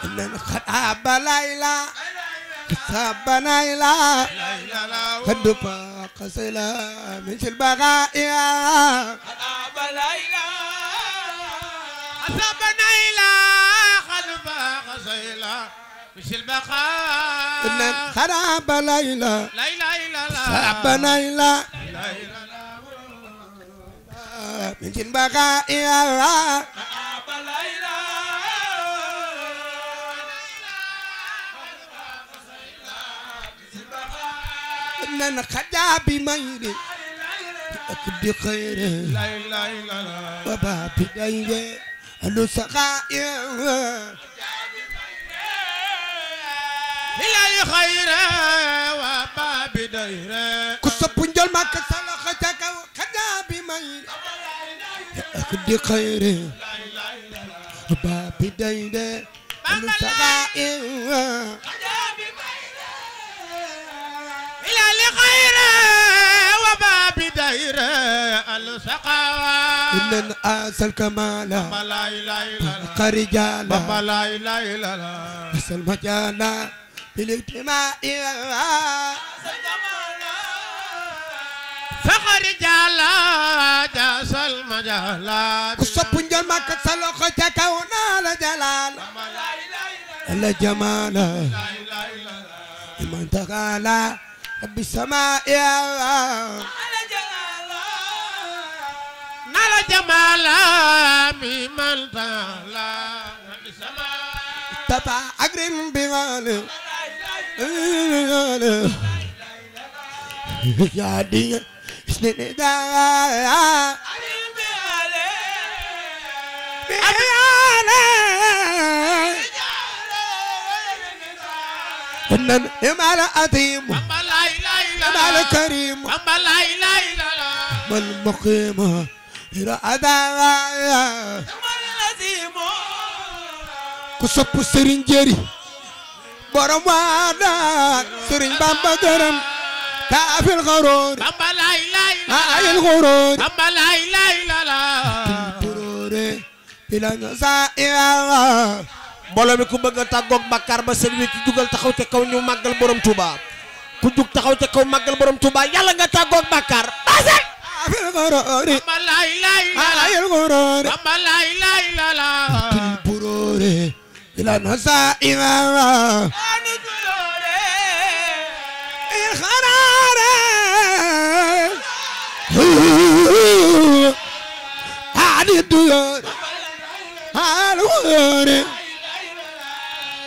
خاب ليلى خاب ليلى قد فاق سلا من البغاء خاب ليلى خاب ليلى قد فاق سلا مش البقاء إن خراب ليلى ليلى إلا خراب ليلى من البقاء خراب ليلى من خجا بميري أكد خير وباب دير لسخائر إلى خير وباب دير كسب جل ما كسل خجاك خجا بميري أكد خير وباب دير لسخائر إن أنسى الكمال قرجال أنسى المجال بالاجتماع فخر جالا جاس المجال كسب جمع كسلوخ جكونا لجلال الجمال إمان تغالا بسماء نال جمال ممن تعالى تبع أقرم بغالي يا دي سنين دا بغالي فنان امال عظيم امال كريم من مقيم الى ادايا ku sopp sëriñ jëri borom waa daan sëriñ bamba gërëm taafil xoroor bamba laay laay la ayil xoroor bamba laay laay la la mbooloo mi ku bëgg a tàggoog bàkkaar ba seen wi ci dugal taxaw ca kaw ñu màggal borom Touba ku jug taxaw ca kaw màggal borom Touba yàlla nga tàggoog bàkkaar base afil goroori amalay lay alayil goroori amalay lay lala buroore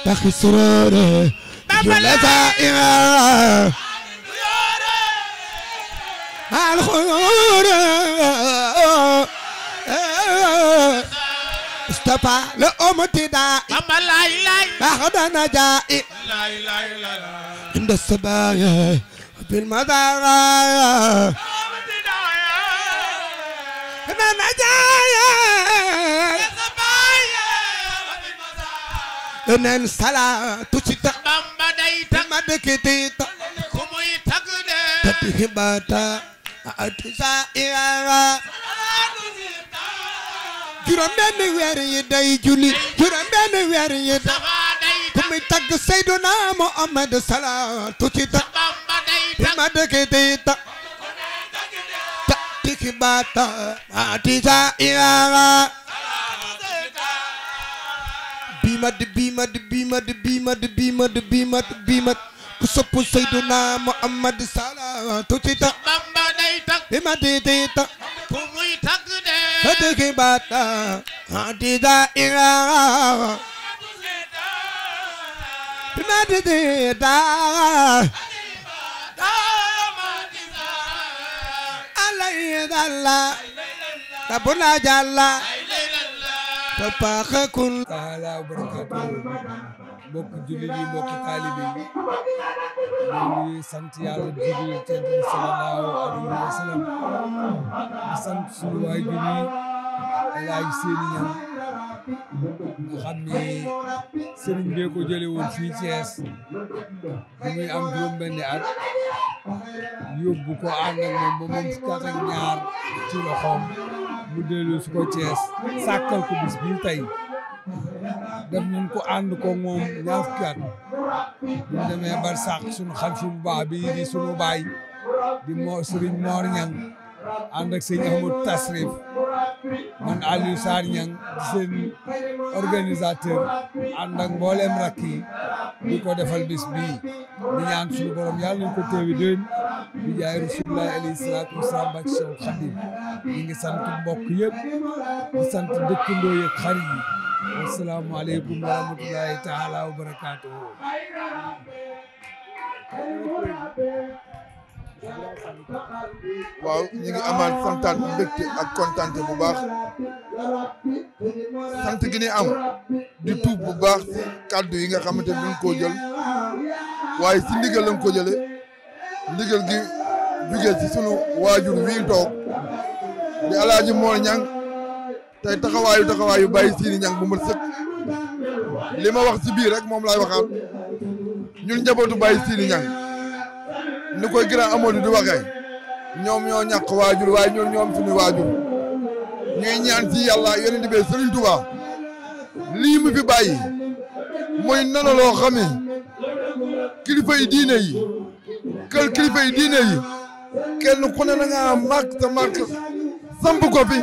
تخي سروري جل فائرة مع الخيور استفى لأمتي دائي بعد نجائي عند السبايا في المدارة أنا نجايا neen salaatu ci ta bamba day tag ma dëkkiti ta ku muy tag de tati hibata atu sa weer yi day julli juróom weer yi day ku muy tag Seydina Muhammad salaatu ci ta bamba day tag ma dëkkiti ta tati hibata atu bii mat bii mat ku sopp Seydina Muhammad bi mat di ta ku muy tag de sa dëkki di daa ilaa bi mat di daa alay jalla te paaxakun taala barakaatu mbokk jullit yi mbokk taalibe yi ñu ngi sant yàlla julli tedd bi sallallahu alayhi wa sallam di sant suñu waay julli Alaaji Seeni Ñaŋ nga xam ne fii Thiès bu muy am juróom-benni at yóbbu ko ànd ak moom ba moom fukk ak ñaar bu dellu su ko Thiès sàkkal ko bis bii tey def nañ ko ànd ko moom ñaar fukki at bu demee bar sàq sunu xalifum baa bi di sunu baay di moo sëriñ Moor Ñang ànd ak sëñ Ahmadou Tasrif man Aliou Sarr Niang di seen organisateur ànd ak mboolem rakk yi ko defal bis bii di ñaan suñu borom yàlla nañu ko teewi déen di jaay rasulullah alayhi salaatu wasalaam ba ci Cheikh Khadim ñi ngi sant mbokk yëpp di sant dëkkandoo yëpp xarit yi asalaamaaleykum wa rahmatullahi taala wa barakaatuhu waaw ñu ngi amaan santaat mbégte ak kontaante bu baax sant gi ni am di tuub bu baax si kàddu yi nga xamante ni duñ koo jël waaye si ndigal lañ ko jële ndigal gi jugee si sunu waajur wii toog di alaaji mool ñang tey taxawaayu taxawaayu bàyyi siini ñang bu ma sëkk wax si biir rek moom laay waxaat ñun njabootu bàyyi siini ñang ni koy grand Amadou di waxee ñoom ñoo ñàkk waajur waaye ñoom ñoom suñu waajur ñuy ñaan ci yàlla yonent bi Sëriñ Tuubaa lii mu fi bàyyi mooy nana loo xam ne kilifa yi diine yi kër kilifa yi diine yi kenn ku ne na ngaa màkk ba màkk samp ko fi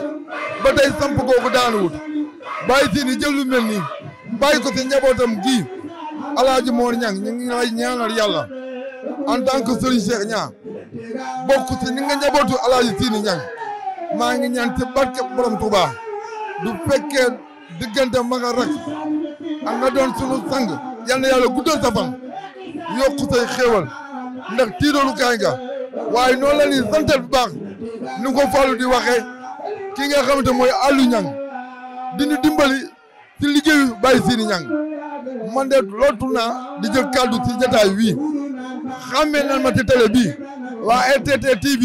ba tey samp googu daanuwut bàyyi si ni jël lu mel nii ko si gii alaaji moor ñang ñu ngi lay ñaanal en tant que Serigne Cheikh Niang bokk ci ñi nga njabootu El Hadj Sini maa ngi ñaan ci barke borom Touba du fekkee diggante ma nga rak a nga doon sunu sang yal na yàlla guddal sa fan yokku say xéewal ndax tiidoolu kaay waaye noonu la ñuy santal bu baax ni ko Fallou di waxee ki nga xamante mooy Aliou Niang di ñu dimbali ci liggéeyu Baye Sini Niang man de lottu naa di jël kàddu ci jataay wii xàmmee nan ma ci télé bii waa RTT TV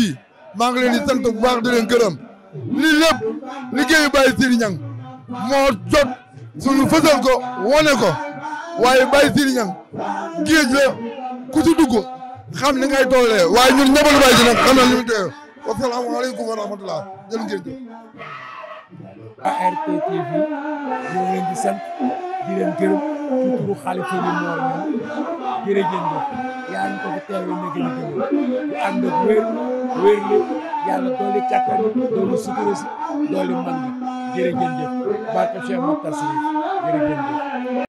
maa ngi leen di sant bu baax di leen gërëm lii lépp liggéeyu Baye Sidy Niang moo jot suñu fësal ko wone ko waaye Baye Sidy Niang géej la ku ci duggo xam ni ngay toolee waaye ñun ñëppalu Baye Sidy Niang xam na li mu teew wasalaamaaleykum wa rahmatulah jërë ngeen jëf RTT ngi leen di sant di leen ci turu xalifa bi moor ñëw jërëjëf yaa ngi ko fi teewe na gën a dëgg bu ànd ak wér wér li yàlla dooli kattan dooli sutura si man bi jërëjëf jëf barke Cheikh Moukhtar